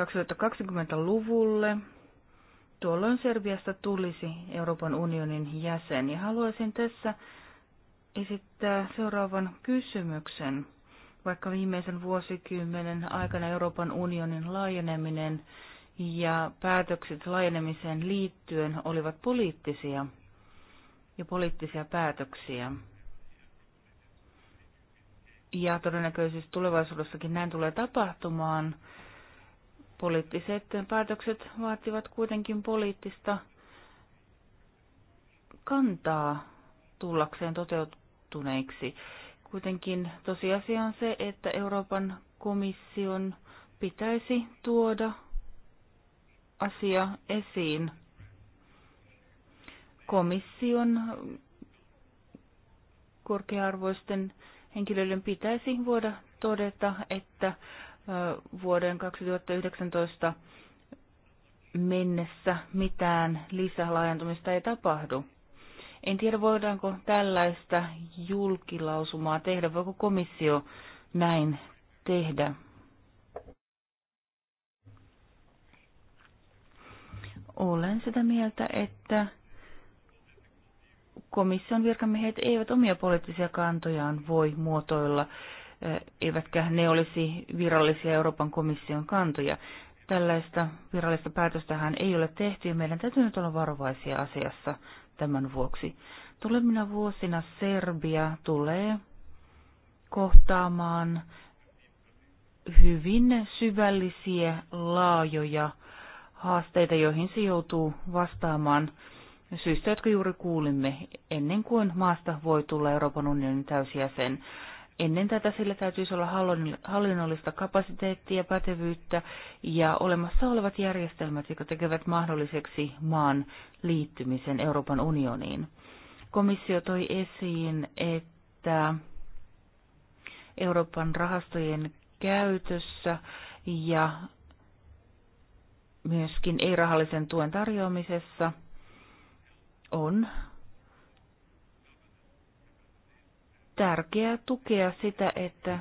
2020-luvulle. Tuolloin Serbiasta tulisi Euroopan unionin jäsen. Ja haluaisin tässä esittää seuraavan kysymyksen. Vaikka viimeisen vuosikymmenen aikana Euroopan unionin laajeneminen ja päätökset laajenemiseen liittyen olivat poliittisia ja poliittisia päätöksiä. Ja todennäköisesti tulevaisuudessakin näin tulee tapahtumaan. Poliittiset päätökset vaativat kuitenkin poliittista kantaa tullakseen toteutuneiksi. Kuitenkin tosiasia on se, että Euroopan komission pitäisi tuoda asia esiin. Komission korkearvoisten henkilöiden pitäisi voida todeta, että vuoden 2019 mennessä mitään lisälaajentumista ei tapahdu. En tiedä, voidaanko tällaista julkilausumaa tehdä, voiko komissio näin tehdä. Olen sitä mieltä, että komission virkamiehet eivät omia poliittisia kantojaan voi muotoilla eivätkä ne olisi virallisia Euroopan komission kantoja. Tällaista virallista päätöstähän ei ole tehty ja meidän täytyy nyt olla varovaisia asiassa tämän vuoksi. Tulemina vuosina Serbia tulee kohtaamaan hyvin syvällisiä, laajoja haasteita, joihin se joutuu vastaamaan syistä, jotka juuri kuulimme, ennen kuin maasta voi tulla Euroopan unionin täysjäsen ennen tätä sillä täytyisi olla hallinnollista kapasiteettia, pätevyyttä ja olemassa olevat järjestelmät, jotka tekevät mahdolliseksi maan liittymisen Euroopan unioniin. Komissio toi esiin, että Euroopan rahastojen käytössä ja myöskin ei-rahallisen tuen tarjoamisessa on tärkeää tukea sitä, että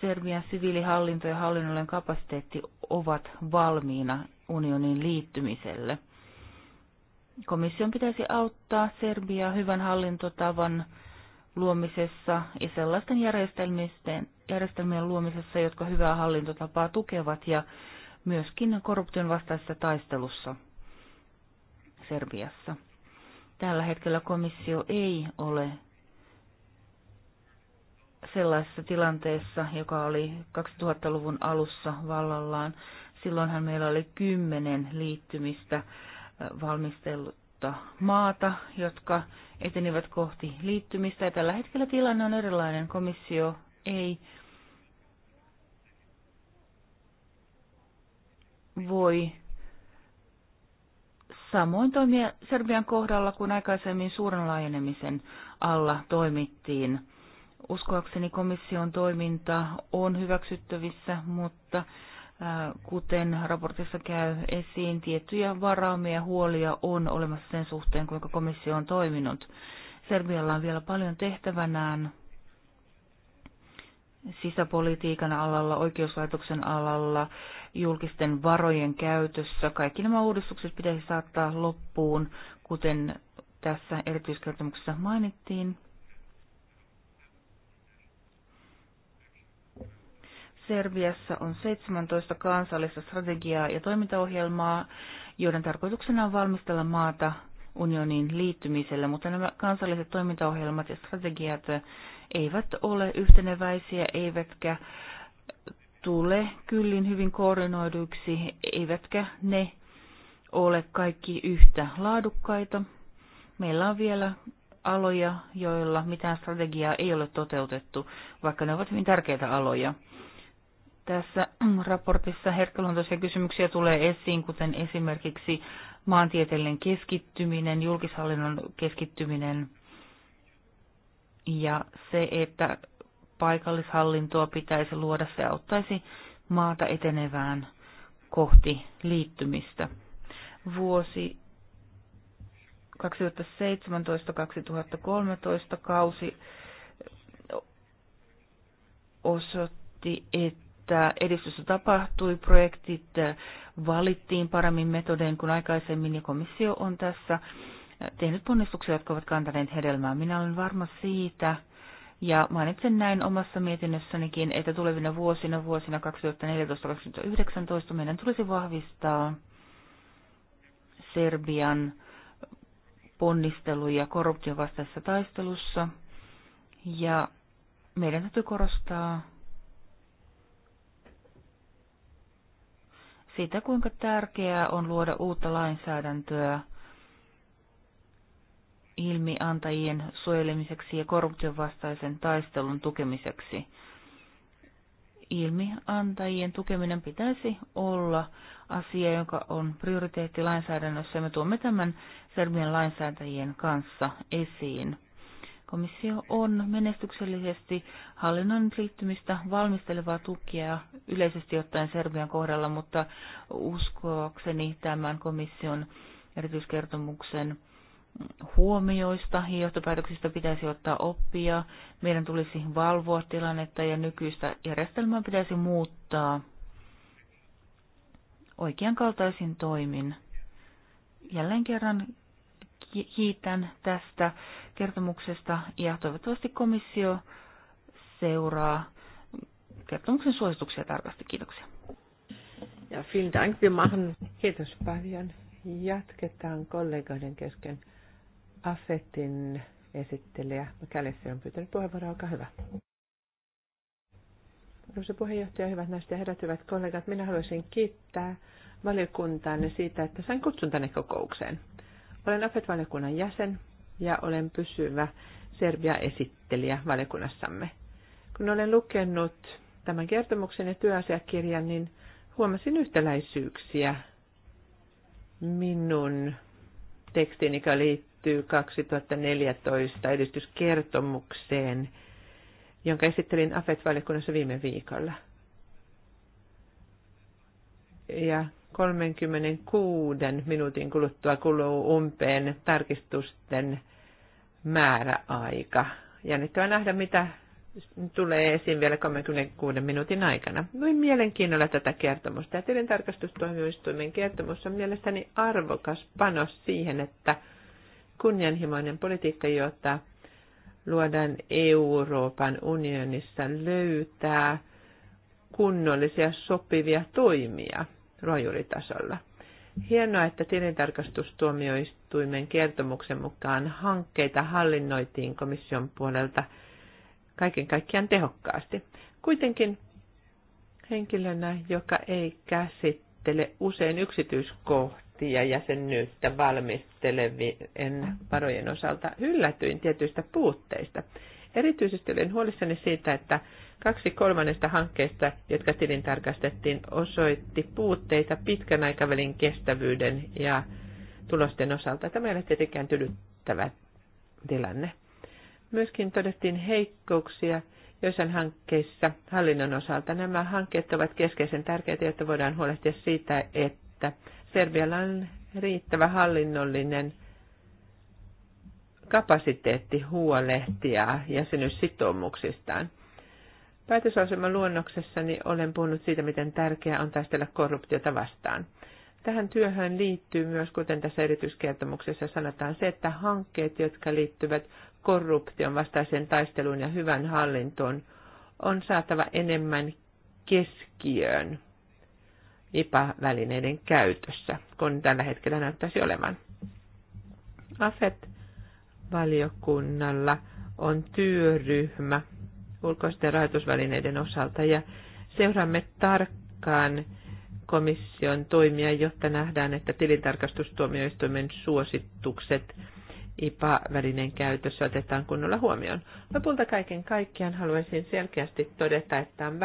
Serbian siviilihallinto ja hallinnollinen kapasiteetti ovat valmiina unionin liittymiselle. Komission pitäisi auttaa Serbiaa hyvän hallintotavan luomisessa ja sellaisten järjestelmien luomisessa, jotka hyvää hallintotapaa tukevat ja myöskin korruption vastaisessa taistelussa Serbiassa. Tällä hetkellä komissio ei ole sellaisessa tilanteessa, joka oli 2000-luvun alussa vallallaan. Silloinhan meillä oli kymmenen liittymistä valmistellutta maata, jotka etenivät kohti liittymistä. Ja tällä hetkellä tilanne on erilainen. Komissio ei voi samoin toimia Serbian kohdalla kuin aikaisemmin suuren laajenemisen alla toimittiin. Uskoakseni komission toiminta on hyväksyttävissä, mutta äh, kuten raportissa käy esiin, tiettyjä varaumia ja huolia on olemassa sen suhteen, kuinka komissio on toiminut. Serbialla on vielä paljon tehtävänään sisäpolitiikan alalla, oikeuslaitoksen alalla, julkisten varojen käytössä. Kaikki nämä uudistukset pitäisi saattaa loppuun, kuten tässä erityiskertomuksessa mainittiin. Serbiassa on 17 kansallista strategiaa ja toimintaohjelmaa, joiden tarkoituksena on valmistella maata unionin liittymiselle, mutta nämä kansalliset toimintaohjelmat ja strategiat eivät ole yhteneväisiä, eivätkä tule kyllin hyvin koordinoiduiksi, eivätkä ne ole kaikki yhtä laadukkaita. Meillä on vielä aloja, joilla mitään strategiaa ei ole toteutettu, vaikka ne ovat hyvin tärkeitä aloja. Tässä raportissa herkkäluontoisia kysymyksiä tulee esiin, kuten esimerkiksi maantieteellinen keskittyminen, julkishallinnon keskittyminen ja se, että paikallishallintoa pitäisi luoda, se auttaisi maata etenevään kohti liittymistä. Vuosi 2017-2013 kausi osoitti, että että edistystä tapahtui, projektit valittiin paremmin metodein kuin aikaisemmin ja komissio on tässä tehnyt ponnistuksia, jotka ovat kantaneet hedelmää. Minä olen varma siitä, ja mainitsen näin omassa mietinnössänikin, että tulevina vuosina, vuosina 2014-2019 meidän tulisi vahvistaa Serbian ponnisteluja korruption vastaisessa taistelussa. Ja meidän täytyy korostaa siitä, kuinka tärkeää on luoda uutta lainsäädäntöä ilmiantajien suojelemiseksi ja korruption vastaisen taistelun tukemiseksi. Ilmiantajien tukeminen pitäisi olla asia, joka on prioriteetti lainsäädännössä ja me tuomme tämän Serbian lainsäätäjien kanssa esiin. Komissio on menestyksellisesti hallinnon liittymistä valmistelevaa tukea yleisesti ottaen Serbian kohdalla, mutta uskoakseni tämän komission erityiskertomuksen huomioista ja johtopäätöksistä pitäisi ottaa oppia. Meidän tulisi valvoa tilannetta ja nykyistä järjestelmää pitäisi muuttaa oikean kaltaisin toimin. Jälleen kerran kiitän tästä kertomuksesta ja toivottavasti komissio seuraa kertomuksen suosituksia tarkasti. Kiitoksia. Ja vielen Dank, wir machen. Kiitos paljon. Jatketaan kollegoiden kesken. Affetin esittelijä Mikäli on pyytänyt puheenvuoroa, olkaa hyvä. Arvoisa puheenjohtaja, hyvät naiset ja herrat, hyvät kollegat, minä haluaisin kiittää valiokuntaanne siitä, että sain kutsun tänne kokoukseen. Olen AFET-valiokunnan jäsen ja olen pysyvä Serbia-esittelijä valikunnassamme. Kun olen lukenut tämän kertomuksen ja työasiakirjan, niin huomasin yhtäläisyyksiä minun tekstiin, joka liittyy 2014 edistyskertomukseen, jonka esittelin afet valikunnassa viime viikolla. Ja 36 minuutin kuluttua kuluu umpeen tarkistusten määräaika. Jännittävä nähdä, mitä tulee esiin vielä 36 minuutin aikana. Luin mielenkiinnolla tätä kertomusta ja tilintarkastustuomioistuimen kertomus on mielestäni arvokas panos siihen, että kunnianhimoinen politiikka, jota luodaan Euroopan unionissa, löytää kunnollisia sopivia toimia rajuritasolla. Hienoa, että tilintarkastustuomioistuimen kertomuksen mukaan hankkeita hallinnoitiin komission puolelta kaiken kaikkiaan tehokkaasti. Kuitenkin henkilönä, joka ei käsittele usein yksityiskohtia jäsenyyttä valmistelevien varojen osalta, yllätyin tietyistä puutteista. Erityisesti olen huolissani siitä, että Kaksi kolmannesta hankkeesta, jotka tilintarkastettiin, osoitti puutteita pitkän aikavälin kestävyyden ja tulosten osalta. Tämä ei ole tietenkään tylyttävä tilanne. Myöskin todettiin heikkouksia joissain hankkeissa hallinnon osalta. Nämä hankkeet ovat keskeisen tärkeitä, jotta voidaan huolehtia siitä, että Serbialla on riittävä hallinnollinen kapasiteetti huolehtia jäsenyyssitoumuksistaan. Päätösaseman luonnoksessani niin olen puhunut siitä, miten tärkeää on taistella korruptiota vastaan. Tähän työhön liittyy myös, kuten tässä erityiskertomuksessa sanotaan, se, että hankkeet, jotka liittyvät korruption vastaiseen taisteluun ja hyvän hallintoon, on saatava enemmän keskiöön IPA-välineiden käytössä, kun tällä hetkellä näyttäisi olevan. AFET-valiokunnalla on työryhmä, ulkoisten rahoitusvälineiden osalta ja seuraamme tarkkaan komission toimia, jotta nähdään, että tilintarkastustuomioistuimen suositukset ipa välineen käytössä otetaan kunnolla huomioon. Lopulta kaiken kaikkiaan haluaisin selkeästi todeta, että on